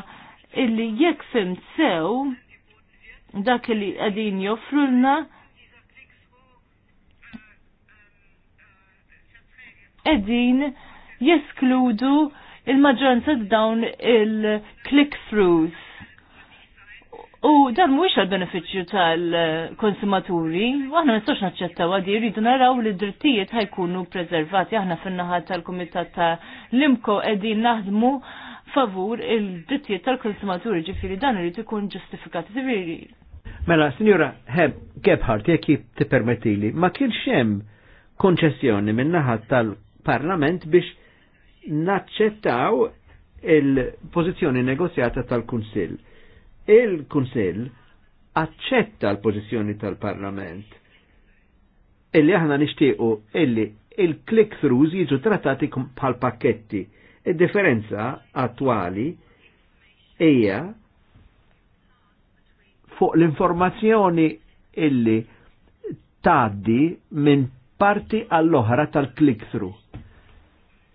illi jekk fimt sew dak li qegħdin joffrulna qegħdin jeskludu il-maġġoranza dawn il-click-throughs U dan mhuwiex għal benefiċċju tal-konsumaturi, aħna nistax naċċettaw għadi rridu naraw li drittijiet ħajkunu preservati aħna fin-naħa tal-Kumitat ta' Limko qegħdin naħdmu favur il-drittijiet tal-konsumaturi ġifieri dan irid ikun ġustifikati ġifieri. Mela, Sinjura Heb Gebhardt, jekk tippermettili, ma kienx hemm konċessjoni min-naħa tal-Parlament biex naċċettaw il-pożizzjoni negozjata tal-Kunsill il-Kunsill aċċetta l-pożizzjoni tal-Parlament illi aħna nixtiequ illi il-click throughs jiġu trattati bħal pakketti. Id-differenza attwali hija fuq l-informazzjoni illi taddi minn parti għall-oħra tal-click-through.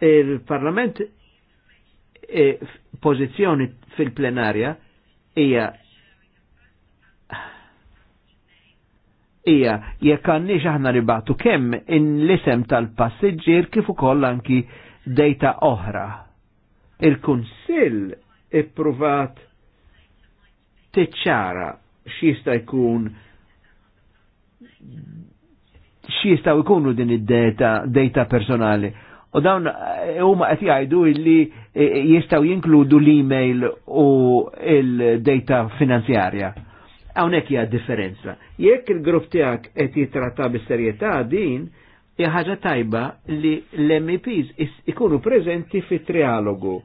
Il-Parlament e, pożizzjoni fil-plenarja ija ija jekk għandniex aħna ribatu kemm l-isem tal-passiġġier kif ukoll anki dejta oħra. Il-Kunsill ippruvat tiċċara x'jista' jkun x'jistgħu jkunu din id dejta personali U dawn eh, huma qed jgħidu illi eh, jistgħu jinkludu l-email u l-data finanzjarja. Hawnhekk hija differenza. Jekk il-grupp tiegħek qed jitratta bis-serjetà din, hija ħaġa tajba li l-MEPs ikunu preżenti fit-trialogu.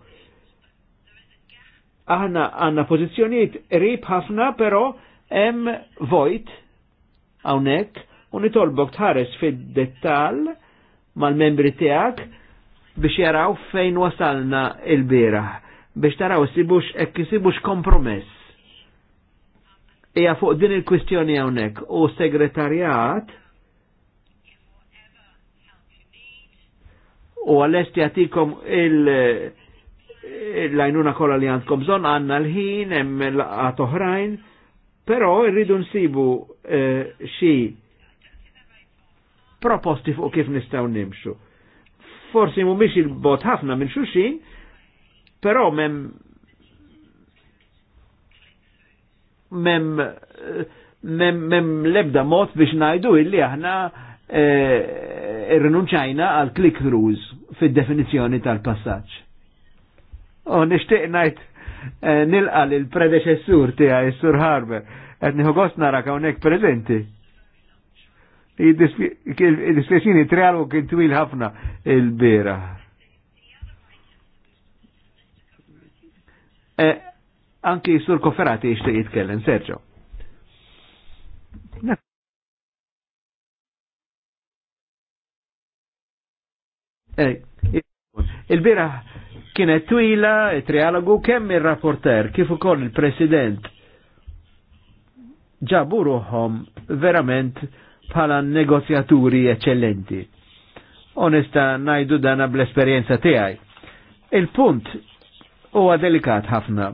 Aħna għandna pożizzjonijiet rib ħafna, però hemm vojt hawnhekk u nitolbok tħares fid-dettall mal-membri tiegħek biex jaraw fejn wasalna il-bira biex taraw sibux ekki sibux kompromess. Ija fuq din il-kwistjoni hawnhekk u segretarjat u għalest jatikom il- l-għajnuna kolla li għandkom bżon għanna l-ħin, hemm laqat oħrajn, pero rridu nsibu eh, xi proposti fuq kif nistaw nimxu. Forsi mhumiex il-bot ħafna minn xuxin, però mem mem mem, mem lebda mod biex najdu illi aħna eh, irrinunċajna għal click-throughs fid-definizzjoni tal-passaġġ. U nishtiq najt eh, nilqa l-predeċessur tiegħi, Sur Harber, qed nieħu gost nara hawnhekk preżenti il dispieċini trialu kien twil ħafna il-bira. E, anki sur koferati ixtiq jitkellem, Sergio. E, il-bira kienet twila, trialogu, kemm il-rapporter, kif ukoll il-president ġaburuħom verament bħala negozjaturi eccellenti. Onesta najdu dana bl-esperienza tiegħi. Il-punt huwa delikat ħafna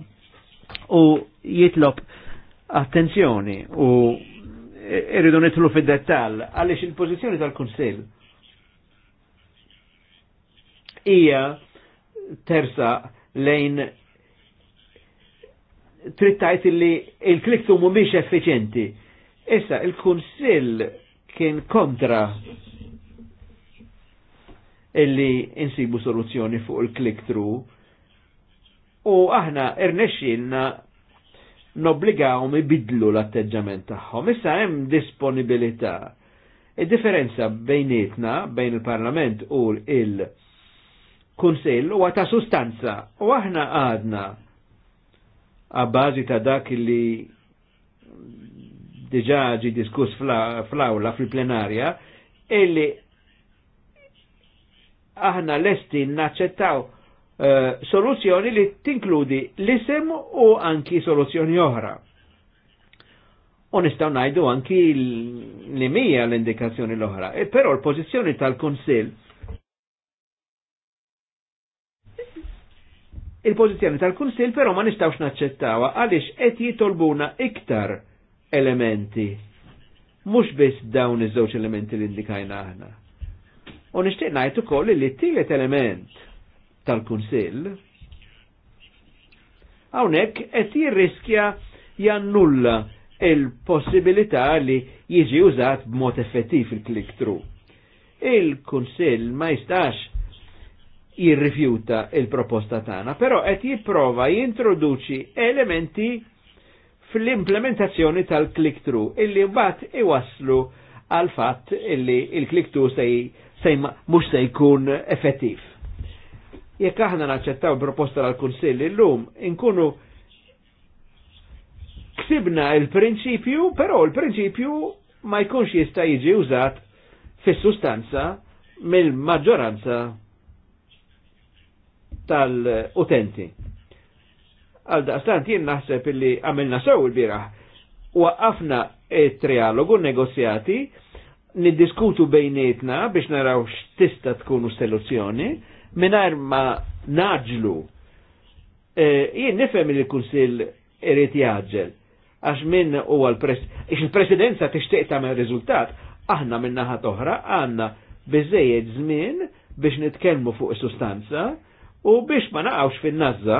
u jitlob attenzjoni u irridu nitlu fid-dettall għaliex il-pożizzjoni tal-Kunsill hija tersa lejn trittajt li il-kliktu mhumiex effiċenti. Issa, il-Kunsill kien kontra illi insibu soluzzjoni fuq il-click tru u aħna irnexxilna nobbligawhom ibidlu l-atteġġament tagħhom. Issa hemm disponibilità. Id-differenza bejnietna bejn il-Parlament u il-Kunsill huwa ta' sustanza u aħna għadna għabbażi ta' dak li diġa ġi diskuss fl-awla fil-plenarja illi aħna lesti naċċettaw uh, soluzzjoni li tinkludi l-isem u anki soluzzjoni oħra. U najdu anki li mija l-indikazzjoni l-oħra. E però l-pozizjoni tal-Konsil Il-pozizjoni tal konsil però ma nistawx naċċettawa għaliex qed jitolbuna iktar elementi. Mhux biss dawn iż-żewġ elementi li indikajna aħna. U nixtieq ngħid ukoll li t-tielet element tal-Kunsill hawnhekk qed jirriskja jannulla il-possibilità li jiġi użat b'mod effettiv il-click through. Il-Kunsill ma jistax jirrifjuta il-proposta tagħna, però qed jipprova jintroduċi elementi fl-implementazzjoni tal-click-through, illi mbagħad iwaslu għal fatt illi il-click-through sej mhux se jkun effettiv. Jekk aħna naċċettaw proposta tal kunsill illum, inkunu ksibna il-prinċipju, però il-prinċipju ma jkunx jista' jiġi użat fis-sustanza mill-maġġoranza tal-utenti. Għal daqstant jien naħseb illi għamilna sew il-biraħ. Waqqafna trialogu negozjati, niddiskutu bejnietna biex naraw x'tista tkunu soluzzjoni mingħajr ma naġlu. E, jien nifhem li l-Kunsill irid jaġġel għax minn u għal-pres, il-presidenza tixtieq tagħmel riżultat, aħna minn naħa oħra għandna biżejjed żmien biex nitkellmu fuq is-sustanza, U biex ma naqawx fin-nazza,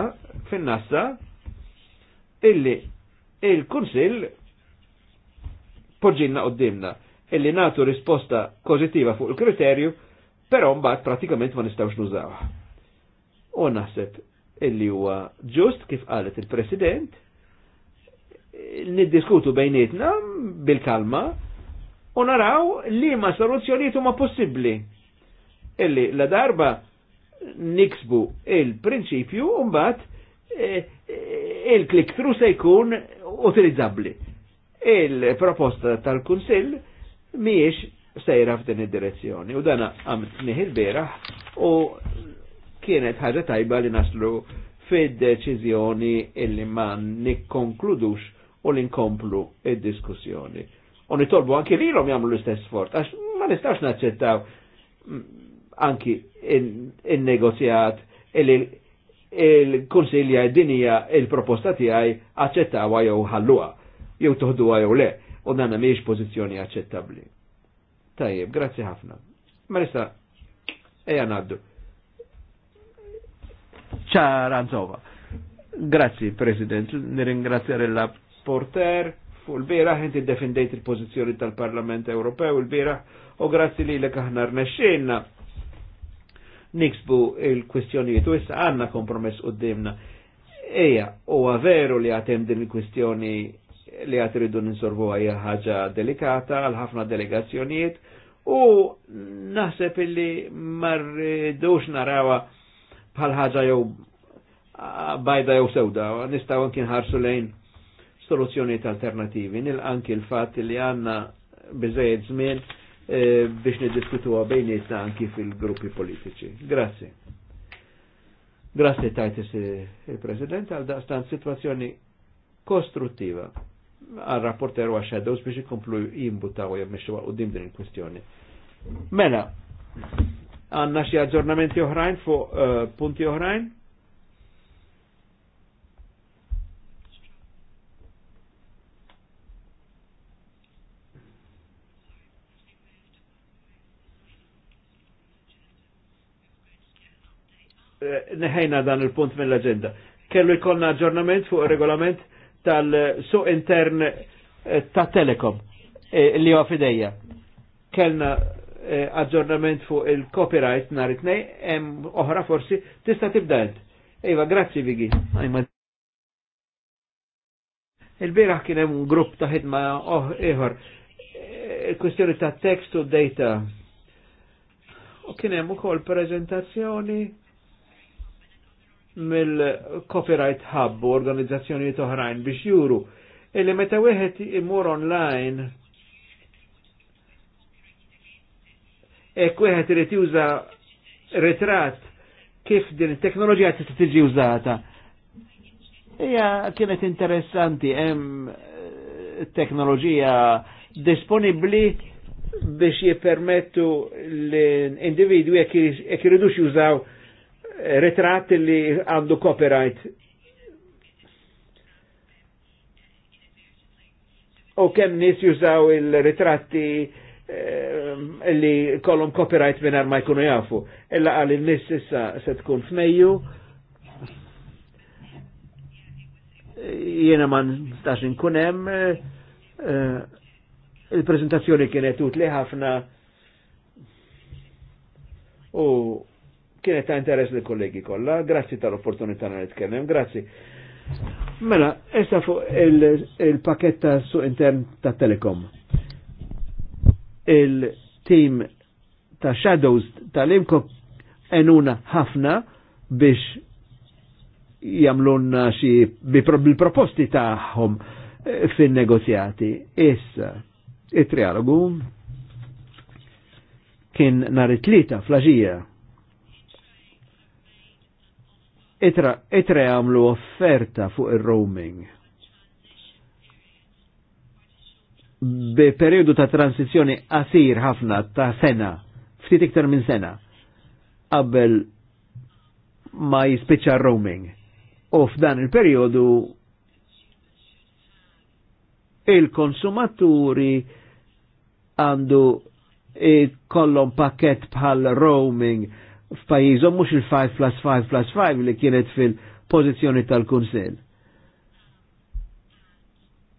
fin-nazza, illi il-Kunsil poġġinna qoddimna illi natu risposta pożittiva fuq il-kriterju, però mbagħad pratikament ma nistgħux nużawha. U naħseb illi huwa ġust kif qalet il-President, niddiskutu bejnietna bil-kalma u naraw li ma soluzzjonijiet huma possibbli. Illi la darba niksbu il-prinċipju u mbagħad eh, eh, il-click through se jkun utilizzabbli. Il-proposta tal-Kunsill miex sejra f'din id-direzzjoni u dana għamt nieħil beraħ u kienet ħaġa tajba li naslu fid-deċiżjoni illi ma nikkonkludux u li nkomplu id-diskussjoni. U nitolbu anki li l-om jamlu l-istess fort, għax ma nistax naċċettaw mm, anki in-negozjat il il-konsilja dinija il-proposta tiegħi aċċettawa jew ħalluha jew toħduha jew le u danna mhijiex pożizzjoni aċċettabbli. Tajjeb, grazzi ħafna. Marissa, eja ejja ngħaddu. Ċaranzova. Grazzi, President, Nirringrazzja il-porter fuq il-bira ħinti defendejt il-pożizzjoni tal-Parlament Ewropew il-bira u grazzi li l kaħnar aħna rnexxinna niksbu il kwistjoniet u issa għanna kompromess u d-dimna. Eja, u għaveru li għatem din il-kwistjoni li għat rridu ninsorbu għajja ħaġa delikata għal ħafna delegazzjonijiet u naħseb illi marridux narawa bħal ħaġa jew bajda jew sewda, nistaw anki nħarsu lejn soluzzjonijiet alternativi. Nil anki l-fat li għanna bizzejed żmien Eh, biex nidiskutu bejnietna anki fil-gruppi politiċi. Grazie. Grazie, tajtis eh, il-President għal daqstan situazzjoni kostruttiva għal rapporteru wa shadows biex ikomplu jimbutaw jemmexu għu din il-kwestjoni. Mela, għanna xie aggiornamenti oħrajn fuq uh, punti oħrajn? Eh, neħejna dan il-punt mill-agenda. Kellu jkollna aġġornament fuq regolament tal-suq intern eh, ta' Telekom eh, li huwa fidejja. Kellna aġġornament fuq il-copyright nhar it-tnej, hemm oħra forsi tista' tibda int. Iva, grazzi Vigi. Il-biraħ kien hemm grupp ta' ħidma ieħor. Il-kwestjoni ta' text u data. U kien hemm ukoll preżentazzjoni mill-Copyright Hub u organizzazzjoni oħrajn biex juru illi meta wieħed imur online hekk wieħed irid juża ritratt kif din it-teknoloġija tista' tiġi użata. Hija kienet interessanti hemm eh, teknoloġija disponibbli biex jippermettu l-individwi jekk iridux jużaw ritratt li għandu copyright u kemm nis jużaw il-ritratti eh, li kolom copyright minar ma jkunu jafu. Illa għal il-nis issa se tkun f'Mejju. Jiena ma nistax nkun hemm. Eh, Il-prezentazzjoni kienet utli ħafna u kienet ta' interess li kollegi kollha, grazzi tal-opportunità li nitkellem, grazzi. Mela, issa fuq il-paketta il su intern ta' Telekom. Il-team ta' Shadows tal-imko enuna ħafna biex jamlunna xi bil-proposti tagħhom eh, fin-negozjati. Issa, it-trialogu kien nhar it-tlieta flaġija itra, itra għamlu offerta fuq il-roaming. Be periodu ta' transizjoni qasir ħafna ta' sena, ftit iktar minn sena, qabel ma jispiċċa roaming. U f'dan il-periodu il-konsumaturi għandu kollom pakket bħal roaming f'pajjiżhom mhux il-5 plus 5 plus 5 li kienet fil-pożizzjoni tal-Kunsill.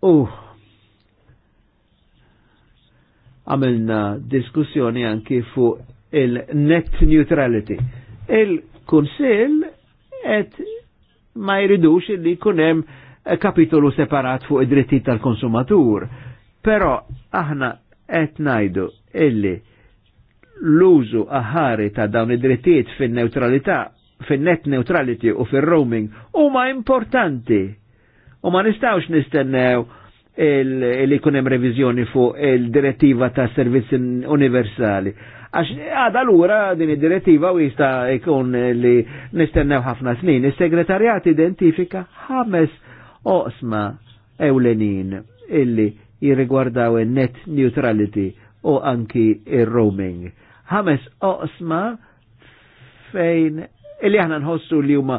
U uh, għamilna diskussjoni anki fuq il-net neutrality. il kunsell et ma jridux li kunem kapitolu separat fuq id-dritti tal-konsumatur. Però aħna qed ngħidu illi l-użu aħari ta' dawn id-drittijiet fin-neutralità, fin-net neutrality u fil-roaming huma importanti. U ma nistawx nistennew li jkun hemm reviżjoni fuq il-direttiva ta' servizzi universali. Għax għada l-ura din id-direttiva u jista' ikun li nistennew ħafna snin. Is-segretarjat identifika ħames oqsma ewlenin illi jirrigwardaw il-net neutrality u anki il-roaming ħames oqsma fejn illi aħna nħossu li huma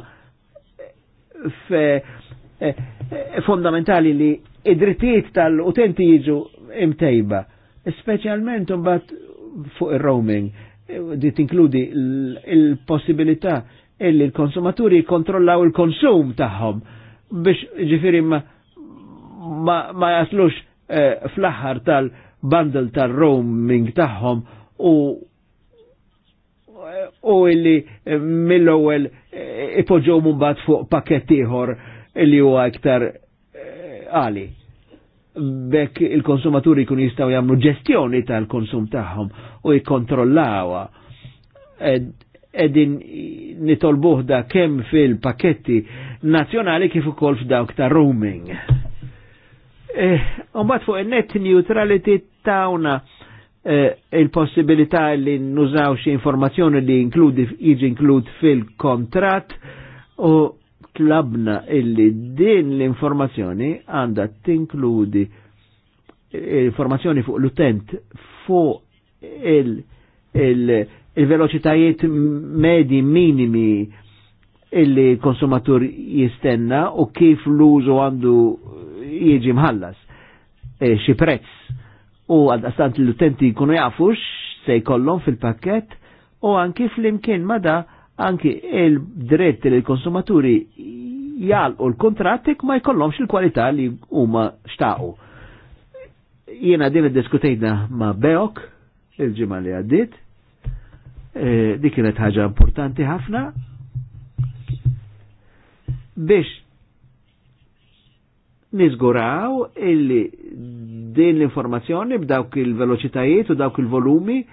eh, eh, fondamentali li id-drittijiet tal-utenti jiġu imtejba, specialment mbagħad fuq ir-roaming, eh, di tinkludi il-possibilità illi l-konsumaturi kontrollaw il-konsum tagħhom biex ġifiri ma, ma, ma jaslux eh, fl-aħħar tal-bundle tal-roaming tagħhom u u illi eh, mill-ewwel eh, ipoġġew mbagħad fuq pakett ieħor li huwa iktar eh, għali. Bekk il-konsumaturi jkun jistgħu jagħmlu ġestjoni tal-konsum tagħhom u jikkontrollawha. Edin nitolbuh da kemm fil-paketti nazzjonali kif ukoll f'dawk ta' roaming. Umbat fuq il-net neutrality tawna eh, il-possibilità li nużaw xi informazzjoni li inkludi jiġi inklud fil-kontrat u tlabna illi din l-informazzjoni għandha tinkludi eh, informazzjoni fuq l-utent fuq il- il- il-veloċitajiet medi minimi illi konsumatur jistenna u kif l-użu għandu jieġi mħallas e, xi prezz u għadastant l-utenti jkunu jafux se jkollhom fil-pakket u anki fl-imkien mada anki il-dritt li l-konsumaturi jgħalqu l-kontrattik ma jkollhomx il-kwalità li huma xtaqu. Jiena din diskutejna ma' Beok il-ġimgħa li għaddit, e, dik kienet ħaġa importanti ħafna biex nizguraw illi din l-informazzjoni b'dawk il-veloċitajiet u dawk il-volumi e,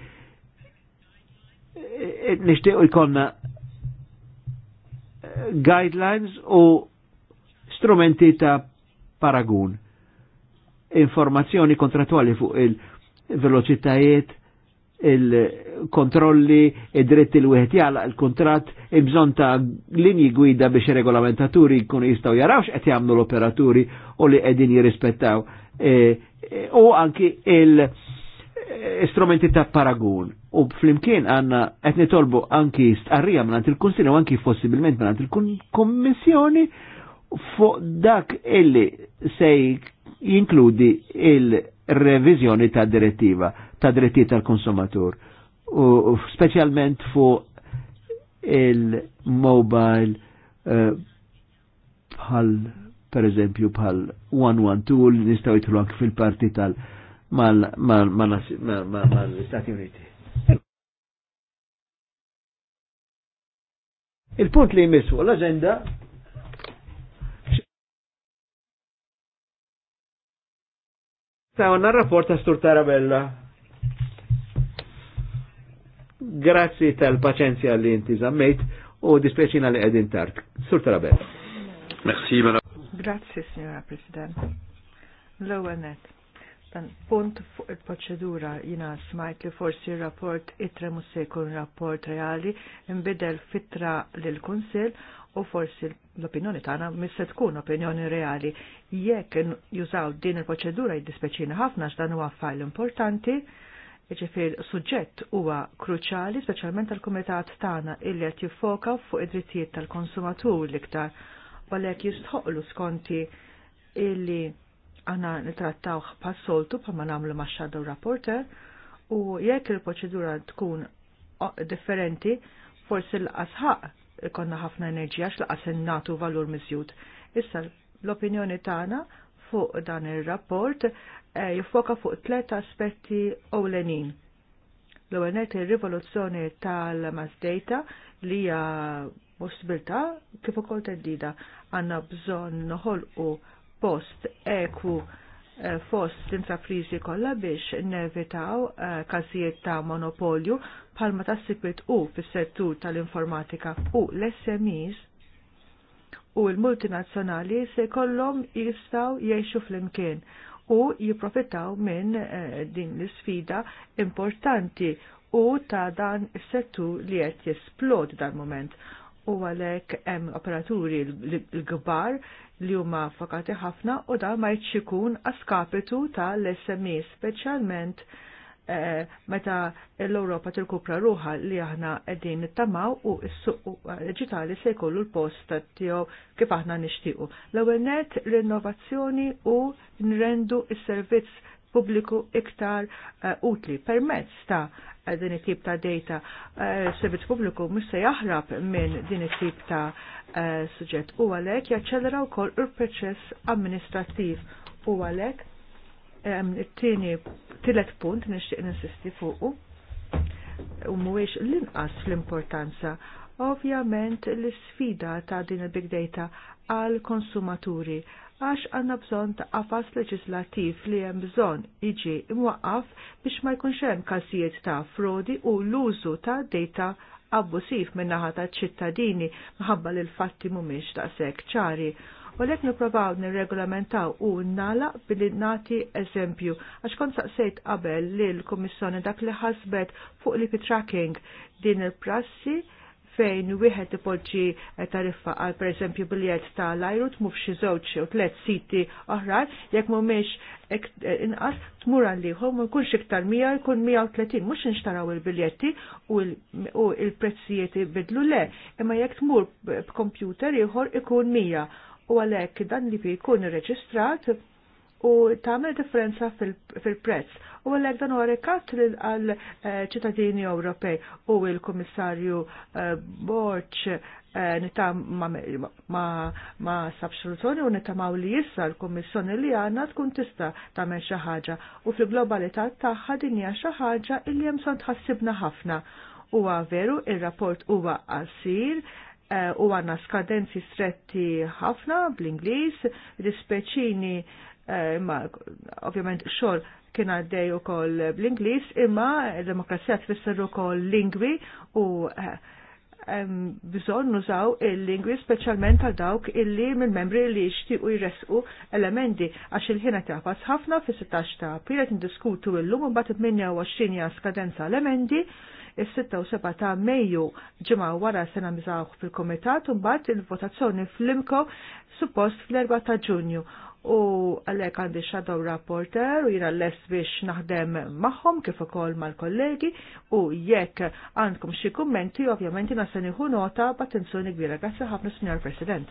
e, nishtiqu jkonna e, guidelines u strumenti ta' paragun. Informazzjoni kontratwali fuq il-veloċitajiet, il-, kontrolli id-dritti l wieħed jala il kontrat bżonn ta' linji gwida biex regolamentaturi jkunu jistaw jarawx qed jagħmlu l-operaturi u li qegħdin jirrispettaw. E, e, u anki il-istrumenti e, ta' paragun. U flimkien għanna qed nitolbu anki stqarrija minn il-Kunsil u anki possibilment minn il-Kommissjoni fuq dak illi se jinkludi il-reviżjoni ta' direttiva ta' dritti tal-konsumatur u specialment fu il-mobile eh, bħal per eżempju bħal 112 li nistaw jitlu anke fil-parti tal mal-Stati Uniti. Il-punt li jmissu l-agenda għanna rapport ta' Stur Tarabella. Grazzi tal-paċenzja li inti zammejt u dispeċina li għedin tart. Sur Tarabel. Merci, madame. Grazzi, signora President. L-ewwel net. Dan punt fuq il-proċedura jina smajt li forsi rapport itra musse se rapport reali imbidel fitra lil kunsil u forsi l-opinjoni tagħna misse se tkun opinjoni reali. Jekk jużaw din il-proċedura jiddispeċina ħafna x'dan huwa fajl importanti, iġifir suġġett huwa kruċali, speċjalment tal-Kumitat tagħna illi qed jiffoka fuq id-drittijiet tal-konsumatur l-iktar, għalhekk jistħoqlu skonti illi għana nitrattawh pa' soltu pa ma nagħmlu ma' shadow rapporter u jekk il-proċedura tkun differenti, forsi l-qasħaq ikonna ħafna enerġija x'laqas natu valur mizjut. Issa l-opinjoni tagħna fuq dan ir-rapport eh, jiffoka fuq tlet aspetti ewlenin. L-ewwel ir-rivoluzzjoni tal-mass data li hija possibilità kif ukoll teddida għandna bżonn noħolqu post ekwu eh, fost l-intraprizi kollha biex nevitaw eh, każijiet ta' monopolju bħalma ta' sikwit u fis-settur tal-informatika u l-SMEs u l-multinazzjonali se kollom jistaw jiexu fl-imkien u jiprofittaw minn eh, din l-sfida importanti u ta' dan settur li qed jesplod dal moment u għalhekk hemm operaturi l-kbar li huma fakati ħafna u dan ma a skapitu ta' tal-SME speċjalment Eh, meta l-Ewropa tirkupra ruħa li aħna qegħdin nittamaw u s-suq digitali se jkollu l-post tiegħu kif aħna nixtiequ. L-ewwel net l-innovazzjoni u nrendu s-servizz pubbliku iktar eh, utli permezz ta' din it-tip ta' data. Eh, s Servizz pubbliku mhux se jaħrab minn din it-tip ta' suġġett u għalhekk jaċċelera wkoll il-proċess amministrattiv u għalhekk it-tieni tillet punt nixtieq ninsisti fuqu u mhuwiex l-inqas fl-importanza ovvjament l-sfida ta' din il-big data għal konsumaturi għax għanna bżon ta' qafas leġislativ li hemm bżon iġi imwaqqaf biex ma jkunx hemm każijiet ta' frodi u l-użu ta' data abbusiv minnaħa ta' ċittadini mħabba l fatti mhumiex ta' sek ċari Walek lek nirregolamentaw u nala billi nati eżempju. Għax kont saqsejt qabel li l-Komissjoni dak li ħasbet fuq li tracking din il-prassi fejn wieħed ipoġġi tariffa għal pereżempju biljett ta' lajru mhux xi żewġ u tliet siti oħrajn jekk mhumiex inqas tmur għal ieħor ma jkunx iktar mija jkun 130 mhux inxtaraw il-biljetti u l-prezzijiet ibidlu le, imma jekk tmur b'kompjuter ieħor ikun mija u għalhekk dan li jkun irreġistrat u tagħmel differenza fil-prezz. U għalhekk dan huwa rekat għal eh, ċittadini Ewropej u l-Kummissarju eh, Borċ eh, nita ma sabx l u nitamaw li jissa l-Kommissjoni li għanna tkun tista tagħmel xi ħaġa u fil-globalità tagħha din hija xi ħaġa jemson tħassibna ħafna. Huwa veru ir-rapport huwa qasir, Eh, u għanna skadenzi stretti ħafna bl-Inglis, rispeċini imma eh, ovvjament xol kien għaddej u koll bl-Inglis, imma demokrazija tfisser u koll lingwi u eh, bżon nużaw il-lingwi specialment għal dawk illi minn membri li u jresqu elementi għax il-ħina tafas ħafna fi 16 ta' april il-lum illum bat 28 skadenza elementi is-6 u 7 ta' Mejju ġimgħa wara sena nagħmżawh fil-Kumitat u mbagħad il-votazzjoni fl-Imko suppost fl-4 ta' Ġunju u għalhekk għandi shadow rapporter u jira lest biex naħdem magħhom kif ukoll mal-kollegi u jekk għandkom xi kummenti ovvjament jiena se nota b'attenzjoni kbira. Grazzi ħafna Sinjor President.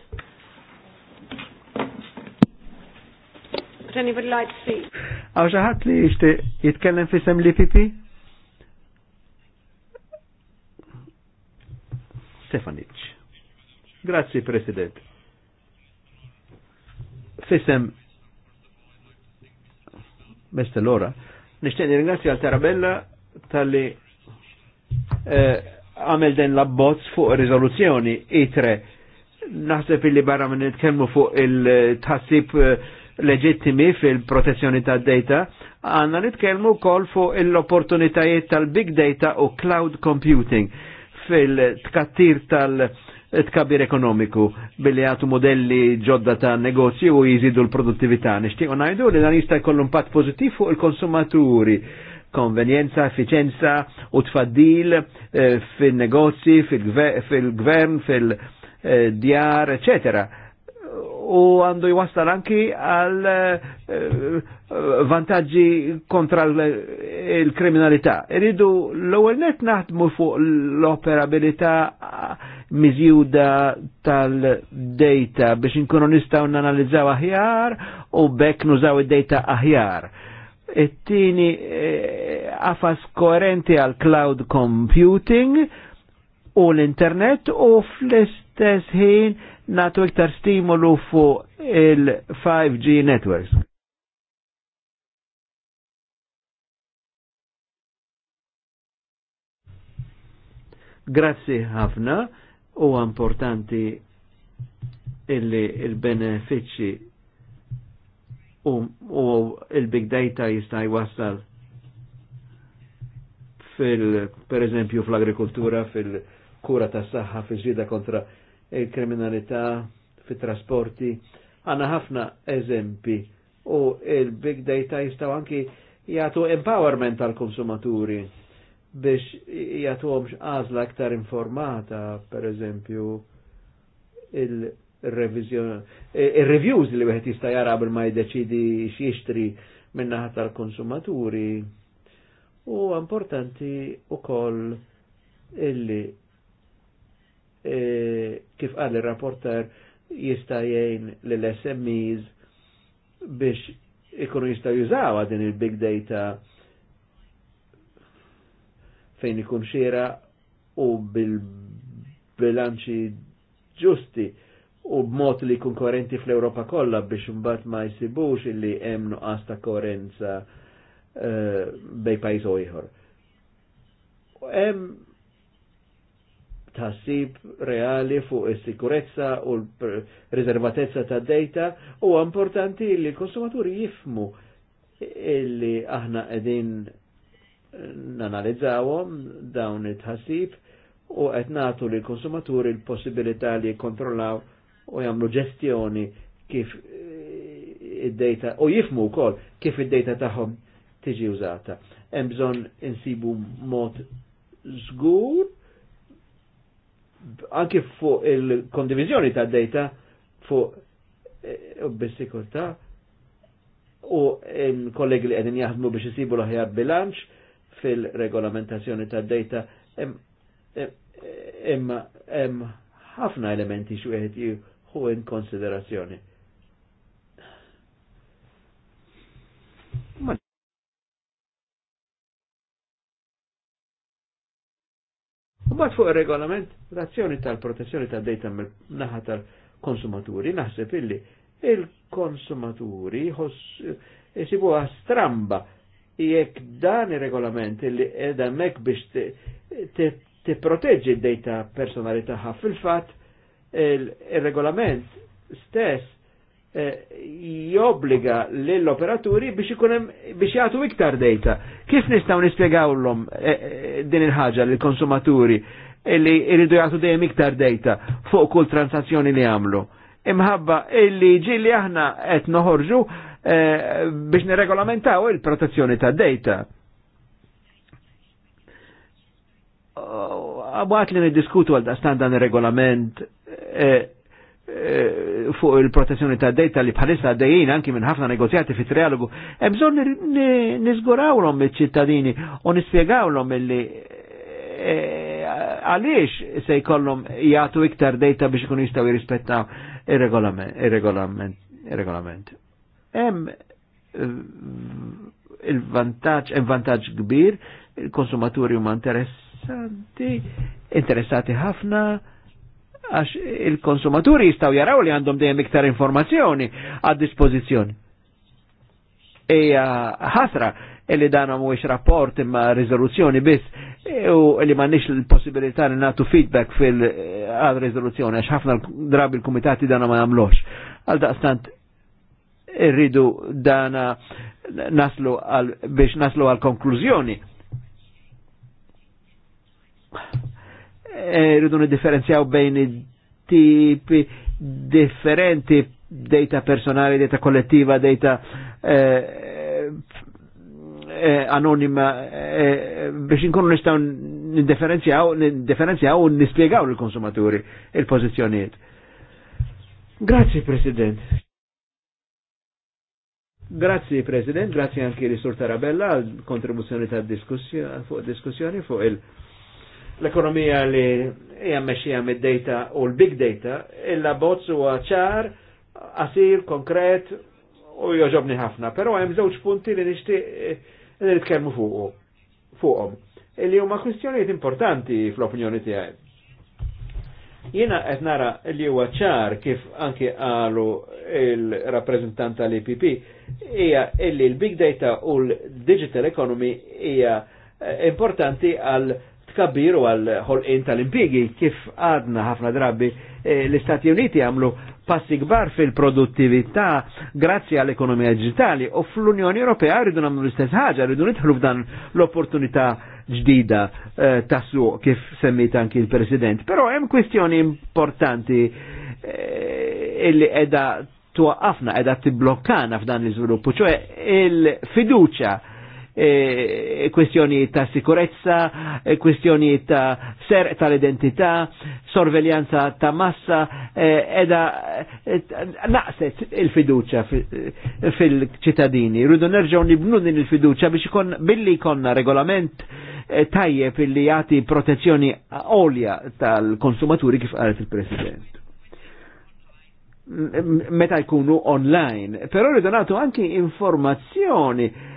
Would anybody like to speak? li jitkellem fi sem l-IPP? Stefanic. Grazzi, President. Fissem, Mr. Lora, ora nishtieni għal Tarabella tal-li eh, għamel den l fuq rizoluzzjoni itre. Naħseb illi barra minn nitkellmu fuq il tassib eh, leġittimi fil-protezzjoni ta' data, għanna nitkellmu kol fuq l-opportunitajiet tal-big data u cloud computing fil-tkattir tal-tkabir ekonomiku billi għatu modelli ġodda ta' negozju u jizidu l-produttività. Nishtiqo najdu li dan jista' jkollu impatt pozittiv fuq il-konsumaturi konvenjenza, efficienza u tfaddil eh, fil-negozji, fil-gvern, fil-djar, eh, eccetera u għandu jwassal anki għal eh, vantaġġi kontra l kriminalità Iridu l-ewwel net naħdmu fuq l-operabilità miżjuda tal-data biex inkunu nistgħu nanalizzaw aħjar u bekk nużaw id-data aħjar it tieni għafas eh, koerenti għal cloud computing u l-internet u fl-istess ħin natu iktar stimolu fuq il-5G networks. Grazzi ħafna u importanti illi il-benefiċi u, u il-big data jistaj jwassal fil per eżempju fl-agrikoltura, fil-kura tas saħħa fil-ġida kontra il-kriminalità fit trasporti għanna ħafna eżempi u il-big data jistaw anki jgħatu empowerment tal konsumaturi biex jgħatu għomx għazla aktar informata, per eżempju, il-reviews li wieħed jista' jara bil ma jdeċidi x'jixtri minnaħa tal-konsumaturi. U importanti koll illi E, kif għal il-rapporter jista' jgħin lill-SMEs biex ikunu jistgħu jużaw din il-big data fejn ikun xiera u bil-bilanċi ġusti u b'mod li jkun koerenti fl europa kollha biex imbagħad ma jsibux illi hemm nuqqas ta' koerenza uh, bej pajjiż ieħor. Hemm tħassib reali fuq is-sikurezza u l-riservatezza ta' data u importanti li l-konsumaturi jifmu illi aħna qegħdin nanalizzawhom dawn it-tħassib u qed nagħtu lil konsumaturi l-possibilità li jikkontrollaw u jagħmlu ġestjoni kif eh, id-data u jifmu wkoll kif id-data tagħhom tiġi użata. Hemm bżonn insibu mod żgur anki fuq il-kondivizjoni ta' data fuq eh, bis-sikurtà u kollegi li qegħdin jaħdmu biex isibu l-aħjar bilanċ fil-regolamentazzjoni ta' data imma hemm ħafna elementi xi wieħed jieħu in konsiderazzjoni. U bat fuq il-regolament, razzjoni tal-protezzjoni tal-dejta naħa tal-konsumaturi, naħseb illi il-konsumaturi jisibu eh, stramba jekk dan il-regolament illi edha mek biex t-proteġi d-dejta personali taħħa fil-fat il-regolament stess Eh, jobbliga l-operaturi biex ikunem biex jgħatu iktar data. Kif nistaw nispiegawlhom eh, eh, din il-ħaġa l-konsumaturi illi jridu jgħatu dejjem iktar data fuq kull transazzjoni li għamlu? Imħabba illi ġi li aħna qed noħorġu biex nirregolamentaw il-protezzjoni ta' data. Oh, Għabat li niddiskutu għal da standa regolament Eh, fuq il-protezzjoni ta' data li bħalissa għaddejjien anki minn ħafna negozjati fit trialogu hemm bżonn niżgurawlhom iċ-ċittadini u nispjegawlhom illi eh, għaliex se jkollhom jagħtu iktar data biex ikunu jistgħu jirrispettaw ir-regolament. Hemm eh, il-vantaġġ hemm vantaġġ kbir, il-konsumaturi huma interessanti, interessati ħafna, għax il-konsumaturi jistaw jaraw li għandhom dejjem iktar informazzjoni għad dispożizzjoni. Eja ħasra li dan mhuwiex rapport imma riżoluzzjoni biss u li m'għandniex il possibilità li nagħtu feedback fil eh, għal riżoluzzjoni għax ħafna drabi l-kumitati dana ma jagħmlux. Għal daqstant irridu dana naslu għal biex naslu għal konklużjoni Eh, rridu e, differenzjaw bejn tipi differenti data personali, data kollettiva, data eh, eh anonima eh, biex inkunu nistgħu nindifferenzjaw nindifferenzjaw u nispjegaw lill konsumaturi il pożizzjonijiet Grazzi President. Grazzi President, grazzi anche li Sur Tarabella għal kontribuzzjoni ta' diskussjoni fuq diskussjoni fuq il- l-ekonomija li hija mexxija mid-data u l-big data, u l big data il bozz huwa ċar, asir, konkret u joġobni ħafna, però hemm żewġ punti li nixtieq eh, li nitkellmu fuqu fuqhom. Illi huma kwistjonijiet importanti fl-opinjoni tiegħi. Jiena qed nara li huwa ċar kif anki qalu il-rappreżentant tal-IPP hija illi l-big data u l-digital economy hija eh, importanti għal tkabbir u għal ħolqien tal-impigi kif għadna ħafna drabi eh, l-Istati Uniti għamlu passi gbar fil-produttività grazzi għall-ekonomija digitali u fl-Unjoni Ewropea rridu nagħmlu l-istess ħaġa, rridu nitħlu f'dan l-opportunità ġdida eh, tassu kif semmit anki il-President. Però hemm kwestjoni importanti eh, illi edha tuqqafna edha tiblokkana f'dan l izvilupp ċoħe il-fiduċa E, e, kwestjoni ta' sikurezza, e, kwestjoni ta' ser tal-identità, sorveljanza ta' massa, edha naqset il-fiduċa fil-ċittadini. Rridu nerġaw nibnu din il-fiduċa biex ikon billi konna regolament tajjeb li jati protezzjoni olja tal-konsumaturi kif għalet il-President meta jkunu online, però ridonato anche informazioni. eh,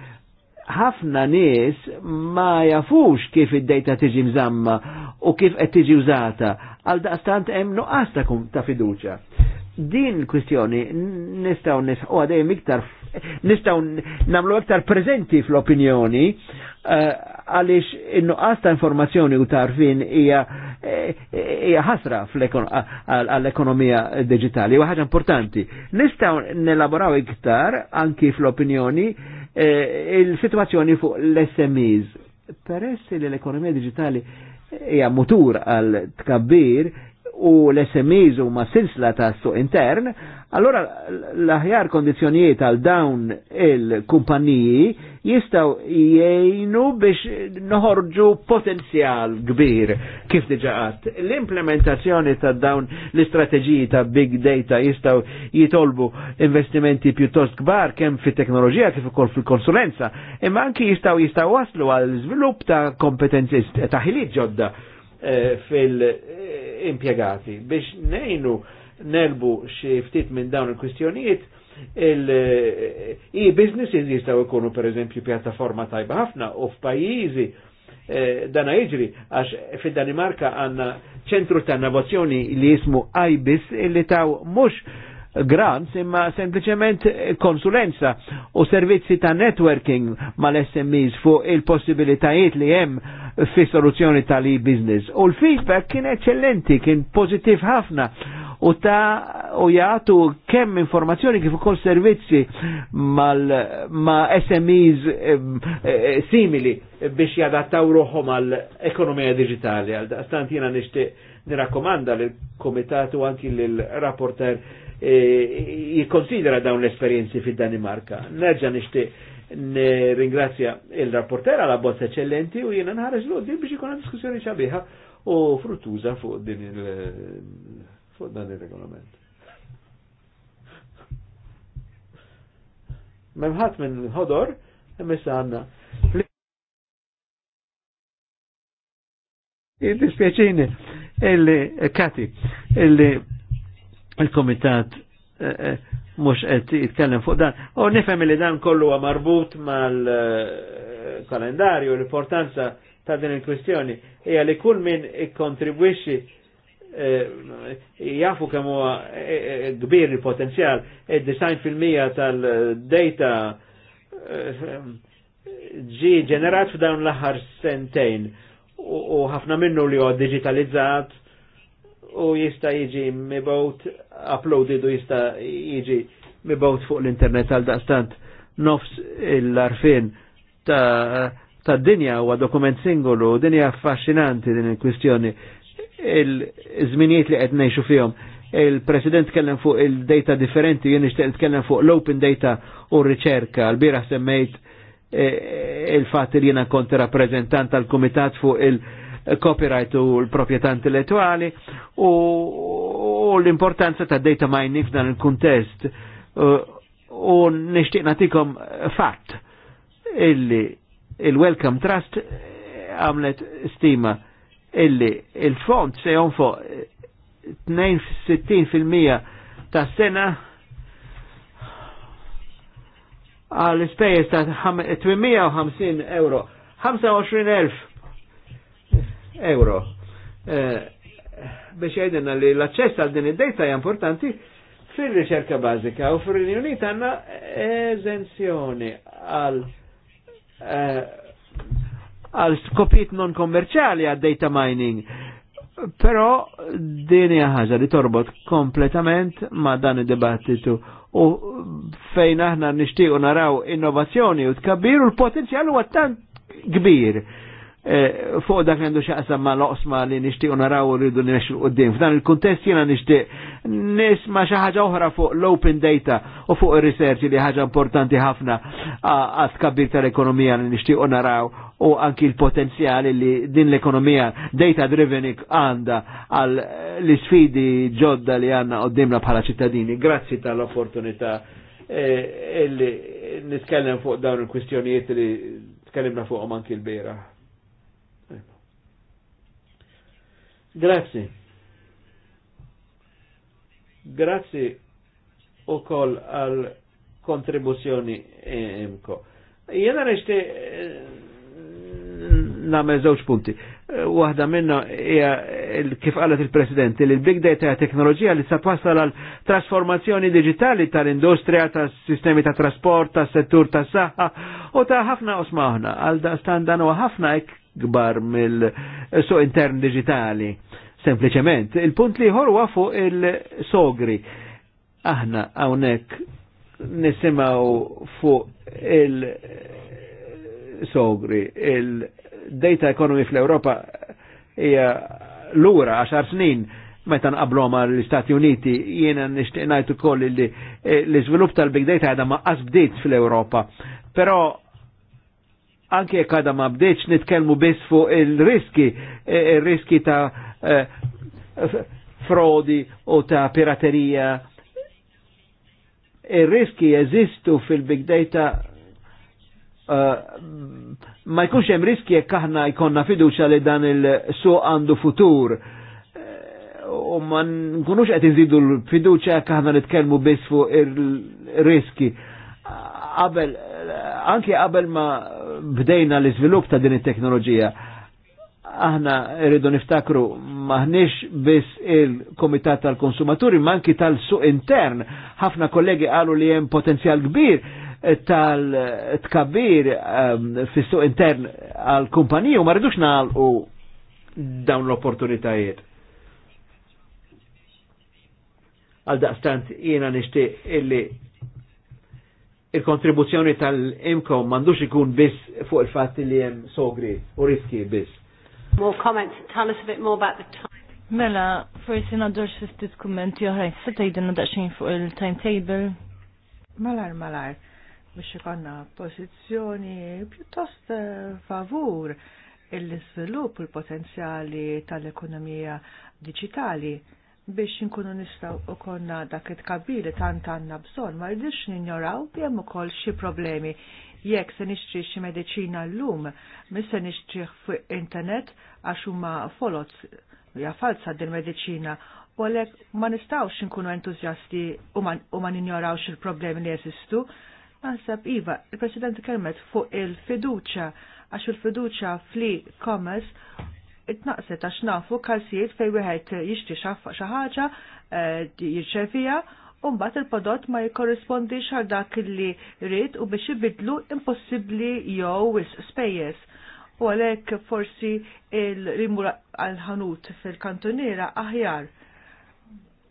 ħafna nies ma jafux kif id-dejta tiġi mżamma u kif qed tiġi użata għal daqstant hemm nuqqas ta' ta' fiduċja. Din kwistjoni nistgħu nisħu għadejjem iktar nistgħu nagħmlu iktar preżenti fl-opinjoni eh, għaliex in-nuqqas ta' informazzjoni u tarfin hija eh, hija ħasra għall-ekonomija digitali u ħaġa importanti. Nistgħu nelaboraw iktar anki fl-opinjoni Eh, il-situazzjoni fuq l-SMEs. Peress li l-ekonomija digitali hija mutur għal tkabbir, u l-SMEs u ma silsla ta' suq intern, allora l-aħjar kondizjonijiet għal dawn il-kumpaniji jistaw jgħinu biex noħorġu potenzjal kbir kif diġaqat. L-implementazzjoni ta' dawn l-istrateġiji ta' big data jistaw jitolbu investimenti pjuttost kbar kemm fit teknoloġija kif ukoll fil-konsulenza, imma anki jistaw jistaw waslu għal żvilupp ta' kompetenzi ta' ħiliet ġodda Eh, fil-impiegati. Biex nejnu nelbu xie ftit minn dawn il-kwistjonijiet, il-e-businesses eh, jistaw ikunu per eżempju pjattaforma tajba ħafna u f'pajjiżi eh, dana iġri, għax fil-Danimarka għanna ċentru ta' innovazzjoni li jismu IBIS li taw mux grants imma sempliciment konsulenza u servizzi ta' networking mal-SMEs fuq il-possibilitajiet li hemm fi soluzzjoni tal-e-business. U l-feedback kien eccellenti, kien pozitiv ħafna u ta' u jgħatu kemm informazzjoni kif ukoll servizzi mal, ma' SMEs e, ehm, e, eh, simili biex jadattaw ruħom għal ekonomija digitali. Għal stant jiena nishtiq nirakkomanda l-komitatu anki l-rapporter jikonsidra dawn l-esperienzi fil-Danimarka. Nerġa nishti ringrazja il-rapporter għal bozza eccellenti u jiena nħarġ l-għoddim biex ikon diskussjoni ċabiħa u fruttuża fuq din il- fuq dan il-regolament. Memħat minn ħodor, emessa għanna. Il-dispieċini, il-kati, il-, -il il-komitat eh, eh, mux qed jitkellem fuq dan. U nifhem li dan kollu huwa marbut mal-kalendarju, l-importanza ta' din il-kwistjoni hija li kull min ikkontribwixxi eh, jafu kemm huwa kbir il-potenzjal, id-design fil-mija tal-data ġi ġenerat f'dawn l-aħħar sentejn u ħafna minnu li huwa digitalizzat u jista jiġi mibgħut uploaded u jista jiġi mibgħut fuq l-internet għal daqstant nofs l-arfin ta' ta' dinja huwa dokument singolu, dinja affaxxinanti din il-kwistjoni il-żminijiet li qed ngħixu fihom. Il-President tkellem fuq il-data differenti, jien nixtieq tkellem fuq l-open data u r-riċerka. L-bira semmejt eh, il-fatt li jiena kont rappreżentant tal-Kumitat fuq il- copyright u l-propieta intellettuali u l-importanza ta' data mining f'dan il-kuntest u nishtiq natikom fatt illi il-Welcome Trust għamlet stima illi il-font se jonfo 62% ta' sena għal-spejjeż ta' 850 euro 25.000 euro. Eh, biex jgħidinna li l-aċċess għal din id-dejta hija importanti fil-riċerka bazika, u fil Unit għandna eżenzjoni għal eh, għal skopit non kommerċali għad data mining. Però din hija ħaġa li torbot kompletament ma' dan id-dibattitu u fejn aħna nixtiequ naraw innovazzjoni u tkabbiru l-potenzjal huwa tant kbir Eh, fuq dak għandu xaqsam ma l-osma li nishtiq naraw u rridu nimexxu qoddim. F'dan il-kuntest jiena nishtiq nisma xi ħaġa oħra fuq l-open data u fuq ir-research li ħaġa importanti ħafna għas kabir tal-ekonomija li nishtiq naraw u anki l-potenzjali li din l-ekonomija data driven għanda għal l-sfidi ġodda li għanna qoddimna bħala ċittadini. Grazzi tal-opportunità eh, illi nitkellem fuq dawn il-kwistjonijiet li tkellimna fuqhom anki l bira Grazzi. Grazzi u koll għal kontribuzzjoni imko. Eh, Jena reċti eh, namel zewċ punti. Eh, waħda minna hija kif qalet il-President li l-big data hija teknoloġija li sapassa għal trasformazzjoni digitali tal-industrija, tas-sistemi ta' trasport, tas-settur tas-saħħa u ta' ħafna osmaħna. Għal da standan u ħafna gbar mill-so intern digitali, sempliciment. Il-punt li ħor fuq il-sogri. Aħna hawnhekk nisimaw fuq il-sogri. Il-data economy fl-Europa hija lura għaxar snin meta nqablu ma l-Istati Uniti jiena nixtieq ngħid ukoll li l-iżvilupp tal-big data għadha ma qas bdiet fl-Ewropa. Però anke kada ma bdeċ nitkelmu bis fuq il-riski, e, il-riski ta' e, frodi u ta' piraterija. Il-riski jeżistu fil-big data e, ma jkunx hemm riski jekk aħna jkollna fiduċa li dan il-suq għandu futur u ma nkunux qed inżidu l-fiduċa jekk aħna nitkellmu biss fuq ir-riski. Qabel anke qabel ma bdejna l-iżvilupp ta' din it-teknoloġija. Aħna rridu niftakru maħniex biss il-Komitat tal-Konsumaturi, ma anki tal-suq intern. Ħafna kollegi qalu li hemm potenzjal kbir tal-tkabbir ehm, fis-suq intern għal-kumpaniju, ma rridux nagħlqu dawn l-opportunitajiet. Għal daqstant jiena nixtieq illi il-kontribuzzjoni tal-imkom mandux ikun biss fuq il fat li hemm sogri u riski biss. More comments, tell us a bit more about the time. Mela, forsi nadur xiftit kummenti oħrajn, se tgħidilna daqsxejn fuq il-timetable. Malar, malar, biex ikonna pożizzjoni pjuttost eh, favur l-iżvilupp il-potenzjali tal-ekonomija diġitali biex inkunu nistaw u konna dak it-kabili tant għanna bżon, ma rridux ninjoraw bjem ukoll kol xie problemi. jekk se nixtri xie medicina l-lum, mis se nixtrih fuq internet għax huma folot ja falsa din medicina u għalek ma nistawx nkunu entuzjasti u ma ninjorawx il-problemi li jesistu. Għansab Iva, il-President kelmet fuq il-fiduċa, għax il-fiduċa fli commerce it itnaqset għax nafu kalsijiet fejn wieħed jixtri xi ħaġa eh, jirċevija u mbagħad il-prodott ma jikkorrispondix għal dak li rrid u biex ibidlu impossibbli jew wis spejjeż. U għalhekk forsi l rimur għal-ħanut fil-kantuniera aħjar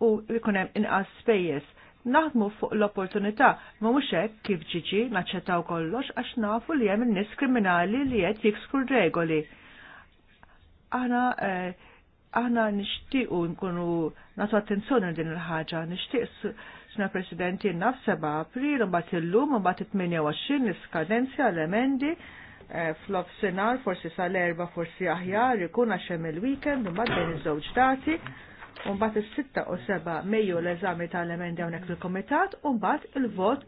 u jkun hemm inqas spejjeż. Naħdmu fuq l-opportunità, ma mhux hekk kif ġiġi naċċettaw kollox għax nafu li hemm in-nies kriminali li qed jikskur regoli aħna eh, aħna nixtiequ nkunu nagħtu attenzjoni din il-ħaġa, nixtieq Sna Presidenti naf 7 April, mbagħad illum, mbagħad 28 niskadenzja l-emendi eh, fl-ofsinar, forsi sal-erba, forsi aħjar, ikun għaxem il-weekend, mbagħad bejn iż-żewġ dati, mbagħad is-6 u 7 Mejju l-eżami tal-emendi hawnhekk fil-Komitat, u mbagħad il-vot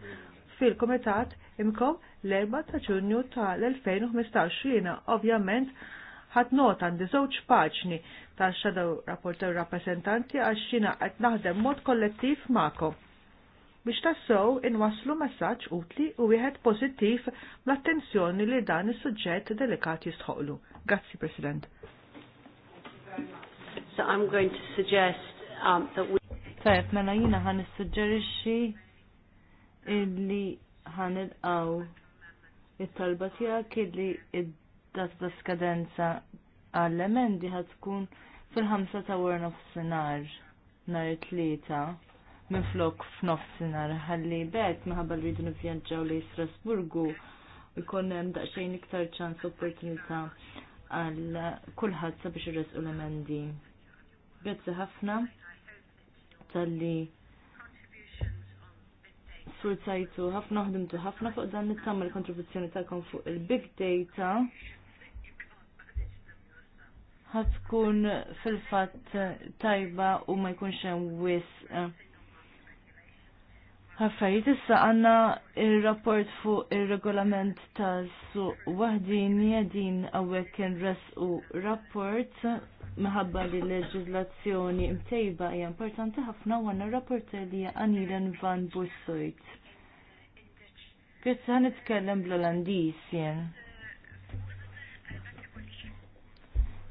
fil-Komitat imkom l-4 ta' Ġunju tal-2015 jiena ovvjament ħadd not għandi żewġ paġni tal-Shadow Rapporteur Rappresentanti għax xina qed naħdem mod kollettiv magħkom biex tassow inwaslu messaġġ utli u wieħed pożittiv l-attenzjoni li dan is-suġġett delikat jistħoqlu. Grazzi, President. So I'm going to suggest um, that we... Tajab, mela jina ħan suġġerixi illi ħan il għaw it-talba tijak li id dat ta' skadenza għall-emendi ħad tkun fil ħamsa ta' war nofsinar nar it-tlieta minn flok f'nofsinar ħalli bet minħabba rridu nivvjaġġaw li Strasburgu jkun hemm daqsxejn iktar ċans opportunità għal kulħadd sabiex irresqu l-emendi. Grazzi ħafna tal-li sfurzajtu ħafna ħdimtu ħafna fuq dan nittamal kontribuzzjoni tagħkom fuq il-big data ħatkun fil-fatt tajba u ma jkunx hemm wis. Ħaffarijiet issa għandna il rapport fuq ir-regolament tas-suq waħdin jedin hawnhekk u rapport minħabba li l-leġiżlazzjoni mtejba hija importanti ħafna u għandna r-rapport li hija Anilen van Bussoit. Grazzi ħanitkellem bl-Olandiż jien.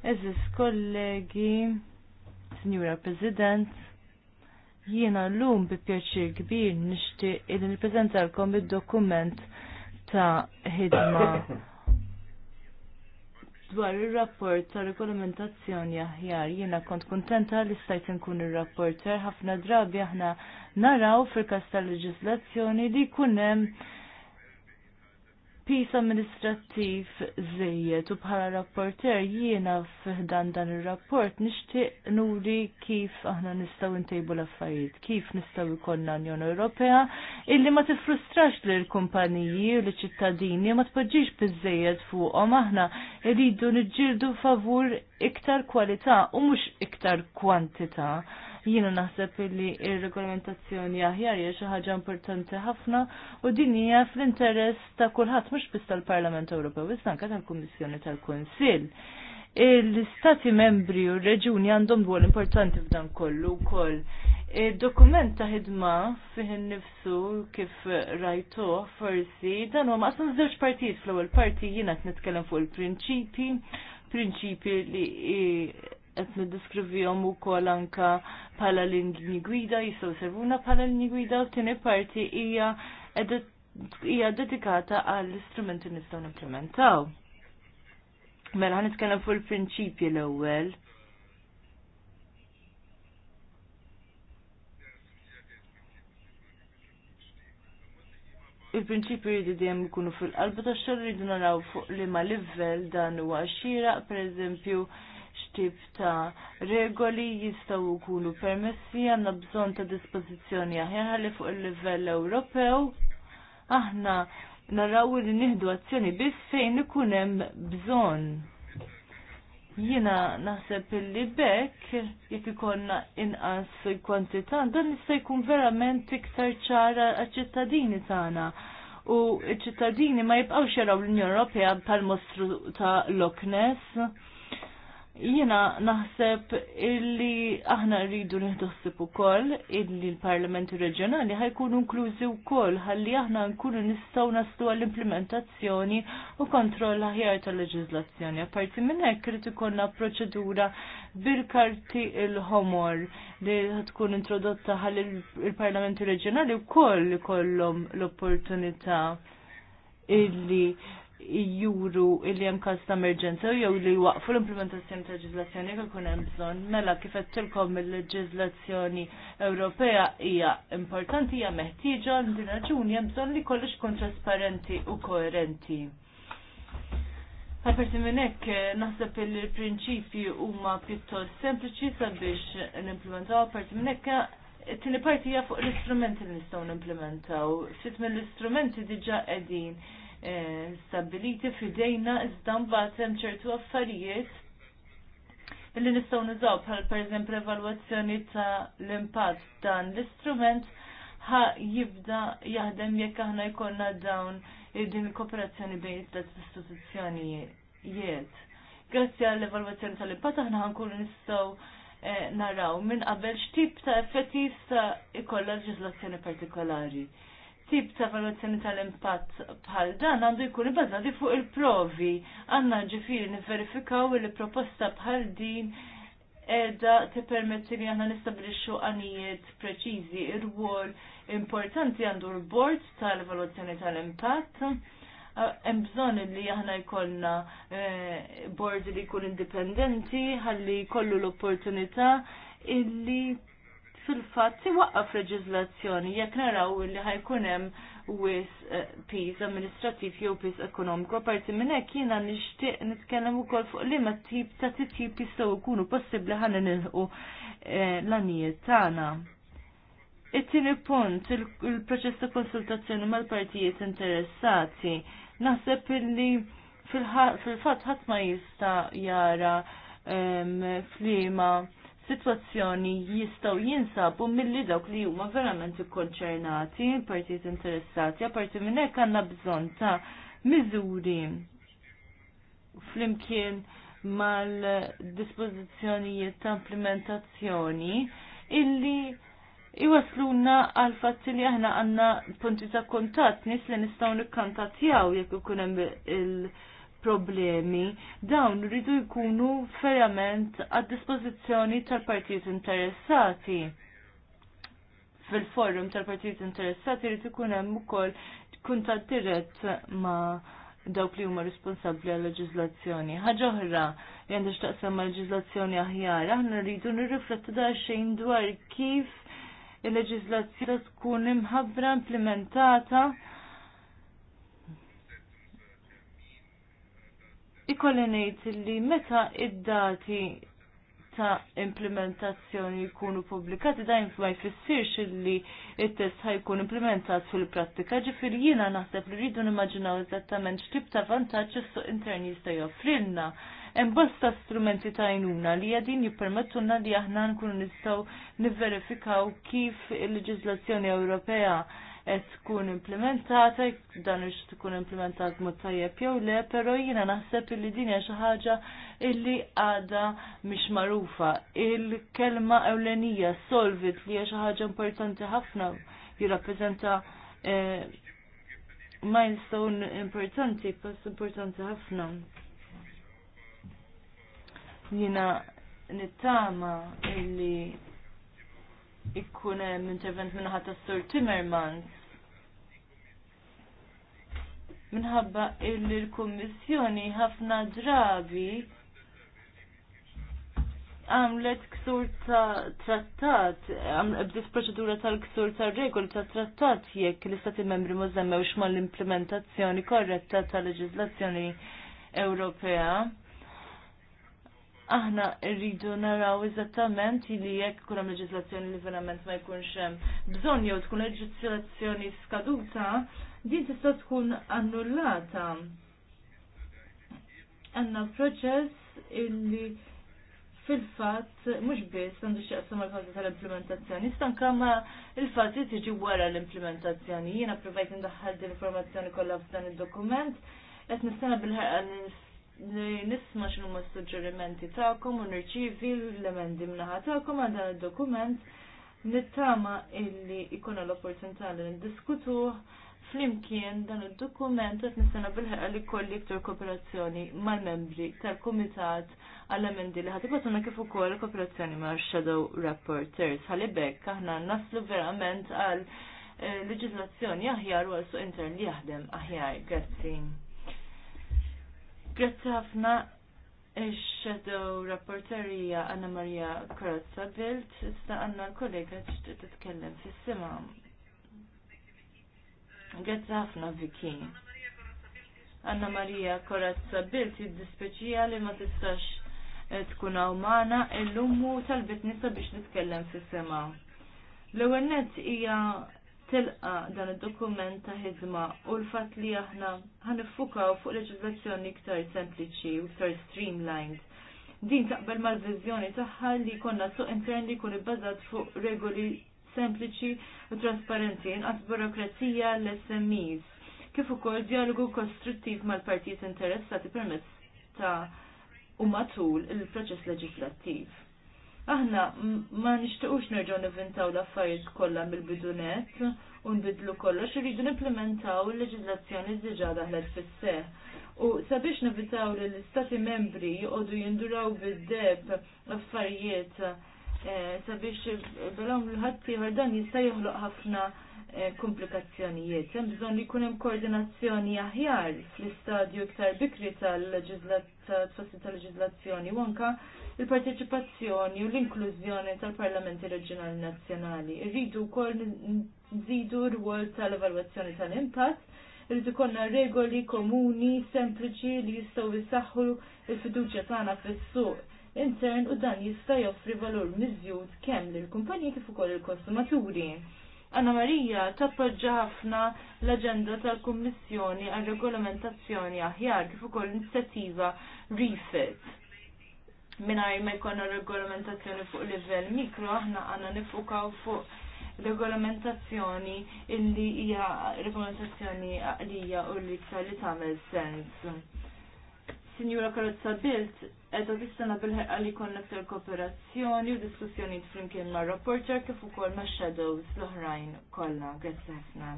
Eżis kollegi, Signora President, jiena l-lum bi pjaċir kbir nishtiq il nipprezentalkom id-dokument ta' ħidma dwar il-rapport ta' regolamentazzjoni aħjar jiena kont kontenta li stajt nkun il-rapporter ħafna drabi aħna naraw fil kasta tal-leġislazzjoni li kunem hemm pis amministrativ zejjed u bħala rapporter jiena f'dan dan ir-rapport nixtieq nuri kif aħna nistgħu ntejbu l-affarijiet, kif nistgħu jkollna Unjoni Ewropea illi ma tiffrustrax lill kumpaniji u l-ċittadini ma tpoġġix biżejjed fuqhom aħna rridu niġġieldu favur iktar kwalità u mhux iktar kwantità jiena naħseb li ir-regolamentazzjoni aħjar hija xi ħaġa importanti ħafna u din hija fl-interess ta' kulħadd mhux biss tal-Parlament Ewropew, iżda anke tal-Kummissjoni tal-Kunsill l-istati membri u reġuni għandhom dwar importanti f'dan kollu wkoll. Il-dokument ta' ħidma fih nifsu kif rajtu forsi dan huwa maqsam żewġ partijiet fl-ewwel parti jiena qed nitkellem fuq il-prinċipi, prinċipi li qed niddeskrivihom ukoll anke bħala linji gwida jistgħu servuna bħala linji gwida u tieni parti hija hija dedikata għall istrumenti nistgħu nimplementaw. Mela ħan nitkellem fuq il-prinċipji l-ewwel. il-prinċipju jridu dejjem ikunu fil-qalba tax-xogħol jridu naraw fuq liema livell dan huwa xira, pereżempju, tip ta' regoli jistaw jkunu permessi għanna bżon ta' dispozizjoni aħjar li fuq il-livell Ewropew. Aħna naraw li nieħdu azzjoni biss fejn ikun hemm bżonn. Jiena naħseb li bekk jekk ikonna inqas kwantità dan jista' jkun verament iktar ċara għaċ-ċittadini tagħna u ċ-ċittadini ma jibqgħux jaraw l-Unjoni Ewropea bħal mostru ta' Loch Ness Jiena naħseb illi aħna rridu u ukoll illi l-Parlamenti Reġjonali ħajkunu inklużi wkoll ħalli aħna nkunu nistgħu naslu għall-implementazzjoni u kontroll aħjar tal leġislazzjoni Apparti minn hekk irid ikollna proċedura bil-karti il-homor li tkun introdotta ħalli l parlament Reġjonali wkoll kollhom l-opportunità illi juru li jem każ ta' u jew li waqfu l-implementazzjoni ta' leġiżlazzjoni jekk kun hemm bżonn mela kif qed tilkom il-leġiżlazzjoni Ewropea hija importanti hija meħtieġa din raġuni hemm bżonn li kollox kun trasparenti u koerenti. Għaperti minn hekk naħseb il-prinċipji huma pjuttost sempliċi sabiex nimplementaw parti minn hekk it-tieni parti fuq l-istrumenti li nistgħu nimplementaw. Ftit mill-istrumenti diġà qegħdin Eh, stabiliti fidejna iżda mbagħad hemm ċertu affarijiet li nistgħu nużaw bħal l evalwazzjoni ta' l-impatt dan l-istrument ħa jibda jaħdem jekk aħna jkollna dawn din il-kooperazzjoni bejn it-tlet istituzzjonijiet. Grazzi għall evalwazzjoni tal-impatt aħna ħankunu nistgħu eh, naraw minn qabel x'tip ta' effetti jista' ikollha ġislazzjoni partikolari tip ta' valutazzjoni tal-impatt bħal dan għandu jkun ibbażati fuq il-provi. Għandna ġifieri nivverifikaw li proposta bħal din edha tippermetti li aħna nistabilixxu għanijiet preċiżi ir-wol importanti għandu l-bord tal-valutazzjoni tal-impatt. Eh, hemm bżonn li aħna jkollna eh, bord li jkun indipendenti ħalli jkollu l-opportunità illi fil-fatt waqqaf reġizlazzjoni jekk naraw li ħajkun hemm wis eh, pis amministrativ jew pis ekonomiku. Parti minn hekk jiena nixtieq nitkellem ukoll fuq liema tip ta' titjib jistgħu jkunu possibbli ħalli nilħu eh, l għanijiet tagħna. It-tieni punt, il-proċess ta' konsultazzjoni mal-partijiet interessati, naħseb illi fil-fatt ħadd ma jista' jara ehm, flima situazzjoni jistaw jinsabu mill-li dawk li huma verament ikkonċernati, partijiet interessati, apparti minn hekk għandna bżonn ta' miżuri flimkien mal-dispożizzjonijiet ta' implementazzjoni illi iwasluna għal fatt li aħna għandna punti ta' kontatt nies li nistgħu nikkantattjaw jekk ikun hemm il- problemi dawn rridu jkunu verament għad dispozizjoni tal-partijiet interessati. Fil-forum tal-partijiet interessati rrid ikun hemm ukoll kuntat dirett ma' dawk li huma responsabbli għal leġiżlazzjoni. Ħaġa oħra li għandha x'taqsam ma' leġiżlazzjoni aħjar, aħna rridu nirriflettu daqsxejn dwar kif il-leġiżlazzjoni tkun imħabbra implementata ikolli ngħid li meta id-dati ta' implementazzjoni jkunu pubblikati dan ma jfissirx illi il test ħajkun implementat fil-prattika ġifir jiena naħseb li rridu nimmaġinaw eżattament x'tip ta' vantaġġi s suq interni jista' joffrilna. Hemm bosta strumenti ta' għajnuna li qegħdin jippermettulna li aħna nkunu nistgħu nivverifikaw kif il-leġiżlazzjoni Ewropea tkun implementata, dan ix tkun implementat mod tajjeb jew le, pero jiena naħseb illi din hija xi ħaġa illi għadha mhix magħrufa. Il-kelma ewlenija solvit li hija xi ħaġa importanti ħafna jirrappreżenta eh, milestone importanti, pass importanti ħafna. Jiena nittama illi ikkun hemm intervent minn tas-Sur Timmermans. Minħabba lill kummissjoni ħafna drabi għamlet ksur ta' trattat, bdis proċedura tal-ksur ta' regoli ta' trattat jekk l-istati membri mużemmew ma' l-implementazzjoni korretta ta' leġizlazzjoni Ewropea aħna rridu naraw eżattament li jekk kun hemm leġislazzjoni li verament ma jkunx hemm bżonn jew tkun leġislazzjoni skaduta, din tista' tkun annullata. Għandna proċess illi fil-fatt mhux biss għandu x'jaqsam mal-fażi tal-implementazzjoni, stanka ma il li tiġi wara l-implementazzjoni. Jiena provajt indaħħal din l-informazzjoni kollha f'dan id-dokument, qed nistenna bil-ħarqa nisma xinu ma suġġerimenti ta'kom u nirċivi l-emendi mnaħa ta'kom għal dan il-dokument nittama illi ikuna l-opportunità li n-diskutu flimkien dan il-dokument għet nistana bil-ħeqa li kolli ktur kooperazzjoni mal-membri tal-komitat għall-emendi li ħatibatuna kif ukoll kooperazzjoni ma' shadow rapporters ħalibek aħna naslu verament għal eh, leġizlazzjoni aħjar u għal su intern li jaħdem aħjar. Grazzi. Grazzi ħafna shadow rapporterija Anna Maria Karazza Bilt, issa għanna l-kollega t titkellem fi s Grazzi ħafna Viki. Anna Maria Karazza Bilt jiddispeċija li ma tistax eh, tkun hawn il illum tal talbit nisa biex nitkellem fis-sima. L-ewwel nett hija tilqa dan id-dokument ta' ħidma u l-fatt li aħna ħanifukaw fuq leġiżlazzjoni iktar sempliċi u iktar streamlined. Din taqbel mal vizjoni tagħha li konna suq intern li jkun ibbażat fuq regoli sempliċi u trasparenti inqas burokrazija l-SMEs kif ukoll dialogu kostruttiv mal-partijiet interessati permezz ta' u matul il-proċess leġislattiv. Aħna ma nixtiequx nerġgħu nivvintaw l-affarijiet kollha mill-bidunet u nbidlu kollox irridu nimplementaw il-leġiżlazzjoni li diġà daħlet fis-seħ. U sabiex nivitaw li l-istati membri jqogħdu jinduraw bid-deb affarijiet eh, sabiex eh, belhom l ħaddieħor dan jista' joħloq ħafna Eh, komplikazzjonijiet. Hemm bżonn li jkun hemm koordinazzjoni aħjar fl-istadju iktar bikri tal-tfassil tal-leġiżlazzjoni u anka il-parteċipazzjoni u l-inklużjoni tal-parlamenti reġjonali nazzjonali. Irridu wkoll nżidu r-wol tal-evalwazzjoni tal-impatt irrid konna regoli komuni, sempliċi li jistgħu jsaħħu l-fiduċja tagħna fis-suq intern u dan jista' joffri valur miżjud kemm lill-kumpanji kif ukoll il-konsumaturi. Anna Marija tappoġġa ħafna l-aġenda tal-Kummissjoni għal regolamentazzjoni aħjar kif ukoll l-inizjattiva Refit. Mingħajr ma jkollna regolamentazzjoni fuq livell mikro aħna għandna nifukaw fuq regolamentazzjoni illi hija regolamentazzjoni għalija u li li tagħmel sens Signora Karozza Bilt, edha tistana bil-ħeqqa li konna ktar kooperazzjoni u diskussjoni flimkien ma' rapporter kif ukoll ma' shadows l-oħrajn kollha. Grazzi ħafna.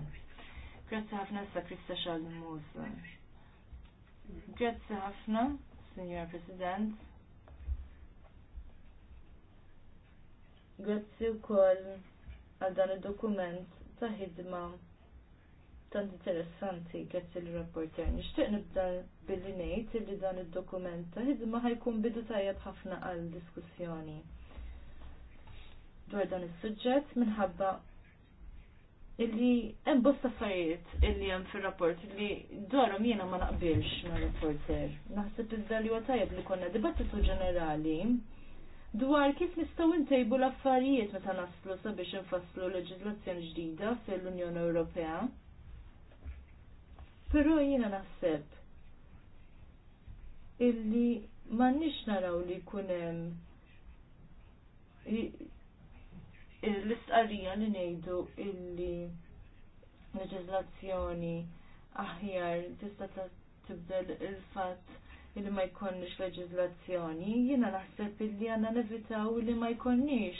Grazzi ħafna sa Krista Xalmuza. Grazzi ħafna, Signora President. Grazzi wkoll għal dan id-dokument ta' ħidma tant interessanti grazzi l rapporter Nixtieq nibda billi ngħid li dan id-dokument ta' ħidma ħajkun bidu tajjeb ħafna għal diskussjoni dwar dan is-suġġett minħabba illi hemm bosta affarijiet illi hemm fir-rapport li dwarhom jiena ma naqbilx mar-rapporter. Naħseb iż li tajjeb li konna dibattitu ġenerali dwar kif nistgħu ntejbu l-affarijiet meta naslu sabiex infasslu leġiżlazzjoni ġdida fil-Unjoni Ewropea. Però jiena naħseb illi m'għandniex naraw li jkun hemm l-istqarrija li ngħidu illi leġiżlazzjoni aħjar tista' tibdel il-fatt illi ma jkonnix leġizlazzjoni, jiena naħseb illi għanna nevitaw illi ma jkonniex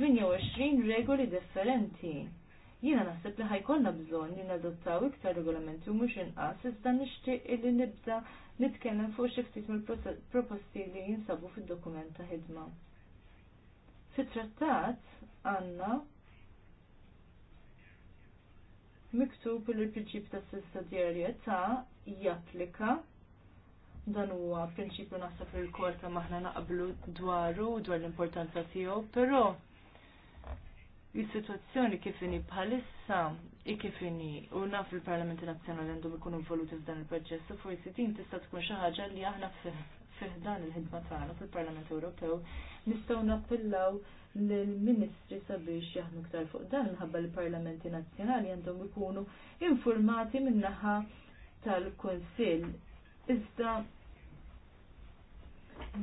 28 regoli differenti. Jiena naħseb li ħajkollna bżonn li nadottaw iktar regolamenti u mhux inqas iżda nixtieq illi nibda nitkellem fuq xi ftit mill-proposti li jinsabu fid-dokument ta' ħidma. Fit-trattat għandna miktub li l-prinċip ta' sussidjarjetà japplika dan huwa prinċipju naħseb li l-kol kemm naqblu dwaru dwar l-importanza tiegħu, però il-situazzjoni kifini bħalissa i kifini u naf il-Parlamenti Nazzjonali għandhom ikunu involuti f'dan il-proċess u forsi din tista' tkun xi ħaġa li aħna fiħdan il-ħidma tagħna fil-Parlament Ewropew nistgħu nappillaw lill-Ministri sabiex jaħdmu iktar fuq dan minħabba l-Parlamenti Nazzjonali għandhom ikunu informati min-naħa tal-Kunsill. Iżda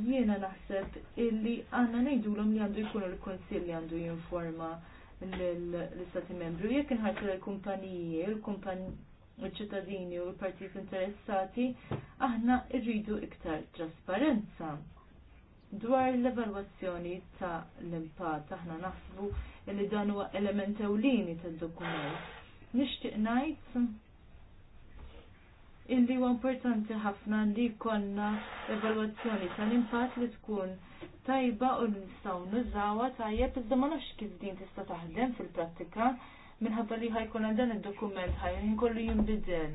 jiena naħseb illi għandna ngħidulhom li għandu jkunu l-Kunsill li għandu jinforma l istati membri. Jekk inħarsu l-kumpaniji, l-ċittadini u l-partijiet interessati, aħna rridu iktar trasparenza. Dwar l-evalwazzjoni ta' l-impatt, aħna naħsbu li dan huwa element ewlieni tad-dokument. Nixtieq ngħid illi huwa importanti ħafna li jkollna evalwazzjoni tal-impatt li tkun tajba u li nistgħu nużawha tajjeb iżda ma nafx kif din tista' taħdem fil-prattika minħabba li ħajkun hemm dan id-dokument ħajn kollu jinbidel.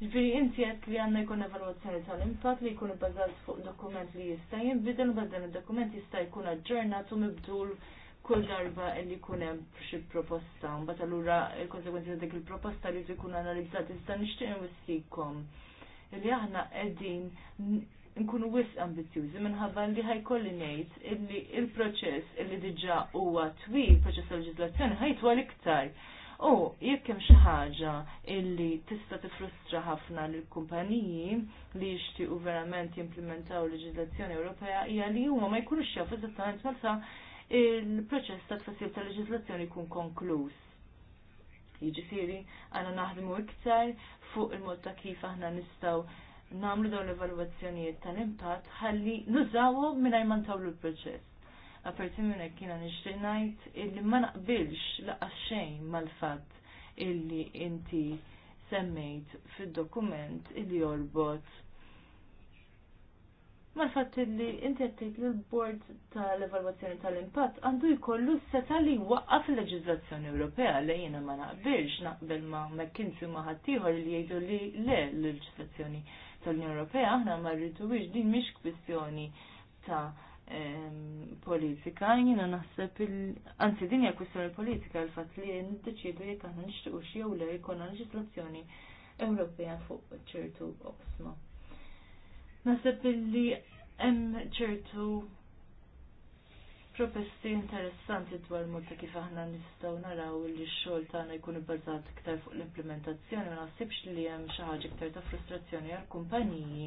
Ġifieri inti qed li għandna jkun evalwazzjoni tal impat li jkun bazzat fuq dokument li jista' jinbidel u dan id-dokument jista' jkun aġġornat u mibdul kull darba li jkun hemm xi proposta. Mbagħad allura l-konsegwenzi ta' dik il-proposta li jkun analizzati iżda nixtieq inwissikom li aħna qegħdin nkunu wisq ambizjużi minħabba li ħajkolli ngħid illi il-proċess illi diġà huwa twil proċess tal leġiżlazzjoni ħajtwal iktar. U jekk hemm xi ħaġa illi tista' tifrustra ħafna lil kumpaniji li jixtiequ verament jimplementaw leġiżlazzjoni Ewropea hija li huma ma jkunux jafu eżattament meta il-proċess ta' tfassil tal leġiżlazzjoni jkun konkluż. Jiġifieri għandna naħdmu iktar fuq il-mod ta' kif aħna nistgħu namlu dawn l-evalwazzjonijiet tal-impatt ħalli nużawhom mingħajr ma ntawlu l-proċess. Aperti minn hekk jiena nixtieq ngħid illi ma naqbilx laqas xejn mal-fatt illi inti semmejt fid-dokument illi jorbot mal-fatt illi inti għattejt tgħid l-bord tal-evalwazzjoni tal-impatt għandu jkollu seta li waqqaf il-leġiżlazzjoni Ewropea li jiena ma naqbilx naqbel ma McKinsey ma ħaddieħor li jgħidu li le l-leġiżlazzjoni tal-Unjoni Ewropea aħna ma biex din mhix kwistjoni ta' politika, jina naħseb il anzi din hija kwistjoni politika l-fatt li niddeċidu jekk aħna nixtiequ xi jew le jkollna leġislazzjoni Ewropea fuq ċertu qosma. Naħseb li hemm ċertu proposti interessanti dwar mod kif aħna nistgħu naraw li x-xogħol tagħna jkun ibbażat iktar fuq l-implementazzjoni ma naħsibx li hemm xi ħaġa iktar ta' frustrazzjoni għall kumpaniji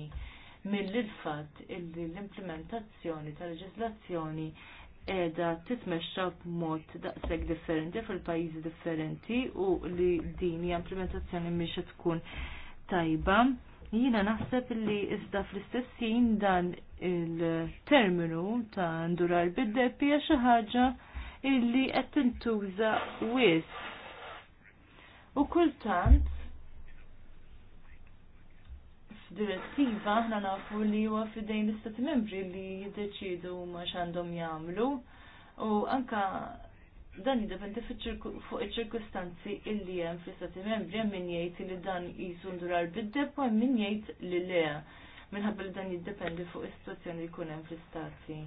mill-fatt illi l-implementazzjoni ta' leġislazzjoni qiegħda titmexxa b'mod daqshekk differenti fil-pajjiżi differenti u li din hija implementazzjoni mhix tkun tajba Jina naħseb li iżda fl-istess jien dan il-terminu ta' ndurar bid-deb hija xi ħaġa illi qed tintuża wis. U kultant direttiva ħna nafu li huwa fidejn l-istati membri li jiddeċidu ma x'għandhom jagħmlu u anka dan jiddependi fuq iċ-ċirkustanzi illi hemm fl-istati membri hemm min jgħid li dan qisu ndurar bid-deb u hemm min jgħid li le minħabba li dan jiddependi fuq is-sitwazzjoni li jkun hemm fl-istati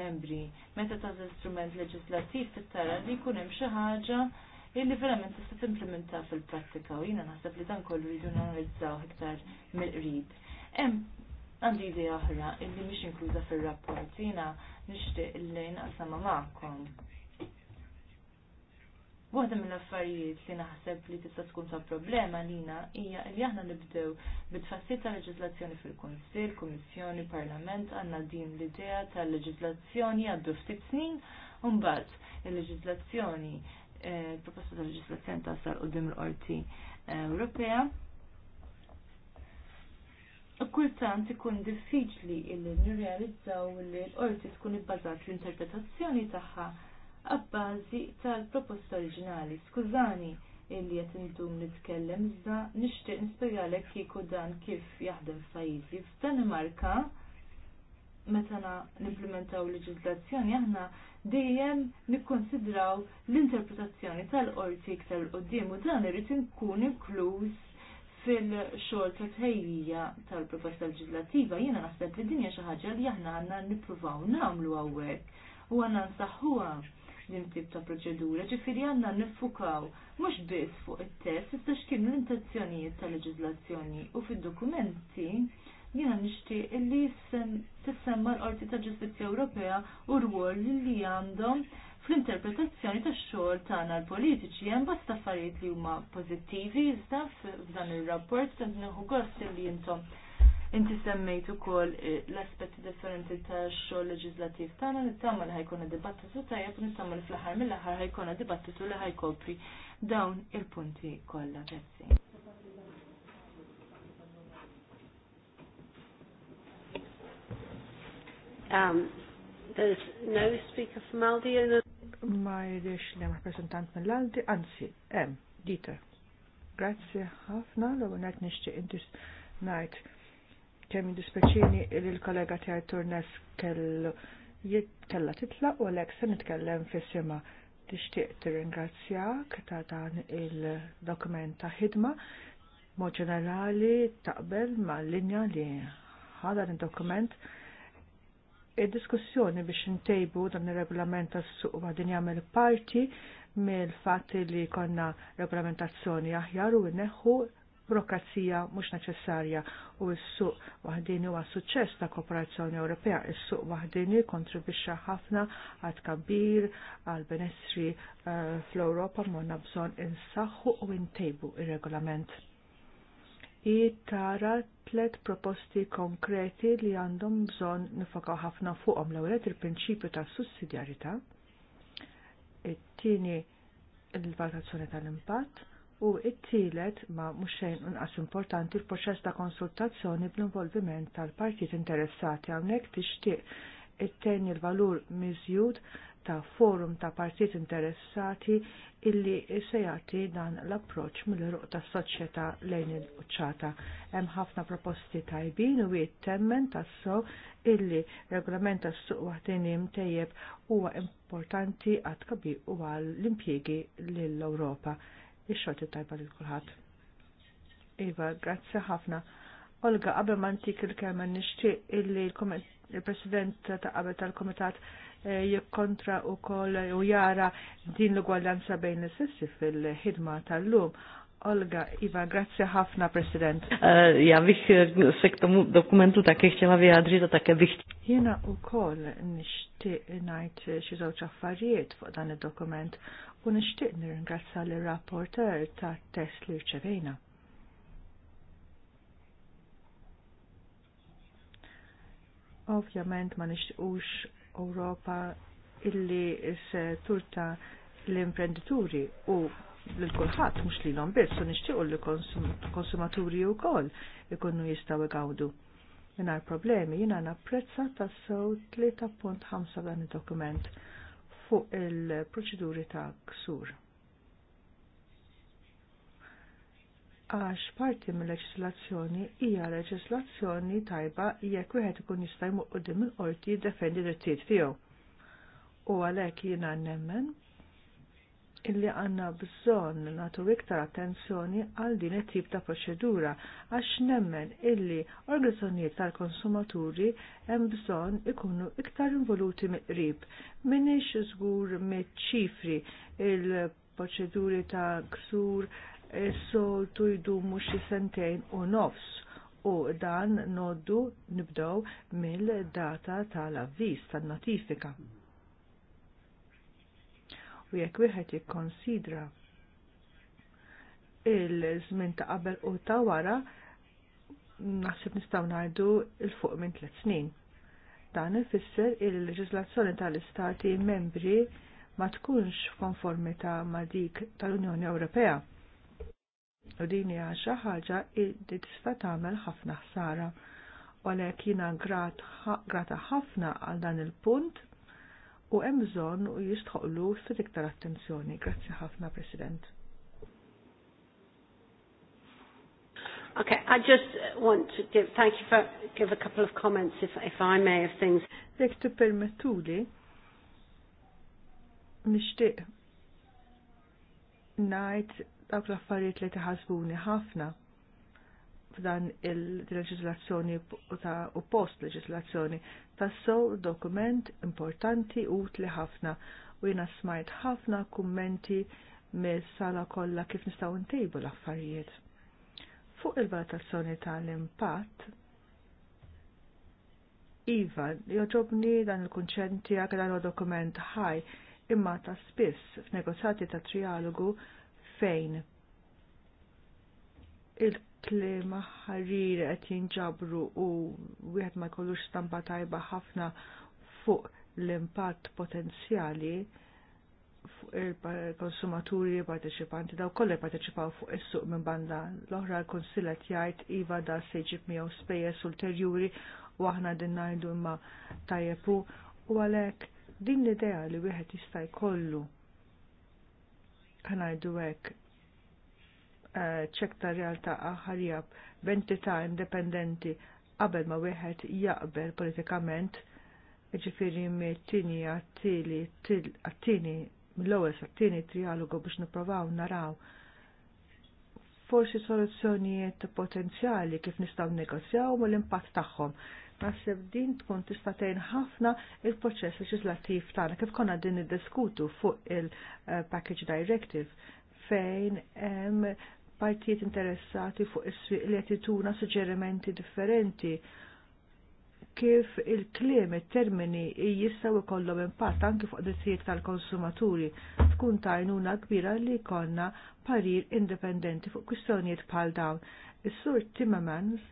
membri. Meta taż strument leġislattiv tittara li jkun hemm xi ħaġa illi verament tista' timplementa fil-prattika u jiena naħseb li dan kollu jridu nanalizzaw iktar mill-qrib. Hemm għandi idea oħra illi mhix inkluża fir-rapport jiena nixtieq illejn qasama magħkom Waħda mill-affarijiet li naħseb li tista' tkun ta' problema lina hija li aħna nibdew bit tfassir ta' leġiżlazzjoni fil-Kunsill, Kummissjoni, Parlament għandna din l-idea tal leġiżlazzjoni għaddu ftit snin u mbagħad il-leġiżlazzjoni eh, il-proposta ta' leġiżlazzjoni tasal qudiem l-Qorti eh, Ewropea. U kultant ikun diffiċli li nirrealizzaw li l-qorti tkun ibbażat l-interpretazzjoni tagħha għabbażi tal-proposta oriġinali. Skużani illi qed intum nitkellem, iżda nishtiq nispjegalek kieku dan kif jaħdem f'pajjiżi. F'Danimarka meta nimplementaw leġiżlazzjoni aħna dejjem nikkonsidraw l-interpretazzjoni tal-qorti iktar qoddim u dan irid inkun inkluż fil-xogħol ta' tħejjija tal-proposta leġislattiva jiena naħseb li dinja xi ħaġa li aħna għandna nippruvaw nagħmlu hawnhekk u għandna nsaħħuha din tip ta' proċedura, ġifiri għanna nifukaw mux biss fuq il-test, issa x'kienu l-intenzjonijiet ta' leġizlazzjoni u fid dokumenti jina nishti illi tissemma l-Qorti ta' Ġustizja Ewropea u rwol li għandhom fl-interpretazzjoni ta' xogħol tagħna l-politiċi hemm bosta affarijiet li huma pożittivi iżda f'dan ir-rapport qed neħu gost li intom Inti semmejt ukoll eh, l-aspetti differenti ta' xogħol leġislattiv tagħna nittama li ħajkun dibattitu tajjeb u li fl-aħħar mill-aħħar ħajkun dibattitu li ħajkopri dawn il-punti kollha. Grazzi. Um, there's no speaker from Aldi in the... Ma jidix li rappresentant mill-Aldi, anzi, em, Dieter. Grazie ħafna, l għonet nishti intis najt kemm dispeċini li l-kollega tiegħi Turnes kellu jitkella titla u għalhekk se nitkellem fis-sima. Tixtieq tirringrazzjak ta' dan il-dokument ta' ħidma mod ġenerali taqbel mal linja li ħadar il-dokument id-diskussjoni biex ntejbu dan ir regolament tas suq ma din jagħmel parti mill-fatt li konna regolamentazzjoni aħjar u neħħu burokrazija mhux neċessarja u s-suq waħdini huwa suċċess ta' kooperazzjoni Ewropea. Is-suq waħdini kontribwixxa ħafna għad kabir għal benessri uh, fl-Ewropa m'għandna bżonn insaħħu u ntejbu ir-regolament. I tara tlet proposti konkreti li għandhom bżonn nifokaw ħafna fuqhom l-ewwel il-prinċipju ta' sussidjarità, it-tieni il-valutazzjoni tal-impatt, u it-tielet ma mhux unqas importanti l-proċess ta' konsultazzjoni bl-involviment tal-partit interessati hawnhekk tixtieq it-tejn il-valur miżjud ta' forum ta' partit interessati illi se jagħti dan l-approċċ mill-ruq tas-soċjetà lejn il-quċċata. Hemm ħafna proposti tajbin u jittemmen tasso illi regolament tas-suq waħdin imtejjeb huwa importanti għad kabi u għall impjiegi lill-Ewropa. Ix-xorti tajba li kulħadd. Iva, grazzi ħafna. Olga, qabel ma ntik il-kelma nixtieq illi il-President ta' qabel tal-Komitat eh, jikkontra u koll u jara din l-ugwaljanza bejn is-sessi fil-ħidma tal-lum. Olga, Iva, grazie ħafna, President. Eh, ja, bih sektu dokumentu ta' dokumentu ma' ħtjela vyjadřit ta' také Jena u koll nishti najt xi żewġ affarijiet fuq dan id-dokument u nixtieq nirringrazza l rapporter ta' test li rċevejna. Ovvjament ma nixtiequx Ewropa illi se turta l-imprenditori u l-kulħadd mhux lilhom biss u nixtiequ li konsumaturi wkoll ikunu jistgħu igawdu. Minar problemi jiena napprezza tas-sew 3.5 dan id-dokument fuq il-proċeduri ta' ksur. għax parti mill-leġislazzjoni hija leġislazzjoni tajba jekk wieħed ikun jista' jmuq qudiem il-qorti jiddefendi drittijiet tiegħu. U għalhekk jiena nemmen illi għanna bżon natu iktar attenzjoni għal din it-tip ta' proċedura għax nemmen illi organizzazzjoniet tal-konsumaturi hemm bżon ikunu iktar involuti miqrib. qrib Minix żgur mit-ċifri il-proċeduri ta' ksur soltu jdumu xi sentejn u nofs u dan noddu nibdow mill-data tal-avviż tan-notifika u jekk wieħed jikkonsidra il-żmien ta' qabel u ta' wara naħseb nistgħu ngħidu il fuq minn tliet snin. Dan ifisser il-leġislazzjoni tal-istati membri ma tkunx konformità ma' dik tal-Unjoni Ewropea. U din hija xi ħaġa li tista' tagħmel ħafna ħsara. Għalhekk jiena grata ħafna għal dan il-punt u hemm bżonn u jistħoqlu ftit iktar attenzjoni. Grazzi ħafna, President. Okay, I just want to give, thank you for, give a couple of comments if, if I may of things. Jek permettu li, nishtiq najt dawk l-affarijiet li taħasbuni ħafna f'dan il-leġislazzjoni u post-leġislazzjoni tassow dokument importanti utli ħafna u jina smajt ħafna kummenti mis sala kollha kif nistgħu ntejbu l-affarijiet. Fuq il-valutazzjoni tal-impatt, Iva, joġobni dan il-kunċenti għak dan dokument ħaj imma ta' spiss f'negozjati ta' trialogu fejn il Li maħħarir qed jinġabru u wieħed ma jkollux stampa tajba ħafna fuq l-impatt potenzjali fuq il-konsumaturi parteċipanti daw kollha parteċipaw fuq is-suq minn banda l-oħra l-Kunsill jgħid iva da se jġib miegħu spejjeż ulterjuri u aħna din ngħidu imma tajjepu u għalhekk din l-idea li wieħed jista' jkollu ħanajdu hekk ċek ta' realtà aħarjab b'entità indipendenti qabel ma wieħed jaqbel politikament ġifiri mit-tini għattili għattini mill-ewwel għattini trialogu biex nipprovaw naraw forsi soluzzjonijiet potenzjali kif nistgħu negozjaw u l-impatt tagħhom. Naħseb din tkun tista' tgħin ħafna il-proċess leġislattiv tagħna kif konna din niddiskutu fuq il-package directive fejn hemm partijiet interessati fuq is-swieq li qed suġġerimenti differenti kif il-kliem it-termini jistgħu jkollhom impatt anke fuq drittijiet tal-konsumaturi tkun tajnuna kbira li jkollna parir indipendenti fuq kwistjonijiet bħal dawn. Is-sur Timmermans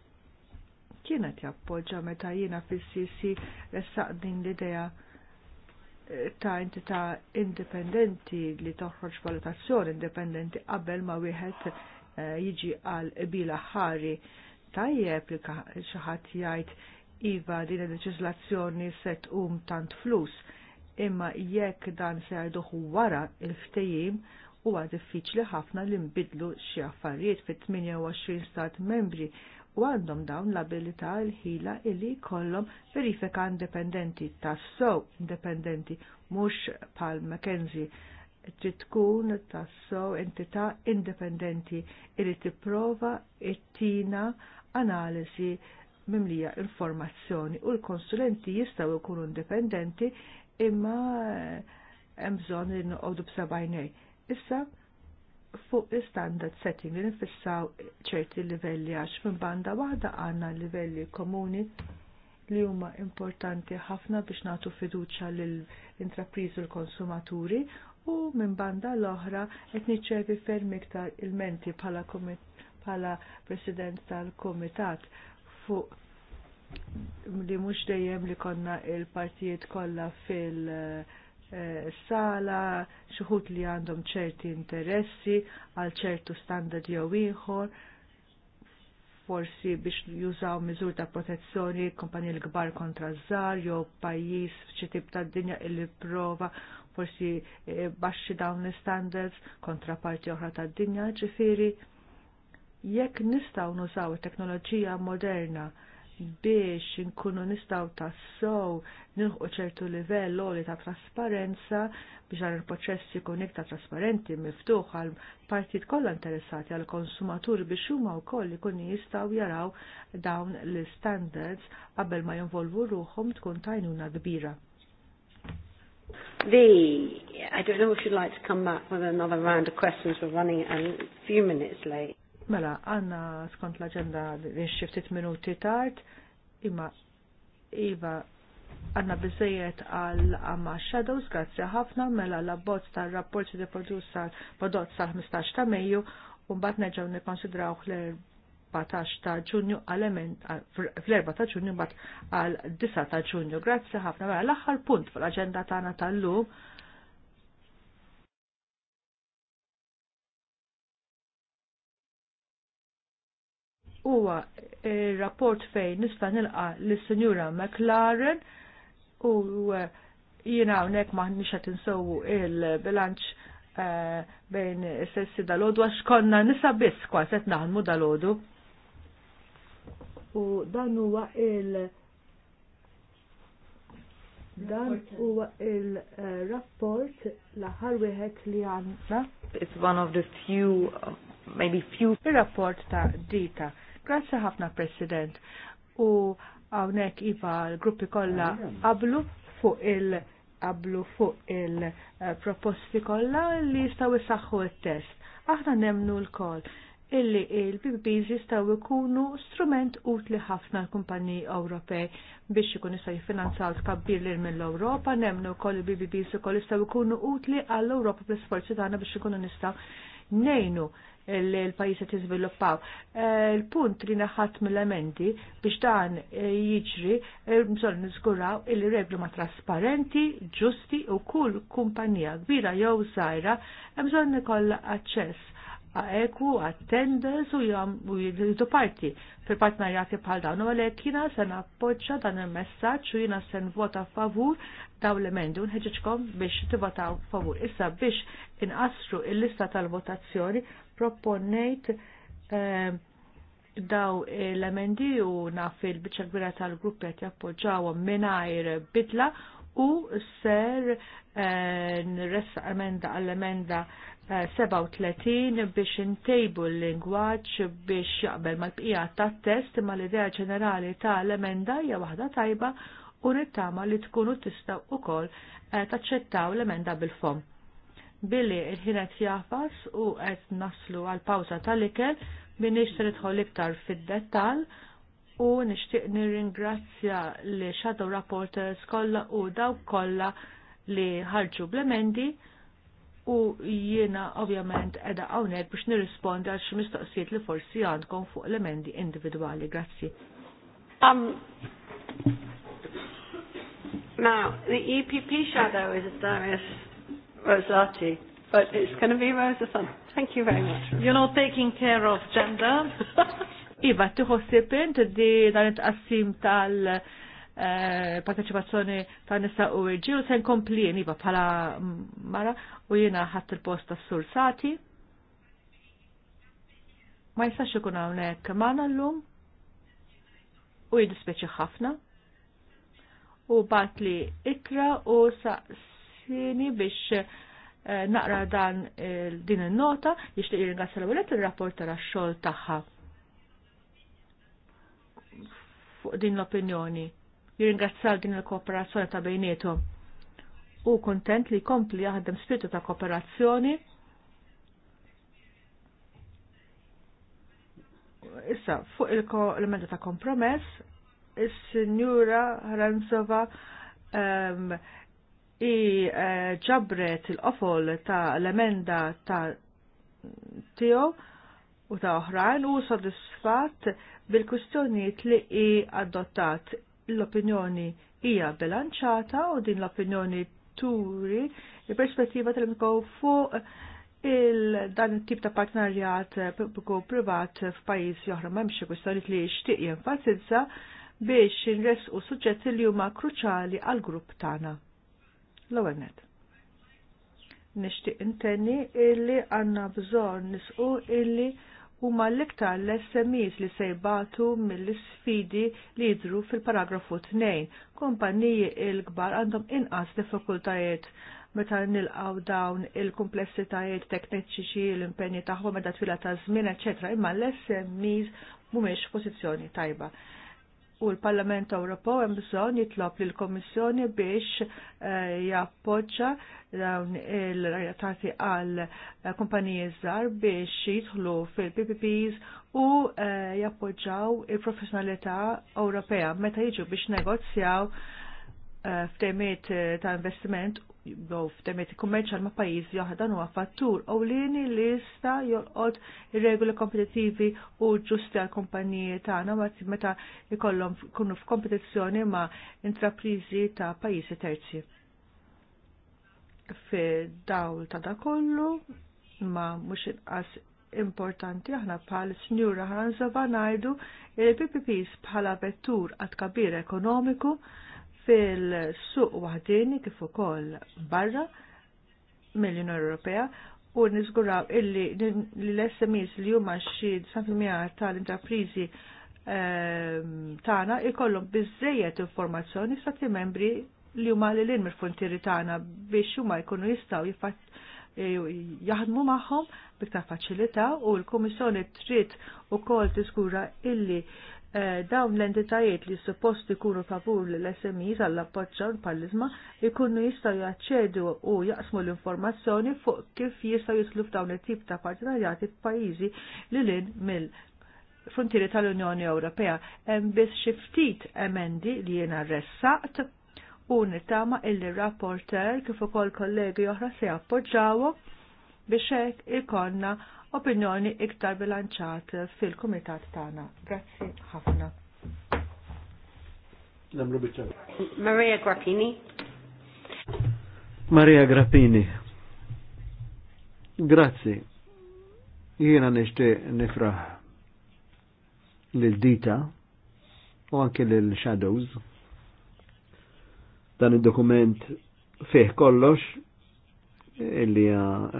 kienet jappoġġa meta jiena fis-sisi ressaq din l-idea eh, ta' entità indipendenti li toħroġ valutazzjoni indipendenti qabel ma wieħed Eh, jiġi għal bila ħari tajjeb li xaħat jgħid iva din il-leġislazzjoni set um tant flus imma jekk dan se jgħiduħ wara il-ftejim huwa diffiċli ħafna li nbidlu xi affarijiet fit-28 stat membri u għandhom dawn l-abilità l-ħila illi kollhom verifika indipendenti tas-sow indipendenti mhux pal McKenzie trid tkun tassew entità indipendenti irid tipprova tina analisi mimlija informazzjoni u l-konsulenti jistgħu jkunu indipendenti imma eh, hemm bżonn li noqogħdu b'sab'ajnej. Issa fuq standard setting li nfissaw ċerti livelli għax minn banda waħda għandna livelli komuni li huma importanti ħafna biex nagħtu fiduċja lill intrapriżi u l-konsumaturi u minn banda l-oħra qed niċċervi ferm iktar il-menti bħala president tal-komitat fuq li mhux dejjem li konna il-partijiet kollha fil-sala, xuħut li għandhom ċerti interessi għal ċertu standard jew ieħor, forsi biex jużaw miżur ta' protezzjoni kumpanji l-kbar kontra żar jew pajjiż f'ċi tip ta' dinja illi prova forsi eh, baxxi dawn l-standards kontra parti oħra tad-dinja ġifiri. Jekk nistgħu nużaw it-teknoloġija moderna biex inkunu nistaw tassow nilħu ċertu livell li ta' trasparenza biex għal il-proċess ikun iktar trasparenti miftuħ għal partit kollha interessati għal konsumaturi biex huma wkoll ikun jistgħu jaraw dawn l-standards qabel ma jinvolvu ruħhom tkun tajnuna kbira. The, I don't know if you'd like to come back with another round of questions. We're running a few minutes late. Mela, għanna skont l-agenda li xiftit minuti tard, imma Iva għanna bizzejiet għal għamma Shadows, grazzi ħafna, mela l-abbozz tal-rapport li produsa prodott sal-15 ta' Mejju, un bat neġaw nikonsidraw l 14 ta' ġunju għal-element fl-4 ta' ġunju bat għal-9 ta' ġunju. Grazzi ħafna mela l-aħħar punt fl-aġenda tagħna tal-lum. il eh, rapport fejn nista' nilqa' lis-Sinjura McLaren u eh, jina hawnhekk maħniex qed tinsowu il-bilanċ eh, bejn sessi dal-ħodu għax konna nisa biss kwa set naħmu dal-ħodu u dan huwa il- dan huwa il-rapport eh, l-aħħar wieħed li għandna. It's one of the few, uh, maybe few. rapport ta' dita. Grazzi ħafna, President. U għawnek iva l-gruppi kolla qablu fuq il- qablu fuq il-proposti eh, kolla li jistaw jisaxħu il-test. Aħna nemnu l-koll illi il-PPPs jistaw ikunu strument utli ħafna l-kumpanji Ewropej biex ikun jistaw jiffinanzaw tkabbir lil mill-Ewropa, nemnu wkoll il-PPPs ukoll jistgħu jkunu utli għall-Ewropa bl-isforzi tagħna biex ikunu nistgħu nejnu l pajisa t jiżviluppaw. Eh, il-punt li naħat mill amendi biex dan eh, jiġri eh, bżonn niżguraw il-reglu ma' trasparenti, ġusti u kull kumpanija kbira jew zaħira, hemm bżonn ikollha aċċess eku, attendance u jridu parti fil-partnerjati bħal dawn. U għalek jiena se nappoġġa dan il-messaġġ u jiena se nvota favur daw l-emendi u nħeġġitkom biex tivotaw favur. Issa biex inqasru il-lista tal-votazzjoni proponnejt ehm, daw l-emendi u naf il-biċċa gbira tal-gruppi qed jappoġġaw mingħajr bidla u ser eh, nressa emenda għall-emenda 37 eh, biex intejbu l-lingwaġġ biex jaqbel mal-bqija tat-test ma l-idea ġenerali tal-emenda hija waħda tajba u nittama li tkunu tistaw ukoll eh, taċċettaw l-emenda bil-fom. Billi il-ħinet jafas u qed naslu għal pawza tal-ikel bin nixtri nidħol iktar fid-dettall u nixtieq nirringrazzja li shadow rapporters kollha u dawk kollha li ħarġu bl-emendi u jiena ovvjament edha għawnek biex nirrispondi għal xi mistoqsijiet li forsi għandkom fuq l-emendi individwali. Grazzi. Um, now, the EPP shadow is Darius Rosati, but it's going to be Rosa Sun. Thank you very much. You're not taking care of gender. [LAUGHS] iva, tħossib int di dan it-qassim tal- eh, parteċipazzjoni tal nisa u ġil sen komplien iba pala mara u jiena ħadd il-post tas-sur Sati. Ma jistax ikun hawnhekk magħna llum u jiddispeċi ħafna. U bat li ikra u saqsini biex eh, naqra dan din il-nota biex li jirringrazzja l-għolet il-rapport tara xogħol tagħha fuq din l-opinjoni. Jirringrazzja din il-kooperazzjoni ta' bejnietom u kontent li kompli jaħdem spiritu ta' kooperazzjoni. Issa, fuq il-elementa ta' kompromess, il sinjura Ranzova um, ehm, i eh, ġabret il-qofol ta' l-emenda ta' tiegħu u ta' oħrajn u sodisfatt bil-kustjonijiet li i adottat l-opinjoni hija bilanċata u din l-opinjoni kulturi, il-perspettiva tal mikaw fuq il-dan tip ta' partnerjat pubbliku privat f'pajis joħra ma' mxie kwistjoni li li xtieq jenfasizza biex inres u suġġetti li huma kruċali għal grupp tana. l għennet Nishtiq inteni illi għanna bżon nisqu illi huma l-iktar l-SMEs li se jibatu mill-sfidi li jidru fil-paragrafu 2. Kompaniji il-kbar għandhom inqas diffikultajiet meta nilqaw dawn il-komplessitajiet tekniċi, l-impenji tagħhom meta twila ta' żmien, eċetera, imma l-SMEs mhumiex pożizzjoni tajba u l-Parlament Ewropew hemm bżonn jitlob lil kommissjoni biex eh, jappoġġa dawn il-rajatati għal eh, kumpaniji żgħar biex jidħlu fil-PPPs u eh, jappoġġaw il-professjonalità Ewropea meta jiġu biex negozjaw ftemiet ta' investiment jibdow f'temet kummerċal ma' pajjiżi oħra dan huwa fattur lini li jista' jolqod regoli kompetittivi u ġusti għal kumpaniji tagħna meta jkollhom kunu f'kompetizzjoni ma' intrapriżi ta' pajjiżi terzi. Fi dawl ta' da kollu ma' mhux inqas importanti aħna bħal Sinjura Hanzova ngħidu il-PPPs bħala vettur għat kabir ekonomiku fil-suq waħdini kif ukoll barra mill-Unjoni Ewropea u niżguraw illi l-SMEs li huma xi 90% tal intrapriżi ehm, tagħna ikollhom biżejjed informazzjoni stati membri li huma li lin mill funtieri tagħna biex huma jkunu jistgħu jaħdmu magħhom biktar faċilità u l-Kummissjoni trid ukoll tiżgura illi Eh, dawn l-entitajiet li suppost ikunu favur l-SMI tal-appoċċa l-pallizma ikunu jistaw jaċċedu u jaqsmu l-informazzjoni fuq kif jistaw jislu f'dawn it-tip ta' partenarjati f'pajjiżi li lin mill frontieri tal-Unjoni Ewropea. Hemm biss xi ftit emendi li jiena ressaqt u nittama il-rapporter kif ukoll kollegi oħra se jappoġġawhom biex hekk ikonna opinjoni iktar bilanċat fil-kumitat tagħna. Grazzi ħafna. Maria Grappini. Maria Grappini. Grazzi. Jiena nixtieq nifraħ lil dita u anke l shadows dan id-dokument fih kollox illi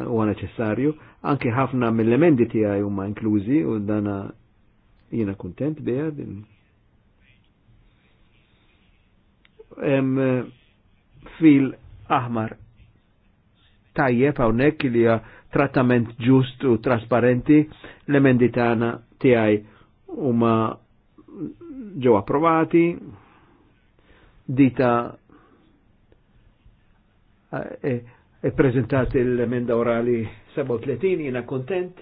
huwa neċessarju. Anki ħafna mill-emendi tiegħi huma inklużi u dana jiena kuntent biha din. Fil aħmar tajjeb hawnhekk li hija trattament ġust u trasparenti l-emendi tagħna tiegħi huma ġew approvati dita eh, eh E prezentat il-emenda orali 37, jina kontent,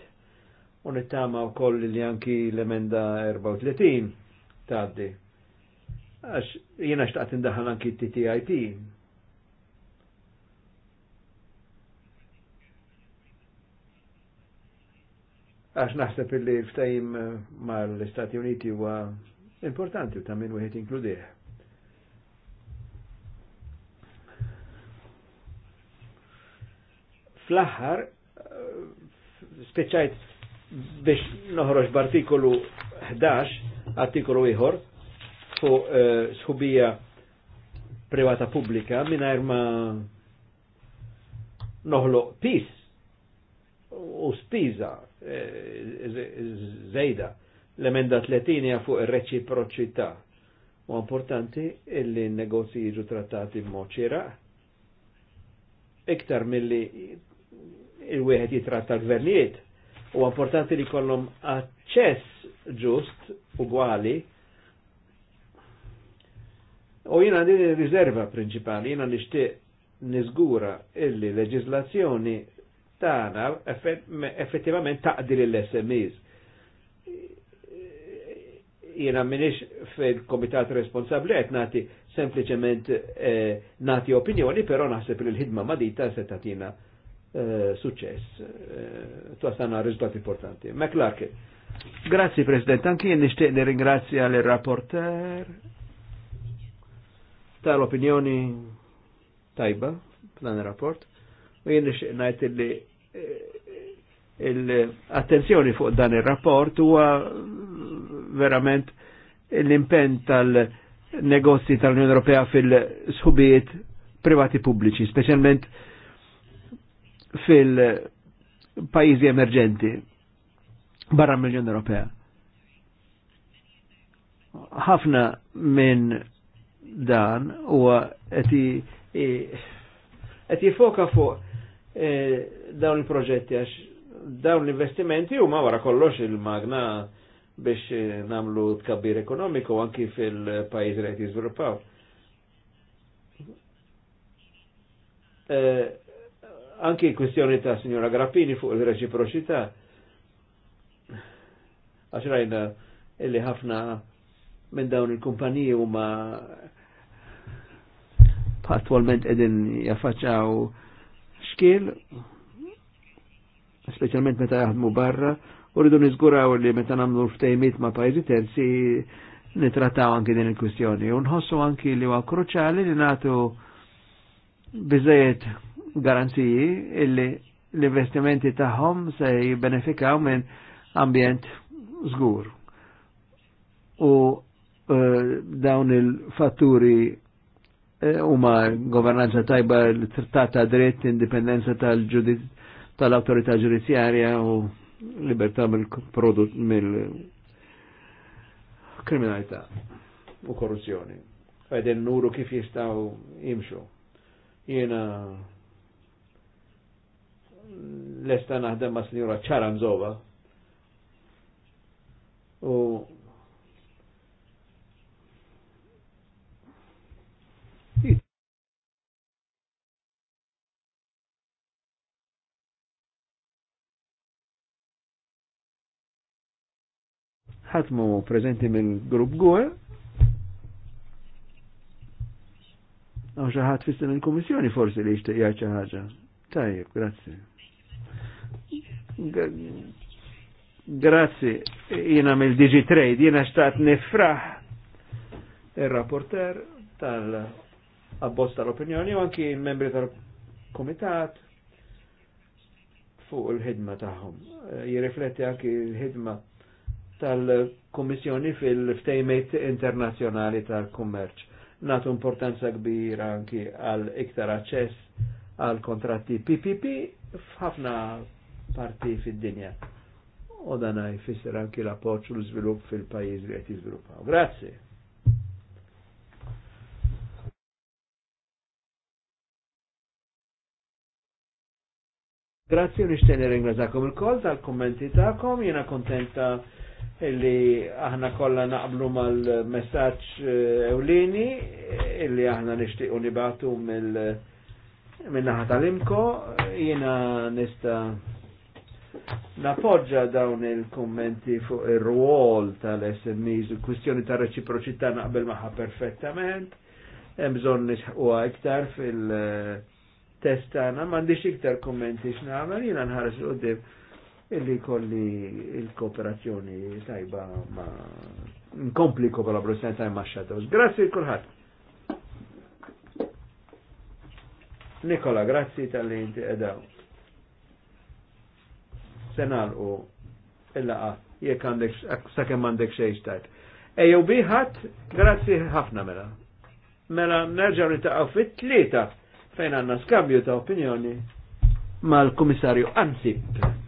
u nittama u koll li anki l-emenda 34 taddi. Għax jina xtaqt indaħal anki TTIP. Għax naħseb li ftajim mal istati Uniti huwa importanti u ta' u wieħed inkludih. fl-aħħar eh, speċajt biex noħroġ b'artikolu 11, artikolu ieħor fuq eh, sħubija privata pubblika mingħajr ma noħloq pis u spiża eh, zejda l-emenda 30 fuq ir-reċiproċità. U importanti illi n-negozji jiġu trattati b'mod iktar milli il-wieħed jitratta l-gvernijiet. U importanti li kollom aċċess ġust ugwali u jina il-rizerva prinċipali, jina nixtieq niżgura illi leġizlazzjoni tagħna effettivament taqdi lill-SMEs. Jina minix fil-komitat responsabli għet nagħti sempliċement eh, nati opinjoni, però naħseb li l-ħidma madita se tatina Eh, suċess. Eh, Twasana rizultati importanti. McClarkin. Grazzi President, anki jien nixtieq li ringrazzja l rapporter tal-opinjoni tajba f'dan ir-rapport u jien nixtieq ngħid li eh, l-attenzjoni fuq dan ir-rapport huwa verament l-impenn tal-negozji tal-Unjoni Ewropea fil-sħubijiet privati pubbliċi, speċjalment fil-pajizi emerġenti barra mill-Unjoni Ewropea. Ħafna minn dan huwa qed jifoka fuq e, dawn il-proġetti għax dawn l-investimenti huma wara kollox il-magna biex e, namlu tkabbir ekonomiku anki fil pajjiżi li qed jiżviluppaw. E, Anki kwestjoni ta' signora Grappini fuq il-reċiproċità. Għax rajna illi ħafna minn dawn il-kumpaniji huma attualment edin jaffaċċaw xkil, specialment meta jaħdmu barra, u rridu nizguraw li meta namlu ftejmit ma' pajzi terzi nitrattaw anki din il-kwistjoni. Unħossu anki li għakruċali kruċali li natu biżejiet garanziji illi l-investimenti taħħom se jibbenefikaw minn ambjent zgur. U uh, dawn il-fatturi eh, huma uh, governanza tajba l-trattat ta' dritt, indipendenza tal-autorità tal ġudizzjarja u libertà mill-prodott mill-kriminalità u korruzzjoni. Għedin nuru kif jistaw jimxu. Jena lesta naħdem ma' Sinjura Ċaranzova. U ħatmu prezenti mill-grupp GUE, għaw xaħat fissin il-komissjoni forsi li jishtiq jaċa ħagġa. Tajjeb, grazie. Grazzi, jina mill digi Trade, jina xtaqt nifraħ il-rapporter tal-abbozz tal-opinjoni u anki membri tal-komitat fuq il-ħidma tagħhom. Jirrifletti anki il-ħidma tal-Komissjoni fil-ftejmejt internazzjonali tal-kummerċ. Natu importanza kbira anki għal iktar aċċess għal kontratti PPP f'ħafna parti fid-dinja. U dan jfisser anki l appoġġ u l-żvilupp fil-pajjiż li qed jiżviluppaw. Grazzi. Grazzi u nixtieni ringrazakom il koll tal-kommenti tagħkom, jiena kontenta illi aħna kollha naqblu mal-messaġġ eh, ewlieni illi aħna nixtiequ nibatu mill-naħa tal-imko, jiena nista' Napoġġa dawn il-kommenti fuq ir-rwol tal-SMEs, kwistjoni ta' reċiproċità naqbel magħha perfettament, hemm bżonn nisħuha iktar fil-test tagħna, m'għandix iktar kommenti x'nagħmel, jiena nħares qudiem illi kolli il-kooperazzjoni tajba ma nkompli kooperazzjoni tajba ma' Shadows. Grazzi kulħadd. Nikola, grazzi tal-li inti edaw senal u il jek għandek, sakemm għandek xejn tajt. Ejjew biħat, grazzi ħafna mela. Mela nerġaw nitaqgħu fit-tlieta fejn għandna skambju ta' opinjoni mal-Kummissarju Ansip.